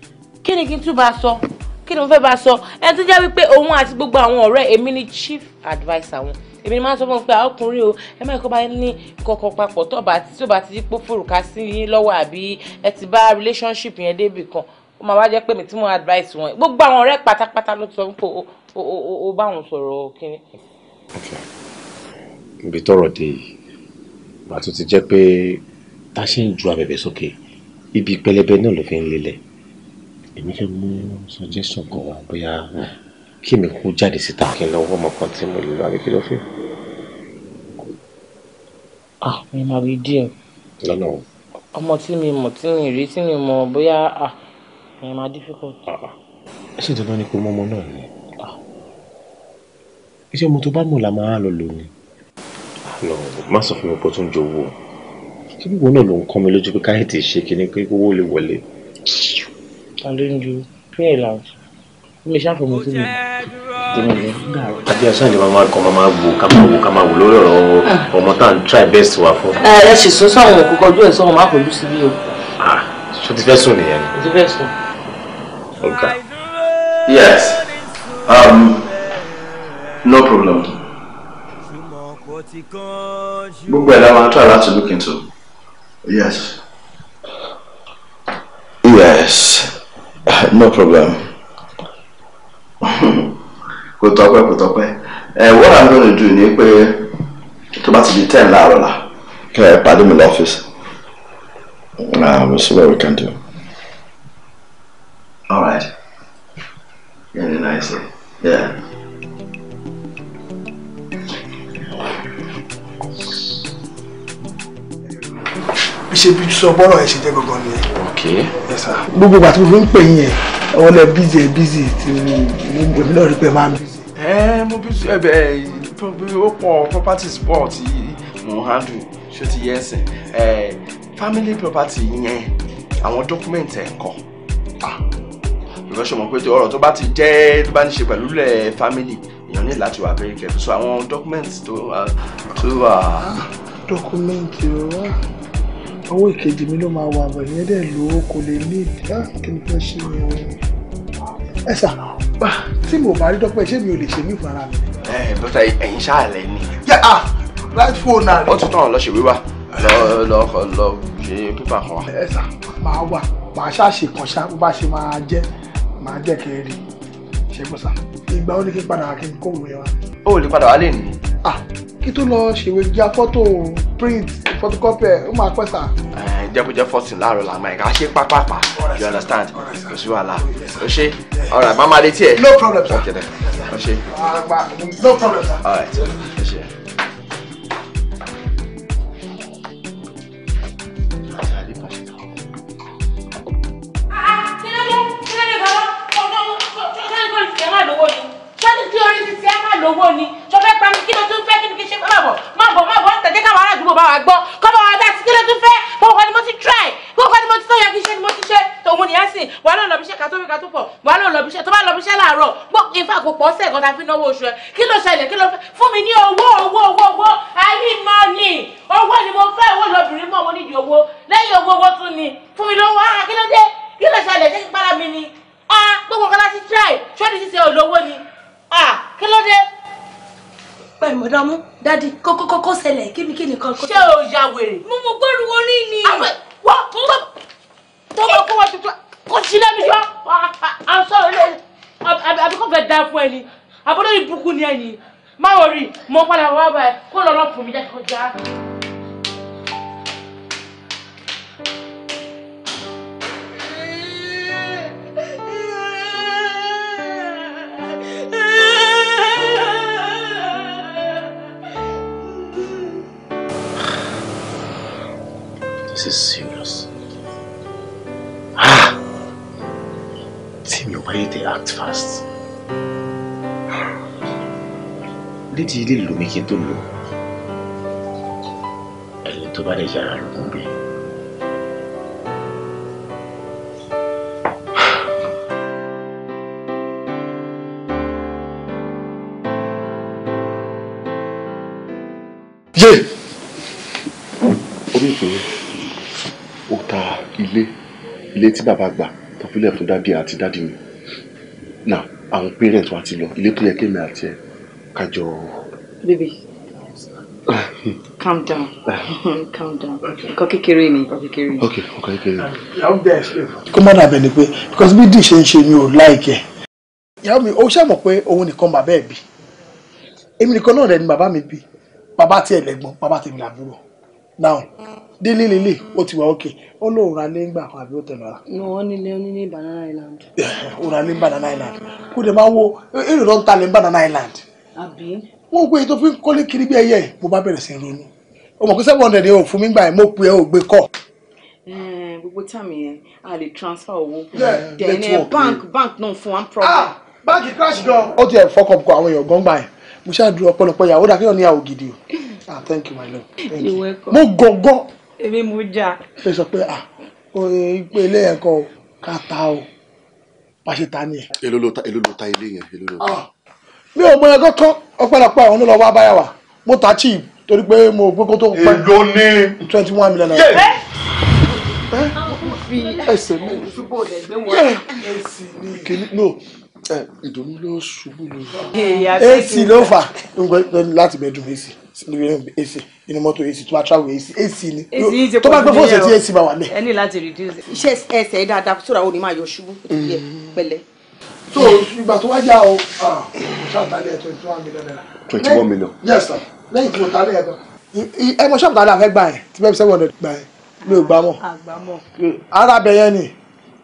kí ni kí n tún bá a sọ kí ni mo fẹ́ bá sọ ẹ tó jẹ́ wípé òun àti gbogbo àwọn ọ̀rẹ́ èmi ni chief adviser wọn èmi máa ń sọ fún un pé ọkùnrin o ẹ má kó bá ní kọkàn papọ̀ tó bá ti tó bá ti pò fòrùka sí yín lọ́wọ́ àbí ẹ ti bá relationship yẹn débì kan ó máa wá jẹ́ pé mi tí mo advice wọn gbogbo àwọn ọ̀rẹ́ pátápátá ló sọ pé ó bá wọn sọ̀rọ̀ kínní. ibi tọrọ dé yìí bàtú ti jẹ́ pé tá a ṣe ń ju abẹ̀bẹ̀ sókè ibi pẹlẹbẹ náà ló fi ń lélẹ̀ èmi fẹ́ mú suggestion kan wá bóyá kí mi kó jáde síta kí n lọ wọ́n ọmọkan tí mo lè lọ àbí kí ló fẹ́. ah mi máa rí díẹ̀. lọ́nà o. ọmọ tí mi mọ̀ tí mi rí tí mi mọ̀ bóyá ah mi máa difficult. Ah, ah. ẹ ṣètò náà ni kò mọ ọmọ náà ni iṣẹ́ ah. mo tó bá mọ̀ la máa lọ lò ní. àlọ́ má sọ fún mi pé ó tún jowó kí gbogbo náà ló ń kọ́ mi lójú pé káyọ̀tì ṣe kí ni pé owó lè wọlé. Sunday ń ju prayer lounge ó mi ṣàfọmọ sí mi. àbí àṣà ni màmá kan máa wò ká máa wò ká máa wò lórí ọ̀rọ̀ ọmọ tá à ń try best wa fún. ẹ ẹ ṣì sún sáwọn òkú kọjú ẹ sọ̀rọ̀ má kò lù síbí o. ṣó ti fẹ́ sùn nìyẹn. ṣó ti fẹ́ sùn. ọ̀gá. yes um, no problem gbogbo ẹ̀ la máa try láti look into yes yes. no problem. kò tọpẹ́ kò tọpẹ́ ẹ eh, what i'm gonna do ni pé tó bá ti di ten láàárọ̀ la kẹ ẹ pàdé mi lọ́fíìsì na we see what we can do. all right. Very nicely. Yeah. ṣe ẹ̀ ṣe jẹ́ gangan nìyẹn. ok yes sir. gbogbo ìgbà tí mo fi ń pè yín yẹn ọwọ́ lẹ bízì ẹ bízì tí èmi náà rí pé máa ń bízì. ẹ mo bí ẹ bẹ ó pọ̀ property sport yìí mo handle ṣé ti yẹ ẹsẹ̀ ẹ family property yẹn àwọn dọ́kúmẹ̀ntì ẹ̀ kọ́ ìrọ́ṣọ́ mọ̀ pé ọ̀rọ̀ tó bá ti jẹ́ tó bá ní ṣe pẹ̀lú lẹ̀ family èèyàn ní láti wà very careful so àwọn documents tó uh, wà. Ah, documents o ọwọ́ ìkejì mi ló máa wà bọ̀ ìyẹn dẹ̀ lówó kò lè ní ìdá ah, kí n fẹ́ ṣe yẹn o ẹ sà tí mo bá rí dọ́pẹ́ ṣé mi ò lè ṣe mí fara mi. ẹ dọ́tà ẹ̀yin ṣáàlẹ̀ ni. yà á láti fóònù àrẹ. wọ́n tún tán lọ ṣèwé wa lọ lọ ṣe pípa kan wa. ẹ sà máa wà máa ṣàṣe kan ṣá bó bá ṣe máa jẹ́ máa jẹ́ kẹ́ ṣe gbọ́sà ìgbà ó ní kí n padà kí n kó òwe wa. ó lè padà wá lè ní. ah kí tó lọ ṣèwé já fọ́tò print photocopy ó máa pẹ́ sà. jẹ́kújẹ́ fọ́sìn láàárọ̀ la máa ń ká ṣe pápápá you understand kò sí wàhálà ó ṣe All right, máa létí ẹ̀. no problem sir. ọ̀kẹ́dẹ̀ ó ṣe. no problem sir. all right ó ṣe. Ah, lówó ni sọ fẹ́ pa mí kí ló tó ṣe má bọ̀ má bọ̀ má bọ̀ ń tẹ̀jẹ́ káwọn aládùúgbò bá wa gbọ́ kọ́ bá wa dá sí kílẹ̀ tún fẹ́ gbogbo ni mo ti try gbogbo ni mo ti sọ̀yà kí iṣẹ́ ni mo ti ṣe òun nìyẹn sìn wà á lọ lọ bí iṣẹ́ ká tó fi ká tó pọ̀ wà á lọ lọ bí iṣẹ́ tó bá lọ bí iṣẹ́ láàárọ̀ gbọ́ ìfà kò pọ̀ sẹ́ẹ̀kan tá a fi náwó oṣù ẹ̀ kí ló ṣẹlẹ̀ kí ló fẹ́ fún mi ní owó owó owó owó I need money owó ni mo fẹ́ owó lọ́bìnrin mọ́ mo ní ìdí owó lẹ́yìn owó owó tún ni fún mi lówó ah kí ló dé kí ló ṣẹlẹ̀ ṣé kí para mi ni ah gbogbo kan láti try ṣọ́ọ́dì ṣíṣe olówó ni ah kí ló dé pẹ̀lú mọ̀dánmú dádì kókókókó ṣẹlẹ̀ kíníkíní kan. ṣé o ya wèrè. mo mọ gbóríwó ní ni. wọ́n tó bá kó wọn tuntun kó sí lẹ́nu yọ ah, ah, àṣọ rẹ àbí kò fẹ́ da fún ẹni àbúrò ìbùkún ni ẹni má wọrí mo padà wá báyìí kó lọ́ọ́ fún mi jẹ́ kó já. is serious. Ah! Timmy, why they act fast? Lédi ilé ìlú mi kí n tó lò. Ẹni tó bá lè yára lókun gbé. Yé! ilé ilé tí bàbá gbà tó fi lẹ̀ fún dábì àti dádì mi now àwọn parents wa ti lọ ilé tó yẹ kémi àti ẹ kájọ. baby calm down calm down nǹkan kékeré ni nǹkan kékeré ni. ok nǹkan kékeré ni. yàrá bẹ́ẹ̀ ṣe. kó má dàbẹ̀ ni pé because bí dì ṣe ń ṣe mi ò láìkẹ́ ìyá mi ó ṣàmọ̀ pé òun nìkan bàbá ẹ̀ bí èmi nìkan náà rẹ̀ ni bàbá mi bí bàbá tiẹ̀ lẹ́gbọ́n bàbá tèmi làbúrò now délé lili ó ti wà òkè ó lóun ra lé ńgbà kan àbí ó tẹ̀lé ní banana island. ó ra ní banana island kó dẹ̀ máa wo èrè ló ń ta banana island. àbí. wọ́n gbé tó fi ń kọ́lé kiri bí ẹyẹ mo bá bẹ̀rẹ̀ sí í ronú o mọ̀ seven hundred yẹn ò fún mi gbà yẹn mo pè é ò gbé kọ́. Eh, gbogbo táàmì yẹn a lè transfer owó eh, bank bank náà fún one problem. Ah, báńkì crash gan. ó ti ẹ̀ fọkàn kọ àwọn èèyàn gan gbà yẹn mo ṣáà dúró o ah thank èmi mo jà. ṣé sọ pé ah e, pé ilé yẹn ká ta o bá ta ni ẹ. èló ló ta èló ló ta ilé yẹn èló ló ta. Ah, mi ò mọ ẹgbẹ́ kan ọ̀pọ̀lọpọ̀ àwọn onílọ wá báyà mo ta chip torí pé mo gbé kó tó èló ni. twenty one million naira fi ẹsẹ̀ mi. kìnìún no ìdùnnú ló ṣubú lórí. ac ló fà láti bedroom ac ac inú mọ́tò ac tó bá travel ac ac ni tó bá gbé fóònù tí ac bá wà lẹ̀. ẹ ní láti reduce. iṣẹ́ ẹsẹ̀ dáadáa sóra ó ní máa yọ ṣubú mm. pẹ̀lẹ́. so ìgbà tó wá já o ah, ṣàtàlẹ̀ twenty one million naira. twenty one million. yes sir lẹ́yìn tí mo ta lẹ́yìn tán. ẹ mọ ṣọ́ọ̀bù tàlẹ́ àfẹ́ gbà yẹn tí bẹ́ẹ̀ seven hundred gbà yẹn mi ò gbà mọ́. àgbà mọ́. ni.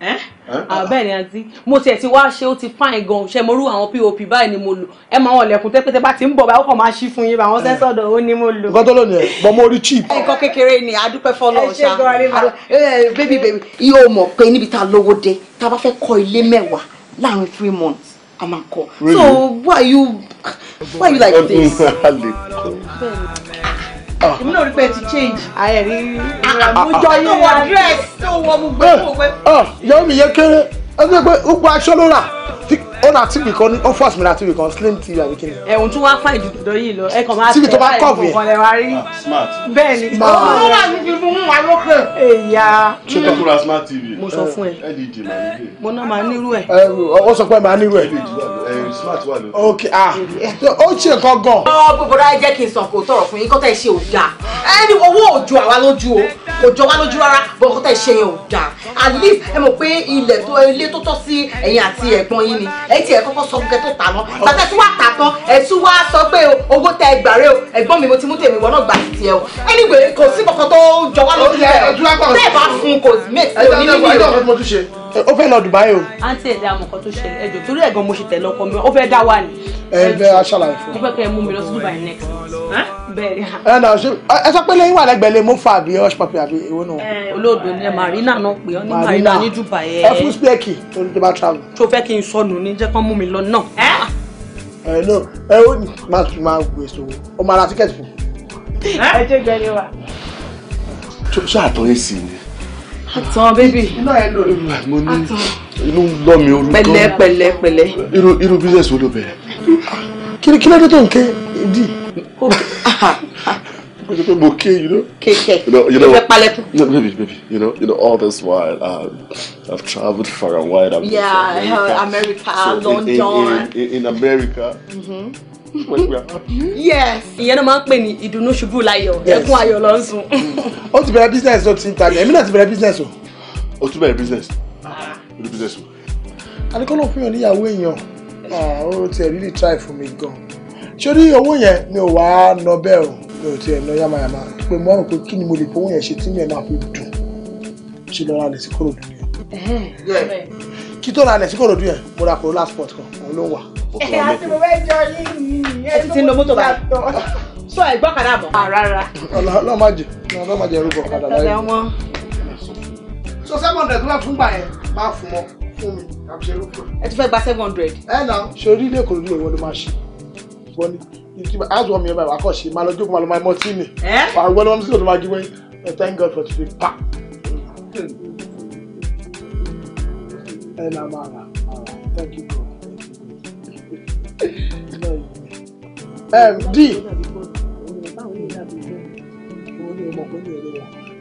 Eh? Eh? Ah, bẹ́ẹ̀ ni àǹtí mo tiẹ̀ ti wá ṣe ó ti fáìn gan ṣe mo rú àwọn pop báyìí ni mo lò ẹ máa wọn lẹ̀kùn tẹ́pẹ́tẹ́ bá ti ń bọ̀ báyìí ó máa ṣí fún yín báwọn sẹ́sọ̀dọ̀ ó ní mo lò. nǹkan tó lónìí ẹ gbọ́ mo rí cheap. nǹkan kékeré ni adúpẹ́ fọlọ́ ọ̀ṣà bébí bébí yóò mọ̀ pé níbi tá a lówó dé tá a bá fẹ́ kọ́ ilé mẹ́wàá láàrin three months a máa kọ́ so why you why you like this. Ah. èmi náà rí pé ti change. ayẹ rí àmújọ ah, ah, yín rẹ. àtọwọ dress tó wọ gbogbo ìwọ pé. yàwó mi yẹ kéré ẹgbẹ́ pé ó aṣọ ló rà tí ó na tv kan ní ó force mi na tv kan slim tv àbí kí ni. ẹ̀hún tún wá fàìjì dùdọ̀ yìí lọ ẹ̀kan máa tẹ̀ ẹ̀ ẹ̀kan kan lẹ̀ wá rí. Ah, bẹ́ẹ̀ ni ó rà ní fi fún wa lókè. èyà mo sọ fún ẹ e mo náà máa nírú ẹ. ó sọ pé máa nírú e ẹ. ok ah ó ṣe nǹkan gan. ọ bòbòrò ẹ jẹ́ kí n sàn kó tọrọ fún yín kó tẹ̀ ṣe ò dáa ẹni owó ò jọ àwa lójú o kò jọ wá lójú rárá bọ́ kó tẹ̀ ṣe yẹn ò dáa at least ẹ mọ̀ pé ilẹ̀ tó ilé tó tọ́ sí ẹ̀yìn àti ẹ̀gbọ́n yín ni ẹ tiẹ̀ kọ́kọ́ sọ nǹkan tó tà mọ́ bàtà tí wàá tà tán ẹ wá sọ pé owó tẹ ẹ gbàrẹ́ o ẹ̀gbọ́n mi mo ti mú tèmi wọ́n náà gbà sí tiẹ̀ o anyway kò sí kankan tó jọ wá lórí ẹ̀ tẹ́ ẹ bá fún kò mate tí o ní níbi o fẹ́ lọ Dubai o. àǹtí ẹ̀dá àmọ̀ kan tó ṣẹlẹ̀ ẹjọ́ torí ẹ̀gbọ́n mo ṣe tẹ̀lé ọkọ mi ó fẹ́ dá wà ní. ẹ bẹ aṣàlàyé fún. mo fẹ́ kẹ́ ẹ mú pé lẹ́yìn wà lẹ́gbẹ̀ẹ́ lè mú fa àbí ọṣù àbí ewu náà. olóòdò ni marina náà pè ọ ní marina ní Dubai ẹ. ẹ fún spẹ́ẹ̀kì tó ní tó bá travel. tó fẹ́ kí n sọnù ní jẹ́ kán mú mi lọ náà. ẹ ló ẹ ó ní máa tún máa gbé èso o máa ra tíkẹ́ẹ̀tì fún. ẹ jẹ́ gbẹ́ni wa. ṣé àtọ̀ yẹn sì ni. àtọ̀ bébì. iná ẹ lò lórí mo ní inú ń lọ mi orúkọ. pẹ̀lẹ́ pẹ̀lẹ́ pẹ̀lẹ́. irú irú bísíǹsì wo ló bẹ̀rẹ̀. kí ló dé tó ń kẹ́ dì. kò ṣe pé Okay, you know. you know baby baby you know you know all this while um, I've traveled far and wide. I'm yeah America, uh, America so London. In, in, in, in America. Mm-hmm. yes ìyẹn náà máa ń pè ní ìdùnnú ṣubú láyọ̀ ẹkún ayọ̀ ló ń sun. ó ti bẹ̀rẹ̀ business ó ti ń tajà èmi náà ti bẹ̀rẹ̀ business o. Ah. ó ti bẹ̀rẹ̀ business ah. ó ti business o. adekọ́lọ́ fún yàn níyàwó èèyàn ah, ó tiẹ̀ really try for me. gan-an ṣé orí owó yẹn mi ò wá nọ bẹ́ẹ̀ o mi ò tiẹ̀ lọ yámayàmá pé mo rò pé kí ni mo lè fowó yẹn ṣe tí mi ẹ̀ máa fi dùn ṣe lọ́ra lẹ̀ sí kòròdú yẹn kí tó ra sí kòròdú yẹn mo ra Corolla Sport kan òun ló wà. ẹ àti mo jọ yín ni ẹ ń lo mọ́tò báyìí sọ ẹ gbọ́kàdà bọ̀. Ah, rárá. ọlọ́ọ̀ má jẹ ọlọ́ọ̀ má jẹ orúkọ ọ̀kadà láyé. so seven hundred tó fún gbà máa fún mọ́ fún mi àbíṣe orúkọ. ẹ ti fẹ́ gba seven hundred. ẹ nà sórí ilé ìkòròdú ìwọ ló máa ṣe gbọ́ azu ọmọ yẹn báyìí wà á kọ̀ ṣe máa lọ jókòó máa lọ máa mọ tí mi wà á gbọ́ lọ́wọ́ sí òdò máa jíwé thank God for today pa. ẹ na máa ra thank you God. d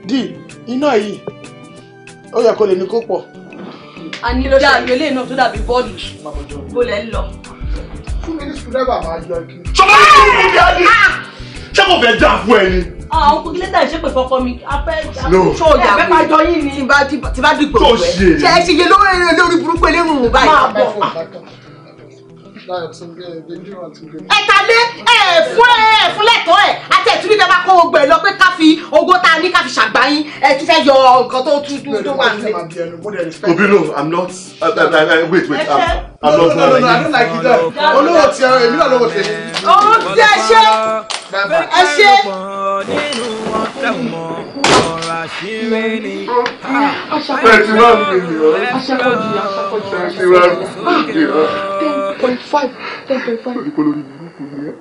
d iná yìí ó yẹ kó lè ní kó pọ̀. a ní ló dàbí eléyìí náà tó dàbí bọ́ọ̀lù bó lẹ́ ń lọ. fún mi ní sùdẹ́bà máa yọ kí sọmọ ní kí ni ìyá ni ah! ṣé kò fẹ́ dà fún ẹ ni. àwọn kò lẹ́tà ṣe pé fọkọ mi afẹ́ ṣó ìyá fẹ́ máa jọ yín ni tí bá dìgbò rẹ̀ ṣe é ṣe iye lórí burúkú eléhùn báyìí. máa bọ̀ ẹ̀tàlé ẹ̀fún ẹ̀fún lẹ́tọ́ ẹ̀ àti ẹ̀túrí ìjọba kó o gbẹ̀ lọ pé ká fi owó tá a ní ká fi ṣàgbáyín ẹ̀ tún fẹ́ yọ nǹkan tó tú tú tó wà ní. obi no i'm not uh, uh, uh, wait wait i'm, I'm not no no no i don't like it that olówó tiẹ̀ èmi náà lówó tiẹ̀. òun ti ẹ ṣe ẹ ṣe àṣírí ni. ẹ ti wá mílíọ̀nù. aṣàkọjì aṣàkọjì. ẹ ti wá mílíọ̀nù. Ah, ten point five ten point five. olùkọ́ lórí burúkú ni ẹ.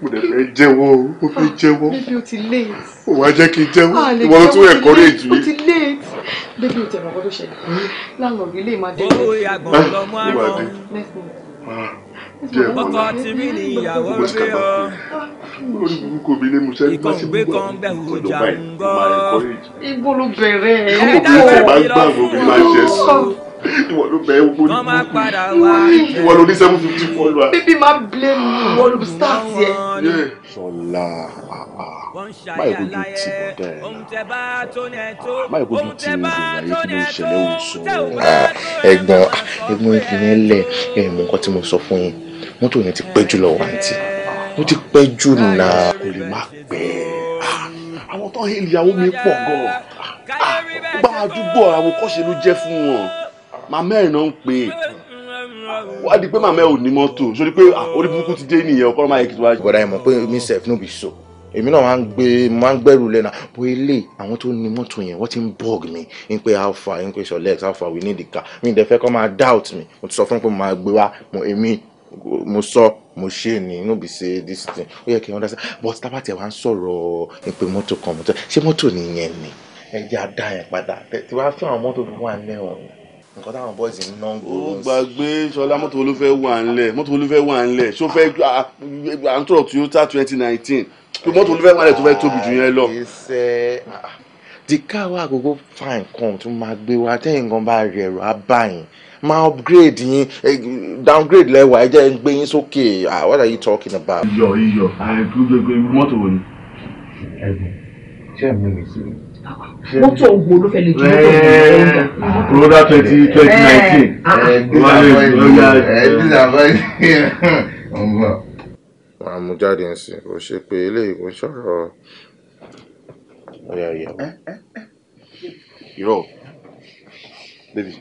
mo dẹ̀ fẹ́ jẹ́wọ́ o mo fẹ́ ah, jẹ́wọ́. bébí late. o wá jẹ́ kí n jẹ́wọ́. Ah, ìwọ ló tún ẹ̀kọ́ rẹ̀ jù. o ti late. bébí o tẹ̀ mọ́ kó tó ṣẹlẹ̀. láwọn òbí lè máa dé ọkọ tìmí ni ìyàwó gbé ọ ìkọ̀ǹgbé kan bẹ̀rù ọjà ń gbọ́. ibo ló bẹ̀rẹ̀ ẹ̀ ẹ̀ dákọ̀ ìwọ ló bẹ ewu ní ìwọ ló ní seven fifty four bíbí máa ń blame ìwọ ló start yẹ. sọlá báyìí kò ju ti bọ̀ dẹ́ nǹkan tí mo sọ fún yín mọ́tò yẹn ti pẹ́ jù lọ wáǹtì ó ti pẹ́ jù náà kò lè má pẹ́ ah, àwọn tó ń hẹ́lì ìyàwó mi pọ̀ gan ó ah, ah, bá àdúgbò àwòkọ́ṣe ló jẹ́ fún wọn màmá ẹ̀ náà ń pè é wá di pé màmá ẹ ò ní mọ́tò sórí pé orí burúkú ti dé nìyẹn ọkọ máa yẹ kí tó ẹ̀ mọ̀ pé mi sef no be so èmi náà máa ń gbé máa ń gbẹ́rù lẹ́nà bó ilé àwọn tó ní mọ́tò yẹn wọ́n ti ń bug mi ń pé how far ń pé sọ̀lẹ́ how far we need the car mi ìdẹ́fẹ́ kọ́ máa doubt mi mo ti sọ fún pé mo máa gbé wá mo èmi mo sọ mo ṣe ni no be say this thing ó yẹ kí n understand but tábà tí a wá ń sọ̀rọ̀ ń pé mọ́tò kan mọ́tò ṣé mọ́tò nìyẹn ni ẹ jẹ́ àdá yẹn padà tí wàá fún àwọn mọ́tò tó wà ní ẹ̀wọ̀n nǹkan táwọn boys ń ná ń gbòòrò. ó gbàgbé sọlá mọ́tò olúfẹ́ wà ńlẹ̀ mọ́tò olúfẹ́ wà ńlẹ̀ ṣó fẹ́ à toyota twenty nineteen pé mọ́tò olúfẹ́ wà ńlẹ̀ tó fẹ́ tóbi jù yẹn lọ. the car wa àgógó fine come tó máa gbé wa tẹ́yìn gan bá rẹ̀ rọ̀ á báyìí máa upgrade yín downgrade lẹ́wà ẹ jẹ́ ń gbé yín sókè what are you talking about. iyọ̀ iyọ̀ ẹ̀ kí mọ́tò wo ni. ẹ̀gbọ́n ṣé ẹ̀ mú mi sí i mọ́tò ògbó ló fẹ́ lè ju mọ́tò ògbó ọ̀gá. rọ́dà twenty twenty eh, nineteen. wọ́n ah, ah. eh, eh, á mú jáde ń sìn kò ṣe pé eléyìí kò ń sọ̀rọ̀ ọ̀yà ìyàwó. irọ́ bébì.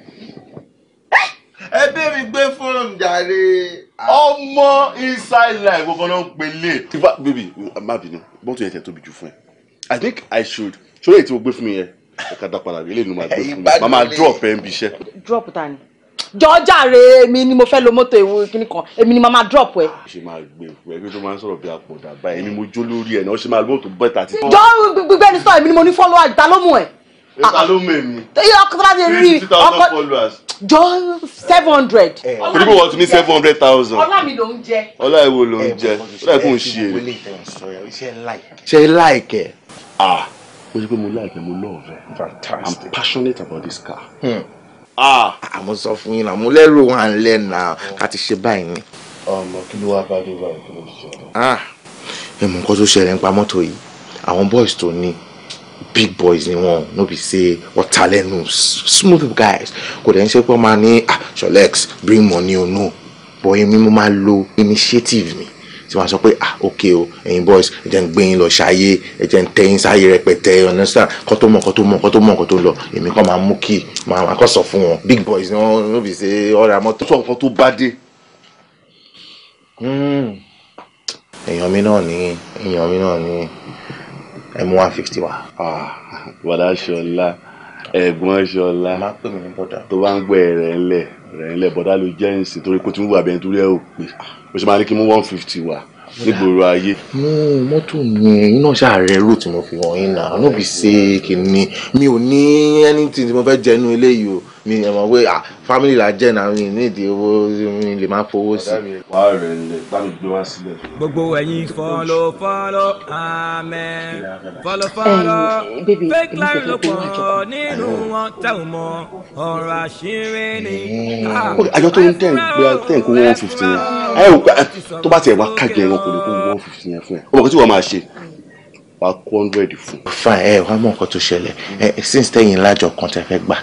ẹ bẹ́ẹ̀ gbé fóònù jàre ah. ọmọ inside life gbogbo náà ń pele. bébì má bínú mọ́tò yẹn tẹ̀ tóbi jù fún ẹ I think I should ṣó lè tí o gbé fún mi yẹn ẹ ká dá padà rí eléyìí fún mi màá drop ẹ ń bi iṣẹ́. drop ta ni jọjàre èmi ni mo fẹ́ lo mọ́tò ewu kíní kan èmi ni mama drop ẹ. ṣe máa gbé fún ẹ kí ló máa ń sọ̀rọ̀ bí àpòdà báyìí èmi mo jó lórí ẹ̀ náà ṣe máa lóòótọ́ bẹ́ẹ̀ tà ti. jọ gbígbẹ́ ni sọ èmi ni mo ní follower ta ló mú ẹ. ta ló mú èmi. ọkọ tó bá ti rí ọkọ jọ seven hundred. kò níbo wọ́n ti ní seven hundred thousand. ọlá mi ló ń jẹ. ọlá ìwo ló ń jẹ ọlá ìkún ṣe é. ṣe é láìkẹ́. ah mo ti pé mo like mo love ẹ fantastic i'm passionate about this car. Hmm. ah àmọ́ ah, sọ fún yín náà mo lẹ́rù wà ń lẹ́ náà ká ti ṣe báyìí ni. ọmọ kí ló wá bá dé báyìí kí ló ti ṣẹlẹ̀. ah ẹ mọ nǹkan tó ṣẹlẹ̀ nípa mọ́tò yìí àwọn boys tó ní big boys ni wọn no be say ọ̀tá lẹ́nu smooth guys kò dẹ̀ ń ṣe pé wọ́n máa ní ah solex bring money o no bọ̀ èmi mo máa lo initiative mi tí wọ́n sọ pé ah ok o ẹ̀yin boys ẹ jẹ́ ń gbé yín lọ ṣayé ẹ jẹ́ ń tẹ́ yín sáyé rẹpẹtẹ ọ̀nẹ́sà kọ́ tó mọ̀ kọ́ tó mọ̀ kọ́ tó mọ̀ kọ́ tó lọ èmi kọ́ máa mú kí máa kọ́ sọ fún wọn big boys ni wọ́n ló fi ṣe ọ̀rẹ́ àmọ́tò. sọ nǹkan tó bá dé. Hmm. èèyàn mi náà ní èèyàn mi náà ní ẹ mú one fifty wá. Ah, bàdá ṣọlá ẹ̀gbọ́n ṣọlá tó bá ń gbọ́ rẹ̀ ńlẹ̀ rẹ̀ ńlẹ̀ bọ́dá ló jẹ́ ìsìn torí kó tí ń wà bẹ́ẹ̀ nítorí ẹ̀ ò pé bó ṣe máa ní kí mú one fifty wá nígboro ayé. mú mọ́tò yẹn iná ṣàárẹ̀ rò tí mo fi wọ̀nyí náà no be say kìíní mi ò ní anything tí mo fẹ́ jẹ́ inú eléyìí o mi ẹ̀ mọ̀ pé family la jẹ́ náà mi ní ìdí owó mi lè má fowó sí. wà á rẹ̀ lẹ̀ gbé wá sílẹ̀. gbogbo ẹ̀yin fọlọ fọlọ amen fọlọ fọlọ fake line ló pọ̀ nínú wọn tá ò mọ ọ̀rọ̀ àṣírí ni. Ah, àjọ tó ń tẹ̀ gbé tẹ̀ kó one fifteen. yẹn ẹ ò tó bá tiẹ̀ wá kájẹ ẹran kò lè kó one fifteen. yẹn fún ẹ ọmọ kan tí wọ́n máa ṣe wàá kó hundred fún. fine ẹ wàá mọ nǹkan tó ṣẹlẹ̀ ẹ since tẹ̀yìn lájọ kan tẹ fẹ́ gbà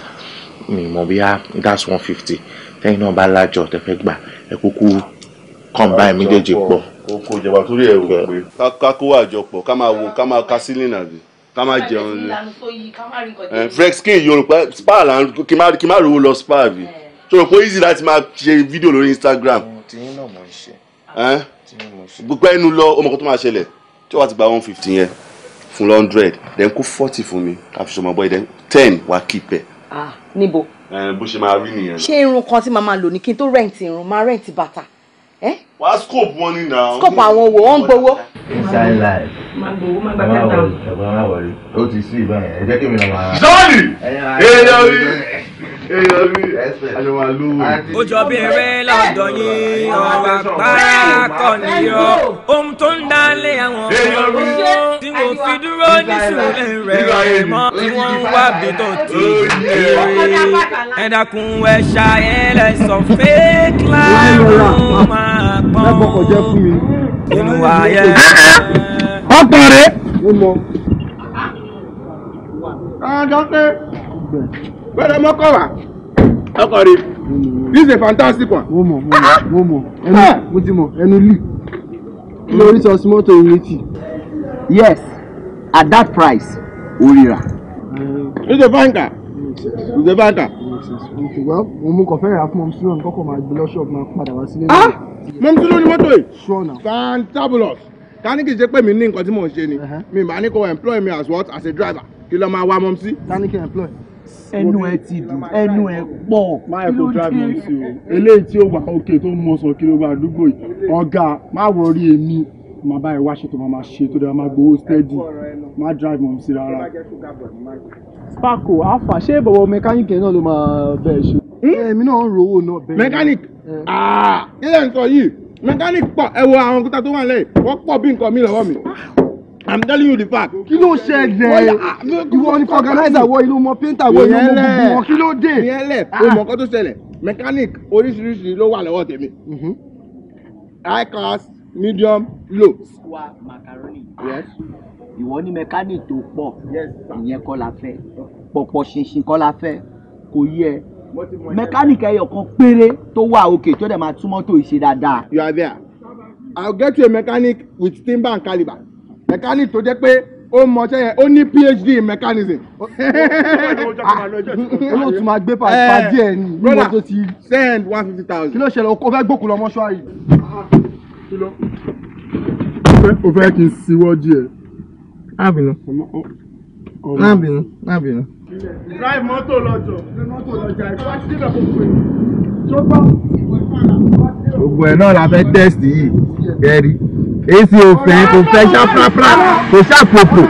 mi mọ̀ bíyà that's one fifty tẹ́yìn náà bá lájọ tẹ́fẹ́ gbà ẹ kúkú combine méjèèjì pọ̀. kò jọba torí ẹ wò pé ká kó àjọpọ̀ ká máa wo ká máa ka sílẹ̀ náà bi ká máa jẹun ni eh, Frexkin yorùbá spa là ń kí má rówó lọ spa bi tó eh. rò pé easy láti máa ṣe fídíò lórí Instagram. tí yín náà eh? mọ̀ ń ṣe gbogbo ẹnu lọ ọmọ kan tó máa ṣẹlẹ̀ tí wàá ti gba one fifty yẹn fún one hundred then kó forty fún mi àfisọmọ boy then ten wàá keep ẹ ah níbo. ẹ bó ṣe máa rí nìyẹn. ṣé irun kan tí màá máa lò ní kí n tó rẹ́ǹtì irun máa rẹ́ǹtì bàtà. wá scope wọn ni na. scope àwọn wo wọn ń gbowó. inside life. máa gbowó máa gba ten thousand. ẹ̀gbọ́n máa wọlé ó ti sí ìbáyẹn ẹ jẹ́ kí mi lọ máa. zọ́ọ̀lì èèyàn rí èèyàn mi àjọ máa lówó. ó jọ bí eré lọ́dọ̀ yìí ọ̀rọ̀ àpárá kọ́ nìyọ ohun tó ń dá lé àwọn ọmọ tí mo fi dúró ní sùúrù rẹ̀ mọ́ tí wọ́n ń wá bí tó ti rí ẹ dákun ẹ ṣayẹ lẹ́sàn fake life ó máa pọ́n inú ayé. ọkọ rẹ. Ah, don't wẹ́rẹ́ mọ́ kọ́ wa ọkọ̀ rẹ̀ this is a fantastic one. Momo, Momo. mo mọ ẹnu ah! mo ti mọ ẹnu lì lórí sọsí mọ́tò ìrètí. yes at that price o rira. it's a banker. car it's a banker. Well, Momo, òun kò fẹ́ rà fún come sílọ̀ nǹkan kan máa gbé lọ́ṣọ̀ọ̀bù máa padà wá sílé. Ah! mo ń tún lórí sure now. fantabulous tánìkì ṣe pé mi ní nǹkan tí mò ń ṣe ni uh-huh. mi máa ní kó employ me as what as a driver kí ló máa wá mọ́ sí. tánìkì employ ẹnu ẹ ti dùn ẹnu ẹ pọ̀ kí ló dé. eléyìí tí ó wà òkè tó mọ sọ kí ló wà àdúgbò yìí ọ̀gá má wọrí èmi màá báyìí wá ṣètò màá máa ṣe tó dáa máa gbowó steady má drive mọ̀ sí rárá. Paco afa ṣé bọ̀bọ̀ mẹkáníìkì náà ló máa bẹ̀ẹ̀ ṣe. èmi náà ń rówó náà bẹ́ẹ̀. mẹkáníìkì kílẹ̀ nǹkan yìí mẹkáníìkì pọ̀ ẹ wo àwọn òkúta tó wà lẹ́yìn wọ́n pọ̀ bí nǹkan mi lọ́wọ́ mi i'm telling you the fact. kí ló ṣẹlẹ̀ ah, ìwọ ni organizer wo ìlú mọ painter wo ìlú mọ gbogbo wọn kí ló dé. ìyẹn lẹ ah. o mọ kó tó ṣẹlẹ̀ mechanic oríṣiríṣi ló wà lọ́wọ́ tèmi mm-hmm. high class medium low. wa macaroni. yes. ìwọ ni mechanic tó pọ̀. yes sir. ìyẹn kọ́ la fẹ́ pọ̀pọ̀ ṣinṣin kọ́ la fẹ́ kò yẹ mechanic ẹyọ kan péré tó wà òkè tó dẹ̀ máa túmọ̀ tó ìṣe dáadáa. you are there i will get you a mechanic with timber and calibre mechanic tó jẹ́ pé ó mọ ṣe ó ní phd in mechanism. olóò tún máa gbé pàdé ẹ ní ìwọ tó ti. send one fifty thousand. kí ló ṣẹlẹ̀ o fẹ́ gbókùn lọ mọ́ṣúárì. o fẹ́ kí n siwọ́ díẹ̀. má bínú má bínú má bínú. drive mọ́tò lọ drive mọ́tò lọ ìfọwọ́sí débẹ̀ kò pè é gbogbo ẹ̀ náà la fẹ́ test yìí kẹ́rì èsì òfin kò fẹ́ ṣàprápra kò ṣàpòpò.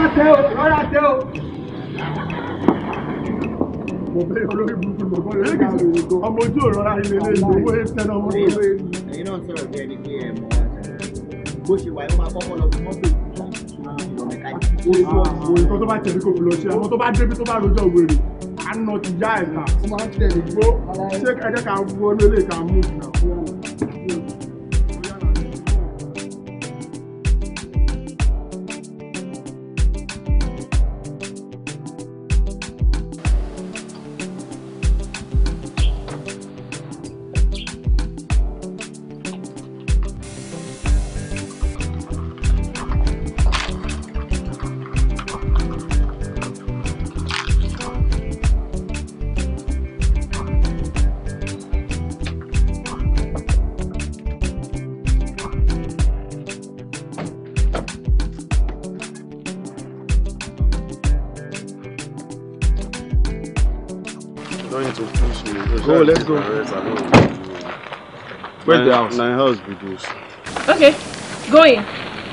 ọmọ ojú òrora ilé ilé ìgbòho ẹ tẹnu ọmọ ojú òrora. ẹ̀yin náà sọ̀rọ̀ bí ẹni pé ẹ mọ̀ bó ṣe wà ẹ máa kọ́kọ́ lọ fún mọ́tò ìtura ìtura mẹkáníkì. oṣù ọ̀sùn nǹkan tó bá tẹ̀lé kò fi lọ ṣe àwọn tó bá débi tó bá rojọ́ òwe àná ti já ẹ̀ka ó máa ń tẹ̀lé gbó ṣé ẹ̀jẹ̀ ká wọlé lè ká mú ìgbà fún wọn. go, let's go. Where the house? My house be this. Okay, go in.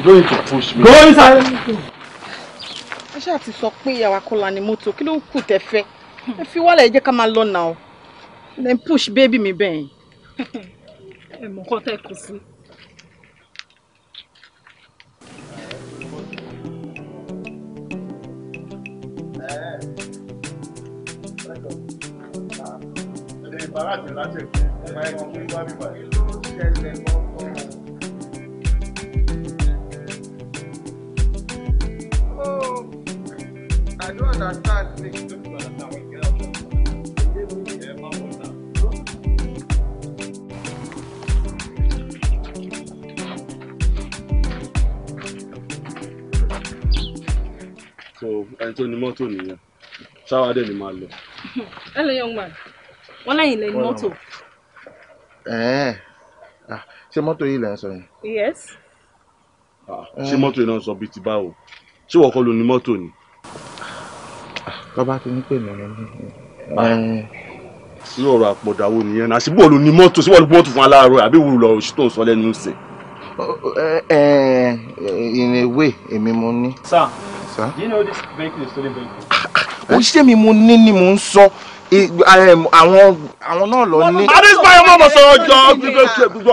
Go to push me. Go inside. I ṣáà ti sọ pé ìyàwó akọ́lá ni mọ́tò kí ló ń Cut tẹ́fẹ́. Ẹ If you want ká máa lọ nà ọ́. Then push baby me bẹ́ẹ̀. I'm going to tẹ́ kù bàbá àti láṣẹ ọmọ ẹ kò oh, I don't understand this. So ẹni tó ni mọ́tò nìyẹn ṣáwádé ni máa lọ. Hello young man wọ́n lẹ́yìn lẹ́yìn mọ́tò. Eh. Ah, ṣé mọ́tò yìí lẹ́ ń sọ yẹn. yes. Ah, ṣé eh. mọ́tò yìí náà sọ bíi ti báwo ṣé wọ́n kọ́ ló ní mọ́tò ni. bàbá ti ní pè mí ní. sí eh, ah. ọ̀rọ̀ àpọ̀dáwó nìyẹn náà síbò ló ní mọ́tò síbò ló mọ́tò fún aláàárọ̀ àbí wù lọ òṣì tó ń sọ lẹ́nu ṣe. Oh, oh, in a way èmi mo ní. sir do you know this vehicle is stolen vehicle. òṣìṣẹ́ mi mo ní ni mo ń sọ. So àwọn àwọn náà lọ ní. adesina yẹn sọ ọjọ́ gbígbé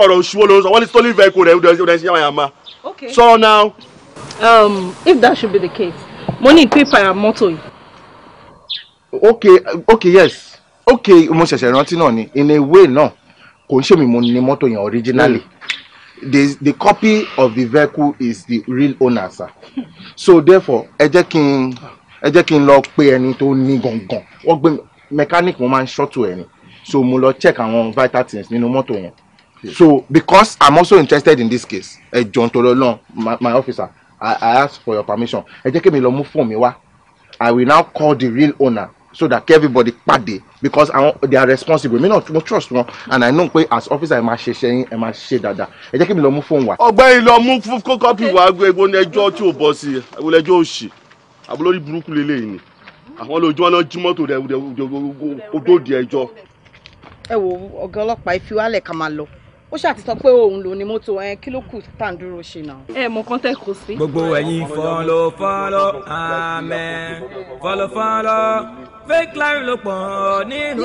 ọ̀rọ̀ òṣùwò ló sọ wọ́n ní stolen vehicle rẹ̀ ọdún ẹ̀sìn yàrá yàrá sọ now. Um, if that should be the case mo ní pépà ya mọ́tò yìí. ok ok yes ok mo ṣẹ̀ṣẹ̀ rántí náà ni in a way náà kò ń ṣèmi mo ní mọ́tò yẹn originally. Hmm. The, the copy of the vehicle is the real owner sir so therefore ẹ jẹ́ kí n ẹ jẹ́ kí n lọ pe ẹni tó ní gangan wọ́n gbé mi mechanic mo máa ń ṣọ́tò ẹ̀ ni so mo lọ check àwọn vital things nínú mọ́tò yẹn so because i'm also interested in this case ẹ jọ̀ọ́ nítorí Ọlọ́run my officer I, i ask for your permission ẹ jẹ́ kí mi lọ mú fóònù mi wá i will now call the real owner so that everybody pàdé because àwọn they are responsible mi náà mo trust wọn and i know pé as officer ẹ máa ṣe ṣe yín ẹ máa ṣe dáadáa ẹ jẹ́ kí mi lọ mú fóònù wá. ọ̀gbẹ́ni lọ mú kọ́pì wá gbé egbò ní ẹjọ́ tí ò bọ́ sí i ẹjọ́ òṣì àbúlórí burúkú lélẹ́yìn ni àwọn olójúmọ́ náà jí mọ́tò rẹ̀ odòdì ẹjọ́. ẹ wo ọ̀gá ọlọ́pàá ìfiwálẹ̀ ká máa lọ ó ṣàti sọ pé òun ló ní mọ́tò ẹ kí ló kù tá à ń dúró ṣe náà. ẹ mọ kán tẹ sí. gbogbo ẹ̀yin fọlọ fọlọ amẹ fọlọ fọlọ fake life ló pọ̀ nínú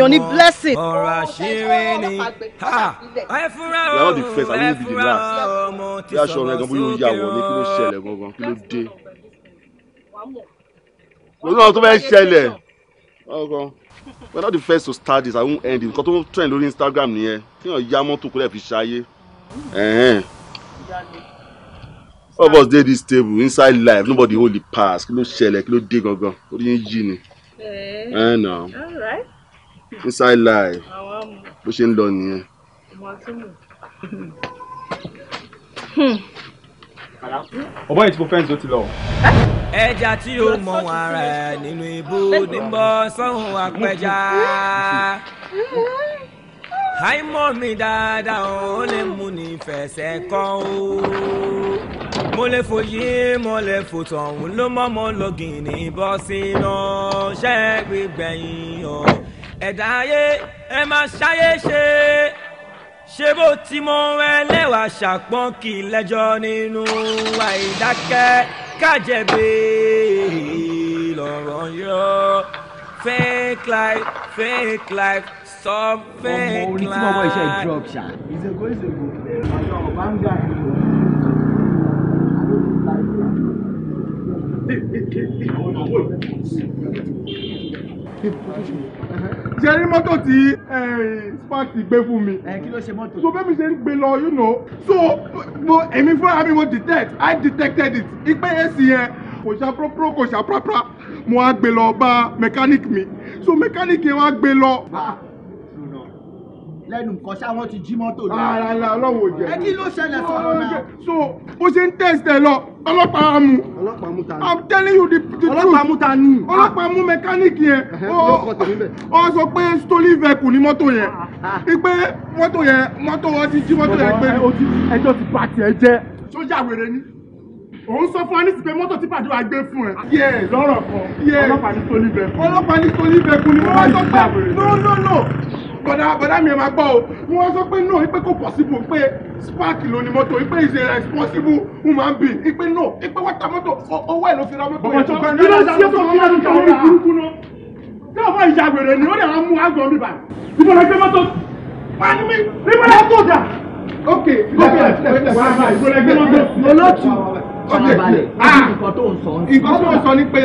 wọn blessing. ọ̀rọ̀ àṣírí ni ẹ fúnra ọ̀hún ẹ fúnra ọmọ tí sọ̀rọ̀ sí ọjọ́. kí ló dé kò náà tó fẹ́ ṣẹlẹ̀ ọkọ we're not the first to start this i won't end it nǹkan tó trend lórí instagram nìyẹn kíyàn ya mọ́tò kúrẹ́ fi ṣayé all of us dey this table inside life nobody hold the past kí ló ṣẹlẹ̀ kí ló dé gangan orí yín yí ni eh. Eh, inside life bó ṣe ń lọ nìyẹn. Hmm. ọ̀bọ̀n yìí ti kó fẹ́ǹsì ó ti lọ. Eh? ẹja tí ó mọ wọn ara ẹ nínú ibú níbọ sọ́hun apẹja àìmọ̀ mi dáadáa ó lè mú ní fẹsẹ̀ kọ́ ó mo lè fòyí mo lè fòtọ̀ òun ló mọ́ mo lọ́gìn ní bọ́sì náà ṣẹ́ gbígbẹ̀yìn ọ̀ ẹ̀dá ayé ẹ máa ṣáyé ṣe ṣe bó ti mọ ẹlẹ́wàá ṣàpọ́n kì lẹ́jọ́ nínú àìdákẹ́ kàjẹ̀bẹ̀ lọ́rọ̀ yọ fake life fake life some fake life. ọmọ orí tí mo ṣe rí mọ́tò tí spark gbé fún mi. ẹ kí ló ṣe mọ́tò. so bẹ́ẹ̀ mi ṣe ń gbé lọ you know so mo èmi fúnra mi mo detect I detected it ipe èsì yẹn kò ṣá púrọ́púrọ́ kò ṣá púrọ́púrọ́ mo wá gbé lọ bá mechanic mi so mechanic yẹn wá gbé lọ. Ah lẹ́nu nǹkan ṣá wọ́n ti jí mọ́tò lọ. ara la ọlọ́wọ́ jẹ. ẹ kí ló ṣẹlẹ̀ sọ̀rọ̀ náà. so bó ṣe ń tẹ̀sítẹ̀ lọ ọlọ́pàá amú. ọlọ́pàá mú ta ni. i'm telling you the the truth. ọlọ́pàá mú ta ni. ọlọ́pàá mú mẹkáníìkì yẹn. ó sọ pé stolen vehicle ni mọ́tò yẹn. ipe ah, ah. mọ́tò yẹn mọ́tò wọn ti jí mọ́tò yẹn pé. ẹjọ́ ti bá tiẹ̀ jẹ́. sójà wèrè ni òun sọ fún anisi pé mọ́tò tí pàdé wa gbé fún ẹ. yẹ lọ́rọ̀ kan ọlọ́pàá ní stolen vehicle. ọlọ́pàá ní stolen vehicle ni wọ́n wá sọ pé no no no bọ̀dá bọ̀dá mi máa gbọ́ o mo wá sọ pé no ipe kò possible pé spark ló ni mọ́tò ipe is a responsible woman be ipe no ipe wọ́tà mọ́tò owó ẹ̀ ló fi ra mọ́tò yẹn tó gbẹ́ náà ṣe tó fi ẹnu kan orí burúkú náà tí ọ̀fọ̀ ìjà wèrè ni ó lè mú àgbọ̀n mi bá ìbọn ẹgbẹ́ mọ́tò pàánù mi nígbà yẹn tó dà. ok ok ìbọn ẹgbẹ́ mọ́tò olótù ọmọ balẹ̀ nǹkan tó ń sọ ni pé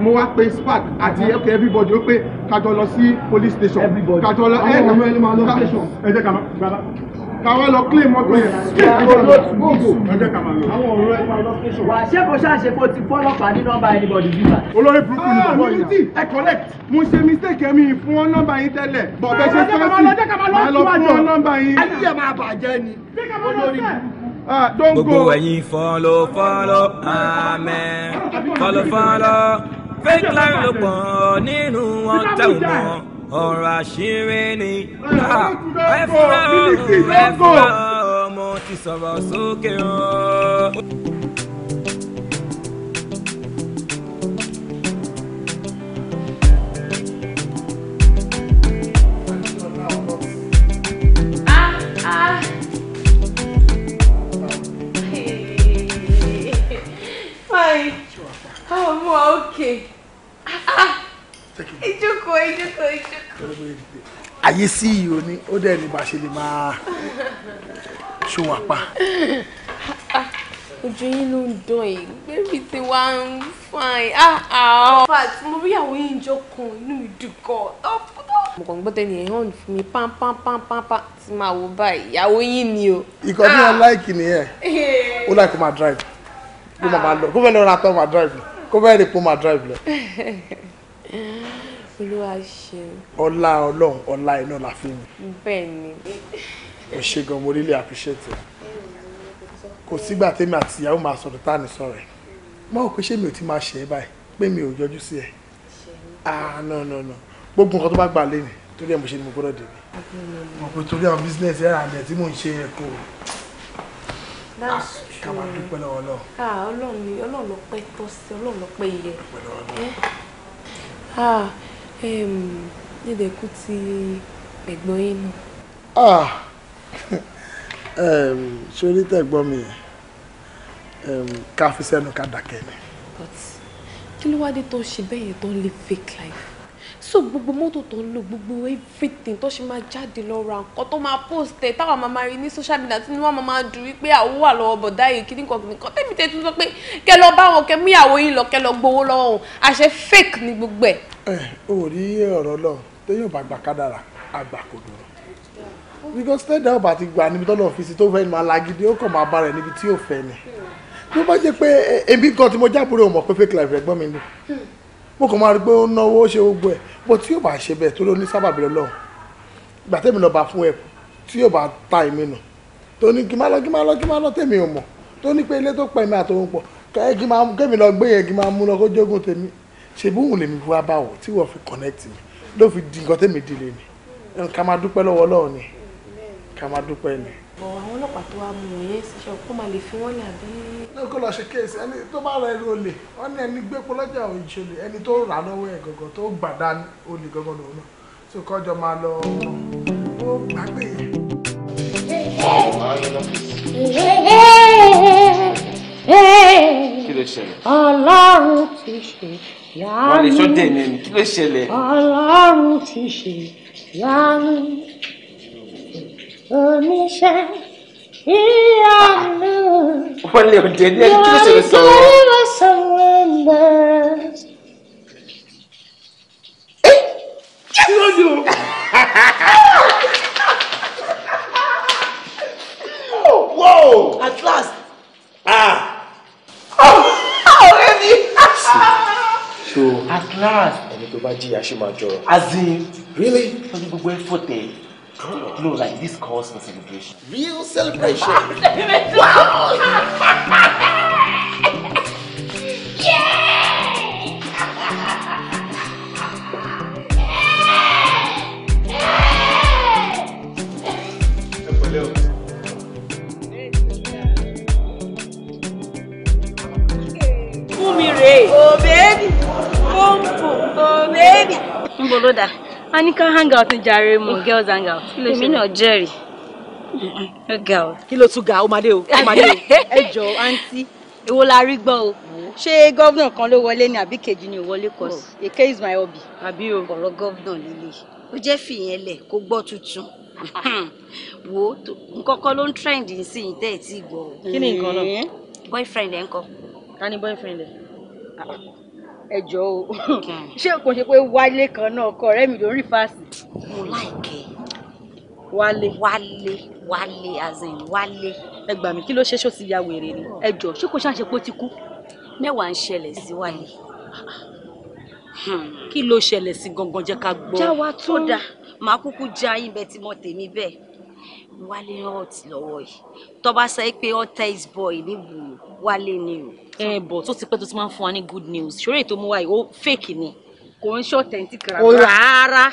mo wá pe spark àti ok everybody ó pé kájọ lọ sí police station kájọ lọ ẹ kájọ lọ station ẹ jẹ́ ká máa gbàdá káwá lọ claim mọ́tò yẹn ẹ jẹ́ ká máa lọ. àwọn ọ̀rọ̀ ẹ máa lọ station. wà á ṣe kó ṣàṣe kó ti fọ́lọ́pàá ní nọ́mbà anybody bíbá. olórí burúkú ni ah, bàbá yìí. ẹ correct mo ṣe mistake ẹ̀mí fún wọn nọ́mbà yín tẹ́lẹ̀ bọ̀ bẹ́ẹ̀ ṣe sọ́ọ̀tì máa lọ fún wọn nọ́mbà yín. ayé ẹ̀ máa bàjẹ́ ni olórí burúkú. Ah, don't go. gbogbo ẹ̀yin follow follow amen follow follow fake life ló pọ̀ nínú wọn tẹ̀ wọ́n ọ̀rọ̀ àṣírí ni ẹ fúnra ah, ọmọ ti sọ̀rọ̀ sókè ọ̀. mo mo okay. ìjókòó ìjókòó ìjókòó. ayé sí iyo ni ó dẹ̀ ní bá ṣe lè máa ṣòwò àpá. Ah, ojú yín ló ń dán yìí bébí ti wá ń fine. but ah, ah. mo rí àwọn yìí jọ kan inú mi dùn gan. mo kàn gbọ́dọ̀ ní ẹ̀hán fún mi pam pam pam pam pam ti máa wo báyìí ìyàwó yín ni o. ìkọ́ ní ọláìkì nìyẹn eh. ó láì máa drive kó máa lọ kó fẹ́ lọ ra tọ́ máa drive kó bẹ́ẹ̀ rí pé ó máa drive lọ. olúwa ṣeun. ọlá ọlọ́run ọlá iná la fi ń. bẹ́ẹ̀ ni. o ṣe gan mo really appreciate it. kò sígbà tẹ́mi àti ìyàwó máa sọ̀rọ̀ tá à ní sọ̀rọ̀ ẹ̀ mọ́ ò pé ṣé mi ò ti máa ṣe é báyìí pé mi ò yọjú sí ẹ̀ ah no no no gbogbo nǹkan tó bá gbà lé ni torí ẹ̀ mo ṣe ni mo gbọ́dọ̀ dé mi mo pe torí àwọn business ẹ̀ àndẹ̀ tí mò ń ṣe ẹ̀kọ́. that's ká máa dúpẹ́ lọ́wọ́ lọ. ọlọ́run ni ọlọ́run ló pẹ́ tọ́ sí ọlọ́run ló pẹ́ yẹ. dídẹ̀ kú ti ẹ̀gbọ́n yín náà. sórí tẹ̀gbọ́n mi ká fi sẹ́nu ká dàkẹ́ ni. kí ló wá dé tó ṣe bẹ́ẹ̀ tó ń live fake life so gbogbo mọ́tò tó ń lo gbogbo everything tó ṣe máa jáde lọ ra nǹkan tó máa post ẹ̀ táwọn máa rí ní social media tí wọ́n máa máa dùn wípé àwọ̀ wà lọ́wọ́ bọ̀dá yìí kí nìkan kì nìkan tẹ́mi tẹ́tún sọ pé kẹ́ lọ bá wọn kẹ́ mú ìyàwó yín lọ kẹ́ lọ gbowó lọ́wọ́ wọn àṣẹ fake ni gbogbo ẹ̀. ẹ eh, ò rí ọ̀rọ̀ lọ téèyàn bá gbà kádàrà àgbà kò dùn because tẹ́lẹ̀ ọba ti gbà níbi tọ́lọ̀ fi si tó fẹ́ máa lagidi ó kàn máa bá rẹ̀ níbi tí ò fẹ́ ni tó bá jẹ́ pé ebi eh, kan tí mo jábúrò mọ̀ pé fake life ẹ̀gbọ́n mi ni mo kàn máa rí pé ó náwó ṣe gbogbo ẹ̀ bó tí yóò bá ṣe bẹ́ẹ̀ torí onísábàbí lọ́wọ́ ìgbà tẹ́mi lọ́ọ́ bá fún ẹ̀ tí yóò bá ta èmi nà tó ní kí má lọ kí má lọ kí má lọ tèmi ò mọ̀ tó ní pé ilé tó pa èmi àtòun pọ̀ kémi lọ gbé yẹn kí má mú lọ kó jogún tèmi ṣe bí òun lèmi fún wa bá wò tí wọ́n fi connect mi ló fi di nǹkan tèmi di lè ní ká má dúpẹ́ lọ́wọ́ Ọlọ́run ni ká má dúpẹ́ ni bọ̀ àwọn ọlọ́pàá tó wá mú wọn yẹn kó máa lè fi wọ́n lẹ̀ àbí. ní kó lọ ṣe kéèsì ẹni tó bá ra ẹrú olè wọn ní ẹni gbépo lọ́jà òjòlè ẹni tó rà lọ́wọ́ ẹ̀ gọ̀gọ̀ tó gbàdá olè gọ̀gọ̀ lòun náà tó kọjọ máa lọ ó gbàgbé ọlọ́run ti ṣe yára. wọ́n ọlọ́run ti ṣe yára oníṣẹ́ ìyanu. wọ́n lè dé ní ẹni tó ṣe sọ. Oh, wow! At last! Ah! ah so at last ẹni tó bá jìyà ṣe máa jọrọ. as in really. wọ́n ní gbogbo ẹ̀ fọ̀tẹ̀. No, like this calls for celebration. Real celebration! wow! Oh baby! Boom boom! Oh baby! Mboloda. anika hangout ní jàre mu girls hangout. èmi náà jẹ́rìí ga ọmọdé o ọmọdé o ẹ jọ àǹtí èwo la rí o kan ló wọlé ni àbí ni wole wọlé eke is my hobby o je gómìnà líle ó jẹ́ tuntun wo kan trend ẹjọ́ o ṣé kò ṣe pé wálé kan náà ọkọ rẹ mi ló rí fásì. mo láìkẹ́ wálé wálé wálé as in wálé. ẹ gbà mí kí ló ṣe ṣó ti ya wèrè ni ẹjọ́ ṣé kò ṣàṣe pé ó ti kú. mẹ́wàá ń ṣẹlẹ̀ sí wálé kí ló ṣẹlẹ̀ sí gangan jẹ́ ká gbọ́. jáwa tó dáa màá kúkú já yín bẹ́ẹ̀ tí mo tèmi bẹ́ẹ̀ wálé hot lọ́wọ́ yìí tó bá sọ pé hottest boy nílùú wálé ni o. ẹ bọ̀ tó ti pẹ́ tó ti máa ń fún wa ní good news ṣòro ètò mú wa yìí ó fake ni kò ń ṣe authentic rárá. kò rárá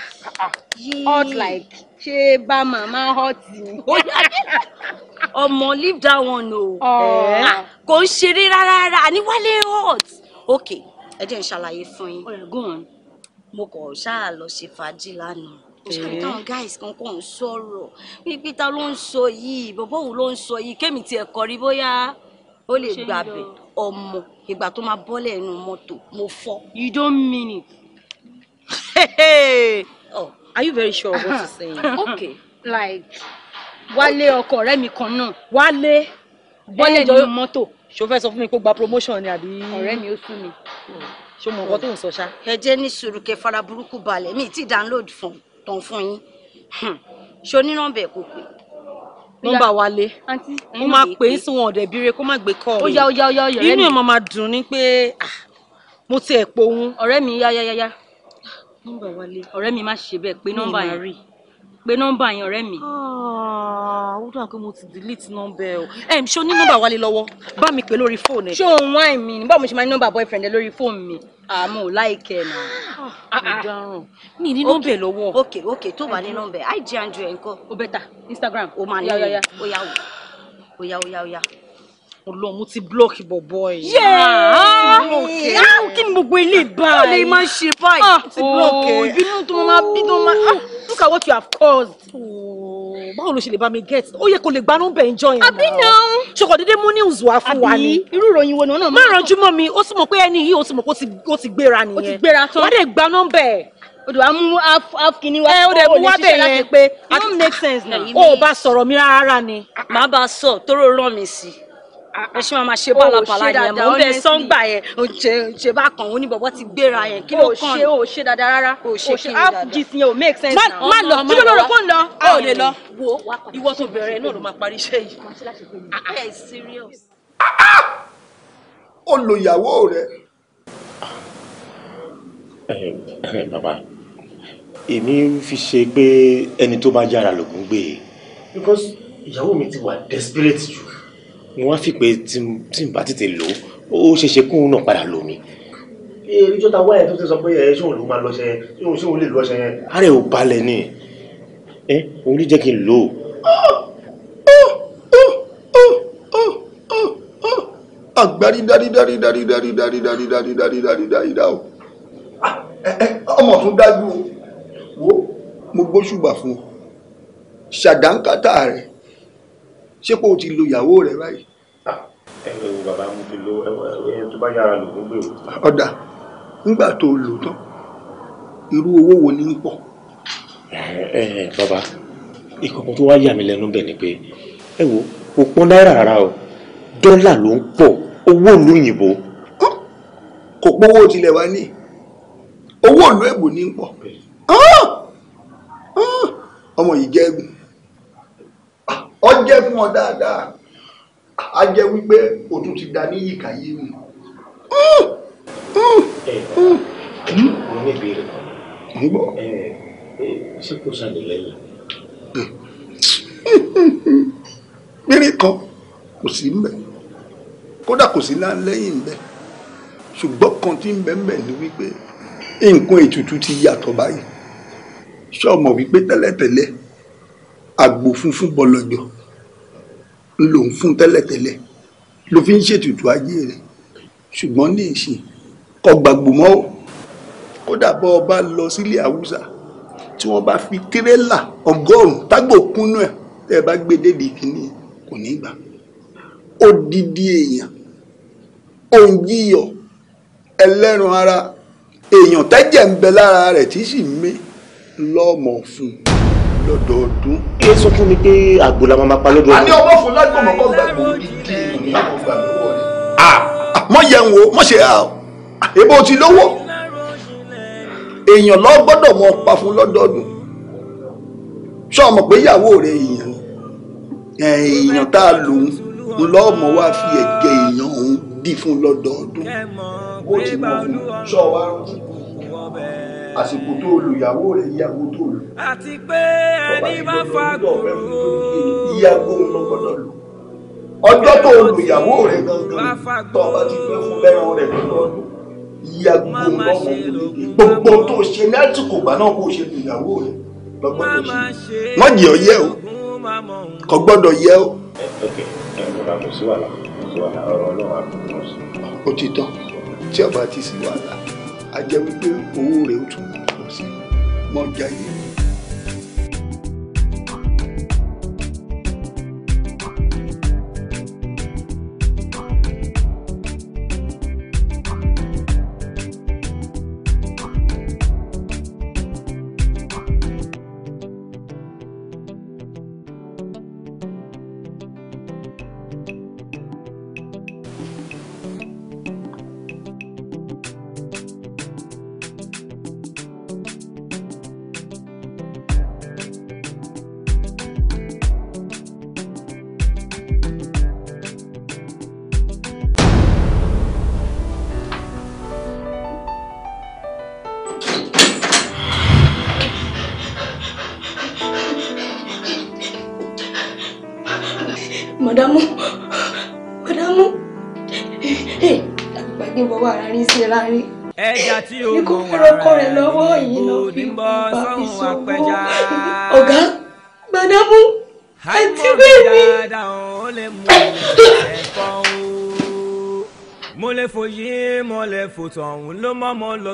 hot like ṣé bá màmá hot ni. ọmọ leave that one o ah, kò ń ṣeré rárá ní wálé hot ok ẹ jẹ́ n ṣàlàyé fún yín mo kàn ṣáà lọ ṣe fàájì lánàá ó ṣàlùkò guys kankan ń sọ̀rọ̀ pípí ta ló ń sọ yìí bọ̀bọ̀ òun ló ń sọ yìí kémi tiẹ̀ kọrí bóyá ó lè gbàbẹ̀ ọmọ ìgbà tó máa bọ́lẹ̀ ẹnu mọ́tò mo fọ́. you don't mean it. oh, are you very sure of what you're saying? okay like wálé ọkọ ọ̀rẹ́ mi kan náà. wálé bọ́lẹ̀ ẹnu mọ́tò. ṣó sọ fún mi kó gba promotion ni àbí. ọ̀rẹ́ mi ó sú mi ṣó mọ nǹkan tó ń sọ ṣá. ẹ jẹ́ ní sùúrù fara burúkú balẹ̀ mi ti download fún un tán fún yín hmm. ṣe onírànbẹ kò pé. nọ́mbà wálé mo máa pè é sí wọn ọ̀dẹ̀ bíire kó má gbé kọ́ mi inú ẹ̀ máa dùn ní pé ah, mo ti ẹ̀ pohun. ọ̀rẹ́ mi yá yá yá nọ́mbà wálé ọ̀rẹ́ mi má ṣe bẹ́ẹ̀ pé nọ́mbà yẹn pé nọ́mbà yẹn ọ̀rẹ́ mi. Ah, ó dà pé mo ti delete nọ́mbà ẹ o ṣé o ní nọ́mbà wálé lọ́wọ́ bá mi pè lórí fóònù ẹ. ṣé òun wáìn mi ni báwo mo ṣe máa ní nọ́mbà boyfriend ẹ lórí fóònù mi àmọ́ ò láìkẹ́ ẹ̀ náà. Ah, ah, mi ní nọ́mbà ẹ lọ́wọ́. ok ok tó bá ní nọ́mbà ẹ ig andrew ẹ ńkọ́. o bẹ́ta instagram. o máa ní o yà o yà o yà o yà. Ọlọ́run mo ti block bọ̀bọ̀ yìí. yẹ́ẹ̀ áwù kí ni gbogbo ilé bá ẹ. ọ̀lẹ́ máa ń ṣe báyìí. Ah, mo ti block ẹ. Oh, ìbínú tó máa bí tó máa ah, look at what you have caused. Oh, báwo ló ṣe lè bá mi get ó yẹ kó lè gba nọ́mbà ẹjọ yẹn. àbí náà. ṣọkọ dédé mú news wá fún wa ni. àbí irú ìròyìn wo náà. má ranjú mọ́ mi ó sì mọ̀ pé ẹni yìí ó sì mọ̀ pé ó ti gbéra nìyẹn. ó ti gbéra tán. wọ́n dẹ̀ gba nọ́mbà ẹ̀ odò wa mú half kini wa ó lè ṣiṣẹ́ láti pé it don't make sense na. o ò bá sọ̀rọ̀ mi rárá ni. má bá sọ tóró rán mi sí i ẹ ṣe máa ṣe bálabàla yẹn mọ bẹ́ẹ̀ sọǹgbà yẹn ṣe ṣe bá kàn ó ní bọbọ ti gbéra yẹn kí ló kàn ó ṣe dáadáa rárá ó ṣe kí ni dáadáa gist yẹn ò make sense náà má lọ kí ló lọ rò kó ń lọ a ò lè lọ wo ìwọ tó bẹ̀rẹ̀ náà ló máa parí iṣẹ́ yìí. olùyàwó rẹ. bàbá èmi fi ṣe pé ẹni tó bá yára lògùn gbé e because ìyàwó mi ti wà desperate jù mo wá fi pé tí n bá tètè lò ó ó ṣeéṣe kó òun náà padà lò mí. ìjọ ta wáyà tó ti sọ pé ẹ ṣé òun ló máa lọ ṣe yẹn ṣé òun lè lọ ṣe yẹn. ààrẹ ò balẹ̀ ni ẹ òun ló jẹ́ kí n lò ó. agbárí dárí dárí dárí dárí dárí dárí dárí dárí dárí dárí dá o. ọmọ tún dájú o wo mo gbóṣùbà fún ṣàdánkátà rẹ ṣé kò ti lo ìyàwó rẹ báyìí. ẹ ẹ bàbá mo ti lo ẹ tó bá yára lò ó gbèrò. ọ̀dà nígbà tó lò tán irú owó wo ni ń pọ̀. bàbá ìkọ̀kọ̀ tó wá yà mí lẹ́nu bẹ̀ ni pé ẹ wo kò pọ́n náírà rárá o dọ́là ló ń pọ̀ owó ìlú òyìnbó. kò tilẹ̀ wá ní owó ìlú èbò ní ń pọ̀ ọmọ yìí jẹ́ ọ jẹ́ fún ọ dáadáa a jẹ́ wípé òtún ti da ní yìkàyé mi. mo ní ìbéèrè kan. ń bọ̀. ṣé kò sàlẹ̀ lẹ́yìn. péré kan kò sí ń bẹ̀ kódà kò sí lẹ́yìn ń bẹ̀ ṣùgbọ́n kan tí ń bẹ̀ ń bẹ̀ ni wípé nǹkan ètùtù ti yàtọ̀ báyìí ṣọ́ọ̀mọ̀ wípé tẹ́lẹ̀tẹ́lẹ̀ àgbò funfun bọ̀lọ̀jọ̀ ló ń fún tẹ́lẹ̀tẹ́lẹ̀ ló fi ń ṣètùtù ayé rẹ̀ ṣùgbọ́n ní ìsìn kò gbàgbọ́ mọ́ o kódà bọ́ ọ bá lọ sílé haúsá tí wọ́n bá fi tírélà ọgọ́rùn-ún tágbò kúnnú ẹ̀ tẹ́ ẹ bá gbé débi kínní kò ní gbà odidi èèyàn òǹyíyọ̀ ẹlẹ́ran ara èèyàn tẹ́jẹ̀ ń bẹ lára rẹ̀ tí sì mí lọ́mọ̀ fún un lọ́dọọdún. kí ẹ sọ fún mi pé àgbò la máa ma pa lọ́dọọdún. àní ọmọ fún lágbó mọ kọ́ gbàgbó gidi ní àwọn gbàgbó wọlé. à mọ yẹn wo mọ ṣe à ebo ti lówó èèyàn lọ gbọ́dọ̀ mọ pa fún lọ́dọọdún ṣọ ọmọ pé ìyàwó rẹ èèyàn èèyàn tá a lò ń lọ́ọ̀mọ́ wá fi ẹ̀jẹ̀ èèyàn òun dì fún lọ́dọọdún ó ti mọ̀ fún ṣọ wa àsìkò tó lò ìyàwó rẹ̀ ìyàwó tó lò. àti pé ẹni bá fagùn ìyàwó ló gbọ́dọ̀ lò ọjọ́ tó lò ìyàwó rẹ̀ gangan tó bá ti fẹ́ fún bẹ́ràn rẹ̀ lọ́dọ̀ ìyàwó lọ́wọ́ gbogbo tó ṣe ní àtìkò gbà náà kó ṣe lò ìyàwó rẹ̀ lọ́gbọ́dọ̀ ṣe. wọ́n jẹ́ ọ yẹ o kò gbọ́dọ̀ yẹ o. ok ẹ kò sí wàhálà kò sí wàhálà ọ̀rọ̀ ọlọ́run àbúrò náà ó ti tán tí ọba ti sí wàhálà a wípé owó rẹ̀ ó tún pọ̀ sí mọ́ jayé.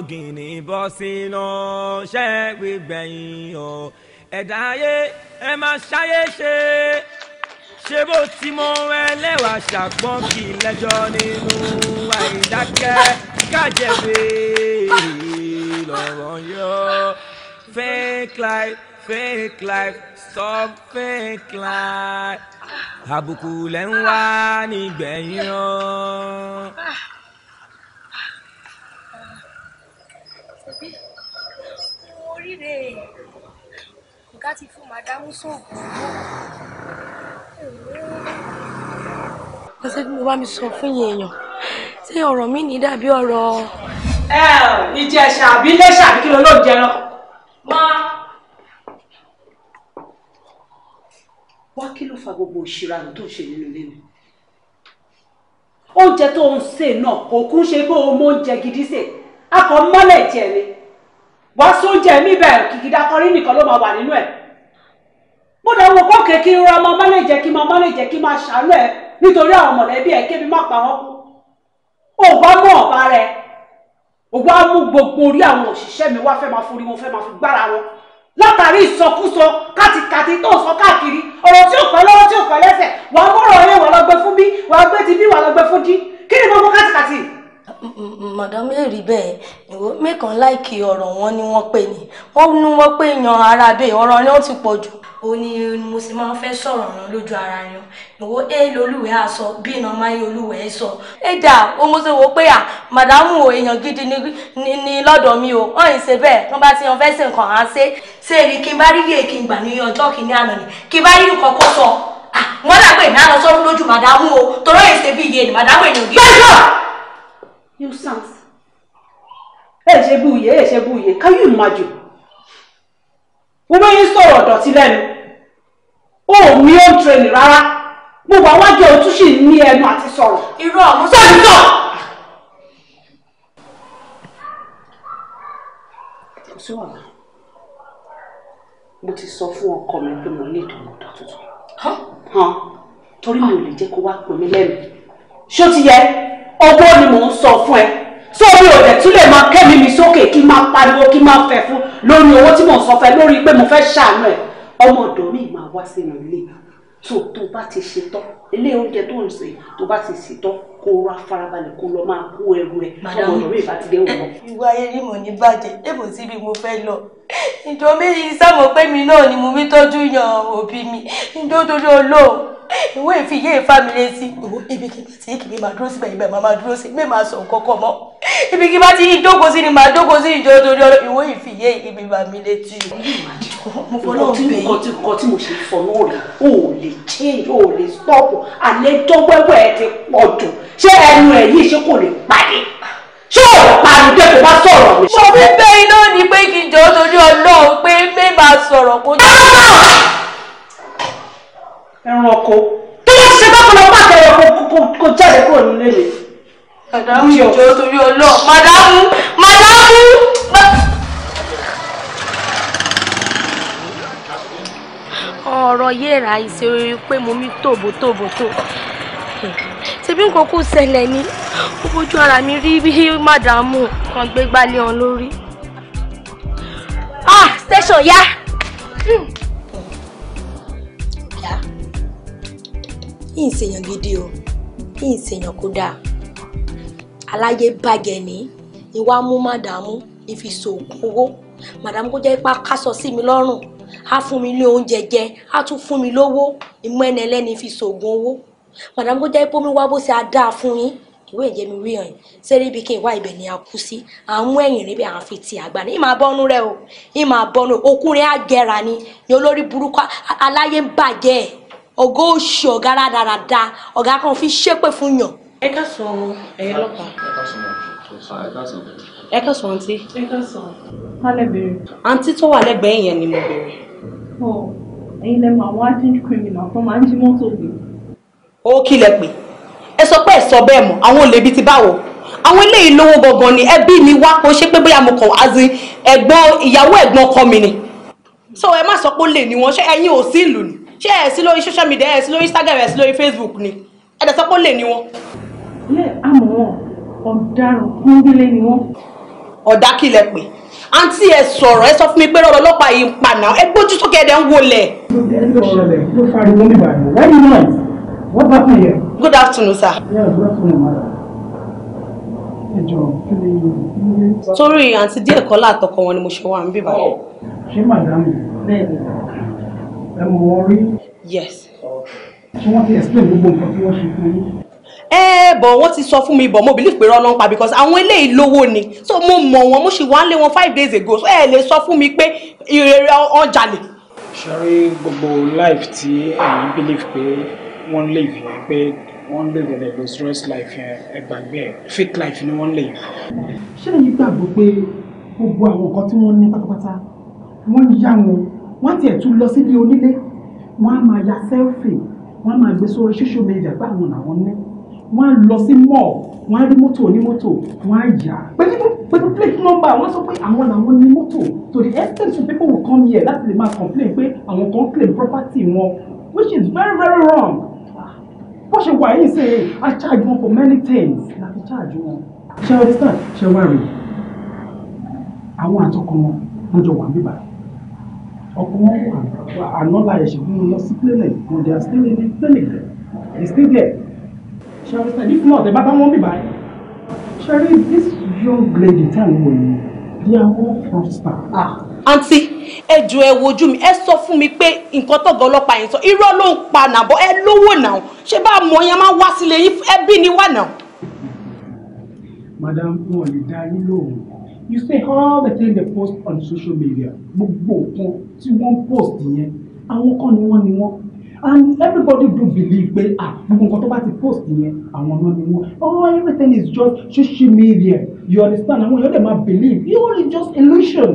gìnì bọ́ sínú ṣẹ́ gbígbẹ̀yìn o ẹ̀dá ayé ẹ máa ṣayé ṣe ṣe bó ti mọ ẹlẹ́wàá ṣàgbọ́n kì lẹ́jọ́ nínú àìdákẹ́ kájẹ̀wé lọ́rọ̀ yọ fake life fake life stop fake life àbùkù lẹ́ ń wá nígbẹ̀yìn o. ọ̀gá ti fún màdámù sóògùn wọ́n ṣe mo bá mi sọ fún yín èèyàn ṣé ọ̀rọ̀ mi ní dàbí ọ̀rọ̀. ẹ ò ìjẹsà àbí iléṣà àbí kí ló ló jẹ lọ. wá kí ló fa gbogbo ìṣirà tó ń ṣe nínú ilé mi oúnjẹ tó ń sè náà kò kún ṣe pé o mọ oúnjẹ gidi sè a kò mọ́lẹ̀ jẹ ni wá sóúnjẹ mi bẹ́ẹ̀ kìkìdá kọrí nìkan ló máa wà nínú ẹ̀ mo dẹ̀ wò kókè kí n ra ọmọ mánèjẹ kí n máa mánèjẹ kí n máa ṣàánú ẹ nítorí àwọn mọ̀lẹ́bí ẹ kébi má pa wọ́n kú ògbà mọ́ ọ̀bá rẹ ògbà mú gbogbo orí àwọn òṣìṣẹ́ mi wá fẹ́ máa forí wọn fẹ́ máa fi gbára wọn látàrí ìsọkúsọ kàtìkàtì tó sọ káàkiri ọ̀rọ̀ tí ò pẹ́ lọ́wọ́ tí ò pẹ́ lẹ́sẹ̀ wàá mọ̀rọ̀ ẹ wàá lọ gbé fún bí wàá gbé ti bí wàá lọ gbé fún dí kí ni gbogbo kàtìkàtì madam lè rí bẹ́ẹ̀ ìwọ mẹ́kan láìkí ọ̀rọ̀ wọn ni wọ́n pè ní wọ́n ní wọ́n pè yan ara bẹ́ẹ̀ ọ̀rọ̀ ni wọ́n ti pọ̀ jù ó ní mo sì máa ń fẹ́ sọ̀rọ̀ ràn lójú ara yan ìwọ ẹ lolúwẹ̀ á sọ bí iná máa yẹ olúwẹ̀ ẹ sọ. ẹ dà ó mo ṣe wò pé à màdámù o èèyàn gidi ni lọ́dọ̀ mi o wọ́n yìí ṣe bẹ́ẹ̀ wọ́n bá ti yan fẹ́ sí nǹkan à ń ṣe. ṣé èrè kí n bá rí yèé kí n gbà ní ọjọ́ kìíní àná ni kí n bá rí nǹkan kó sọ. wọ́n dàgbé ìdáná sọ́run lójú màdámù o torí èsè bí iye ni màdámù èèyàn gidi nuisance ẹ ṣe bú iye ẹ ṣe bú iye can you imagine gbogbo yín sọ̀rọ̀ ọ̀dọ̀tí lẹ́nu ó ní ó ń tirẹ̀nì rárá gbogbo àwájọ òtúnṣì ní ẹnu àti sọ̀rọ̀ irọ́ àwọn sọ́ọ̀dì náà. kò sí wàhálà mo ti sọ fún ọkọ mi pé mo ní ìdùnnú tuntun torí mi ò lè jẹ́ kó wá pè mí lẹ́nu ṣó ti yẹ owó ni mò ń sọ fún ẹ so mi ò dẹ̀ tún lè máa kẹ́mi mi sókè kí n máa pariwo kí n máa fẹ́ fún lórí owó tí mò ń sọ fún ẹ lórí pé mo fẹ́ ṣàánú ẹ ọmọ ọ̀dọ̀ mi máa wá sínú ilé tó tó bá ti ṣetán ilé oúnjẹ tó ń sè tó bá ti ṣetán kó ra farabalẹ̀ kó lọ máa kó ẹrù ẹ̀ ọ̀nà rẹ̀ bá ti dé wọn. ìwà ayé ni mo ní bàjẹ́ èbò síbi mo fẹ́ lọ ìjọ méjì sámọ pé mi náà ni mo fi tọ́jú yan òbí mi nítorí olóò ìwé ìfìyé ìfàmìlẹ sí ìwò ibi kí n bá ti yí kí mi máa dúró síbẹ̀ ibẹ̀ máa máa dúró sí mi máa sọ kọ́kọ́ mọ́ ibi kí n bá ti yí dókòó sí ni máa dókòó sí ìjọ torí ìwé ìfìyé ìbí ìfàmìlẹ sí mo fọlọ́ bẹ́ẹ̀ nǹkan tí nǹkan tí mo ṣe sọ náà rè o ò lè change o ò lè stop àlẹ́ dọ́gbẹ́wẹ́ ẹ ti pọ̀ jù ṣé ẹnu ẹ̀ yìí ṣe kò lè parí ṣé ò lè parí dé kó má sọ̀rọ̀ mi. mo fi bẹ́ iná ni pé kí n jọ torí ọlọ́run pé mi máa sọ̀rọ̀ kó jẹ́. ẹran ọkọ tó yẹ ṣe bá kọlọ pàtẹ ọkọ kó jáde kúrò nílé mi. màdàmú ìjọ torí ọlọ́run màdàmú màdàmú. ọ̀rọ̀ yéèrà ìṣeré pé mo mi tòbótòbótò ṣebí nǹkan kò ṣẹlẹ̀ ni ó bójú ara mi rí bí màdàmú kan gbé gbálẹ̀ hàn lórí. ah station ya. ya kí n ṣèyàn gidi o kí n ṣèyàn kó dáa aláyé bàjẹ́ ní ìwà mú màdàmú ìfisòkòwò màdàmú kó jẹ́ ipá kásọ sí mi lọ́rùn á fún mi ní oúnjẹ jẹ á tún fún mi lówó ìmọ̀ ẹni ẹlẹ́ni fi ṣògùn owó madam kó jẹ́ pé omi wá bó ṣe dáa fún yín ìwé ìjẹ́ mi rí ọ̀yìn sẹ́rí ibi kí n wá ibẹ̀ ni a kú sí àwọn ẹ̀yìn níbi àwọn fi ti àgbà ní ìmọ̀ abọ́nú rẹ o ìmọ̀ abọ́nú okùnrin àgẹ̀rà ni ni olórí burúkú aláyé ń bàjẹ́ ẹ̀ ọ̀gá ọ̀gá rádaràda ọ̀gá kan fi ṣépè fún yàn. ẹ ká sọ ẹyẹ lọ́pàá. ẹ ká sọ àǹtí. ẹ ká sọ ká lè béèrè. àǹtí tó wà lẹ́gbẹ̀ẹ́ yẹn ni mo béèrè. ọ ẹ̀yin lẹ mọ àwọn agent criminal tó máa ń jí mọ́tò gbé. ó kílẹ̀ pé ẹ sọ pé ẹ sọ bẹ́ẹ̀ mọ́ àwọn olè bíi ti báwo àwọn eléyìí lówó gangan ni ẹbí mi wá kó ṣe pé bóyá mo kàn azin ẹ̀gbọ́n ìyàwó ẹ̀gbọ́n ọkọ mi ni so ẹ má sọ pé ó lè ní wọn ṣé ẹ̀yin ò sí ìlú ni ṣé ẹ sí lórí social media ẹ sí lórí Instagram ẹ sí lórí Facebook ni ẹ dẹ̀ sọ pé ó lè ní wọn. ilé àmọ́ ọ̀daràn kúndínlé ni wọ́n. ọ̀dà kìlẹ̀ pé àǹtí ẹ sọ̀rọ̀ ẹ sọ fún mi pé rọrọ ọlọ́pàá yìí ń pa náà ẹ gbójú sókè ẹ̀dẹ̀ ń wọlé. good afternoon sir. Yeah, good afternoon, madam torí àǹtí díẹ̀ kọ́ látọkọ wọn ni mo ṣe wà ń bíbá. ṣé màdámù ẹ mọ̀ wọn rí. yes. ṣé wọ́n ti explain gbogbo nǹkan tí wọ́n ṣe fún yín ẹ bọ̀ wọ́n ti sọ fún mi bọ̀ mo believe pé rọ́ọ̀lọ́ ń because àwọn eléyìí lówó ni so mo mọ̀ wọ́n mo sì wá lé wọn five days ago so ẹ lè sọ fún mi pé ìrere ọjà lè. ṣeré gbogbo life tí ẹ̀yin believe pé wọ́n lè fi ẹ́ pé wọ́n lè rẹ̀ luxurious life yẹn ẹ gbàgbé ẹ̀ fake life ni wọ́n lè. ṣé ẹ̀yin gbàgbọ́ pé gbogbo àwọn nǹkan tí wọ́n ní pátápátá wọ́n yá wọn wọ́n tiẹ̀ tún lọ sílé onílé wọ́n á máa ya selfie wọ́n á máa gbé sórí social media pé àwọn làwọn ní wọ́n á lọ sí mall wọ́n á rí mọ́tò onímọ́tò wọ́n á yà pẹ̀lú pẹ̀lú plate number wọ́n sọ pé àwọn làwọn ní mọ́tò to the extent to people will come here láti lè máa complain pé àwọn kan claim property wọn which is very very wrong bó ṣe wà yìí ṣe a charge wọn for many things na fi charge wọn ṣe understand ṣe wá rí àwọn àtọkọ wọn wọ́n jọ wà bíbá ọkọ wọn wà àná láyẹ̀ṣẹ̀ fún wọn lọ sí clinic are still in the clinic they still there ṣe understand if not ẹ bá bá wọn bì báyìí. this young lady tell me, they are all fraudster. àǹtí ah, ẹ jù ẹ wojú mi ẹ sọ fún mi pé nǹkan tọ̀gọ̀ ọlọ́pàá yẹn sọ irọ́ ló ń pa nàbọ̀ ẹ lówó náà ṣé bá a mọ̀ yẹn máa wá sílé yín ẹ bí ni wà náà. madam wọn lè dá yín lóhùn you say all the things they post on social media gbogbo nǹkan tí wọ́n post yẹn àwọn kan ni wọ́n ni wọ́n and everybody do believe pé ah gbogbo nǹkan tó bá ti post yẹn àwọn náà ni wọn oh everything is just social media you understand àwọn èèyàn lè máa believe you only just illusion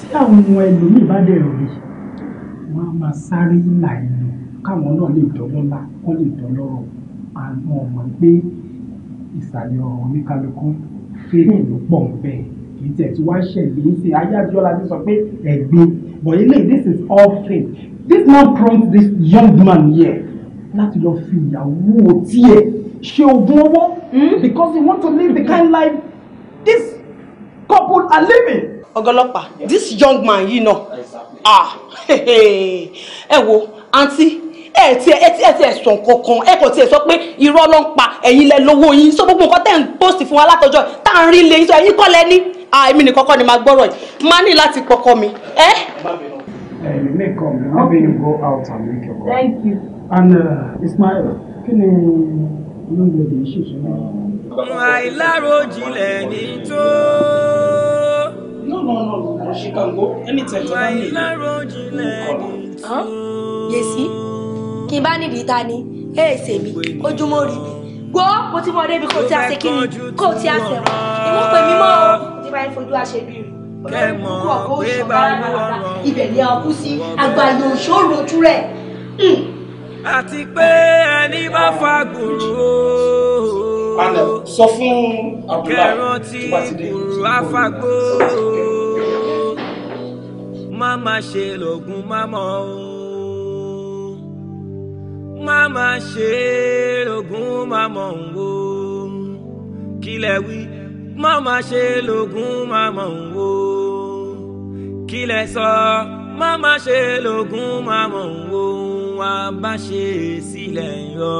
tí àwọn ẹlòmíì bá dẹ̀ rí wọn á máa sáré ìlà ìlú káwọn náà lè dọ́lọ́lá kọ́ lè dọ́lọ́rọ̀ àwọn ọmọ gbé ìsàlẹ̀ ọ̀rọ̀ oníkálukú fèrè ló pọ̀ ń bẹ́ẹ̀ kìí tẹ̀ tí wọ́n ṣẹ̀lẹ̀ ń ṣe ayé àjọlá ti sọ pé ẹ̀gbin but ilé this is all faith this man prompt this young man here láti lọ fi ìyàwó tiẹ̀ ṣe oògùn owó hmm? because he want to live the kind life this couple are living. ọgọlọpàá yeah. this young man yìí you know. exactly. ah ẹ wo àǹtí ẹ ti ẹ ti ẹ ti ẹ sọ kankan ẹ kò tiẹ̀ sọ pé irọ́ ló ń pa ẹ̀yin lẹ lówó yín so gbogbo nǹkan tẹ̀ ń post fún wa látọjọ́ tá à ń rí lẹ́yìn tó ẹ̀yin kọ́ lẹ ní ah, èmi nìkan kọ́ ni máa gbọ́rọ̀ yìí máa ní láti pọkọ mi. ẹ má bínú you may come okay. maybe you go out and make your call. thank you. and uh, Ismail kí ni young lady ń ṣe ìṣúná. àìláròjinlẹ̀ ní tó. no no no no she can go anytime tó bá ní ìlú. àìláròjinlẹ̀ ní tó. yèsí kí n bá nídìí ta ni èèṣè mi ojúmọ́ rí mi gbọ́ mo ti mọ débi kò tí a ṣe kí ni kò tí a ṣe wọ́n ìmúpè mímọ́ o ti bá ń fojú àṣẹ bí rẹ̀ kẹ́mọ̀ pé báwo ọ̀rọ̀ ibẹ̀ ni a kú sí àgbàyè òṣòro ojú rẹ̀. Hmm. àti pé ẹni bá fa gbòòrò. panel sọ fún Abdullahi tó bá ti dé. kẹrántí gbòòrò àfagbó má má ṣe lògùn má mọ̀ o máma ṣe lògùn máma ń wo kílẹ̀ wí máma ṣe lògùn máma ń wo kílẹ̀ sọ má má ṣe lògùn má mọ̀ ohun wa bá ṣe sílẹ̀ yọ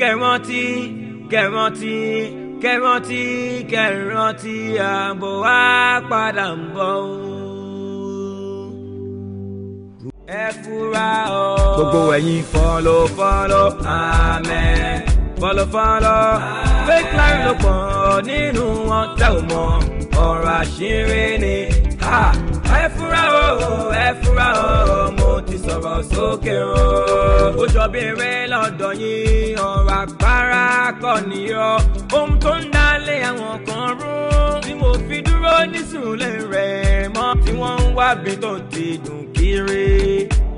kẹrántí kẹrántí kẹrántí kẹrántí àbọ̀ wá padà ń bọ̀ ohun ẹ fura o. gbogbo ẹ̀yin fọlọ fọlọ amẹ fọlọ fọlọ fake life ló pọ̀ nínú wọn tẹ́ ò mọ̀ ọ̀rọ̀ àṣírí ni. Ha! ẹ fura o ẹ fura o mo ti sọ̀rọ̀ sókè o. ó jọ bí eré lọ́dọ̀ yín ọ̀rọ̀ àpárá kọ́ nìyọ ohun tó ń dálé àwọn kan rú tí mo fi dúró ní sùúlù rẹ̀ mọ́ tí wọ́n ń wábi tó ti dùn kiri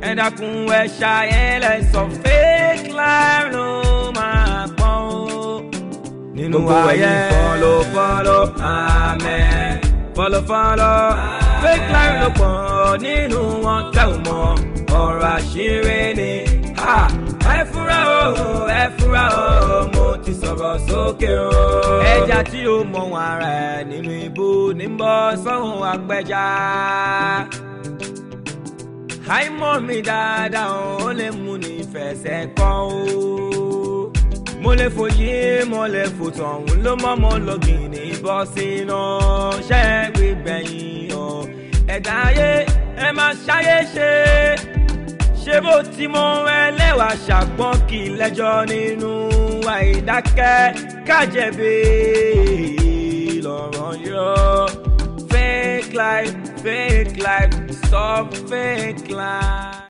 ẹ dákun ẹ ṣàyẹ̀lẹ̀ fake life ló máa pọ́n o nínú ayé fọlọfọlọ amẹ fọlọfọlọ amẹ fake line ló pọ̀ nínú wọn tẹ́ ò mọ̀ ọ̀rọ̀ àṣírí ni ẹ fura o ẹ fura o mo ti sọ̀rọ̀ sókè o. ẹja tí ó mọ wọn ara ẹ nínú ibú ní ń bọ́ sọ́hun apẹja àìmọ̀ mi dáadáa ó lè mú ní fẹsẹ̀ kọ́ o mo lè fòye mo lè fòtò ọ̀hún ló mọ́ mo lọ gìnì bọ́ sínú ṣẹ́ gbígbẹ̀yìn o ẹ̀dá ayé ẹ má ṣayé ṣe ṣé bó ti mọ ẹlẹ́wà ṣàgbọ́n kì lẹ́jọ́ nínú àìdákẹ́ kájẹ̀bi lọ́rọ̀ yọ fake life fake life stop fake life.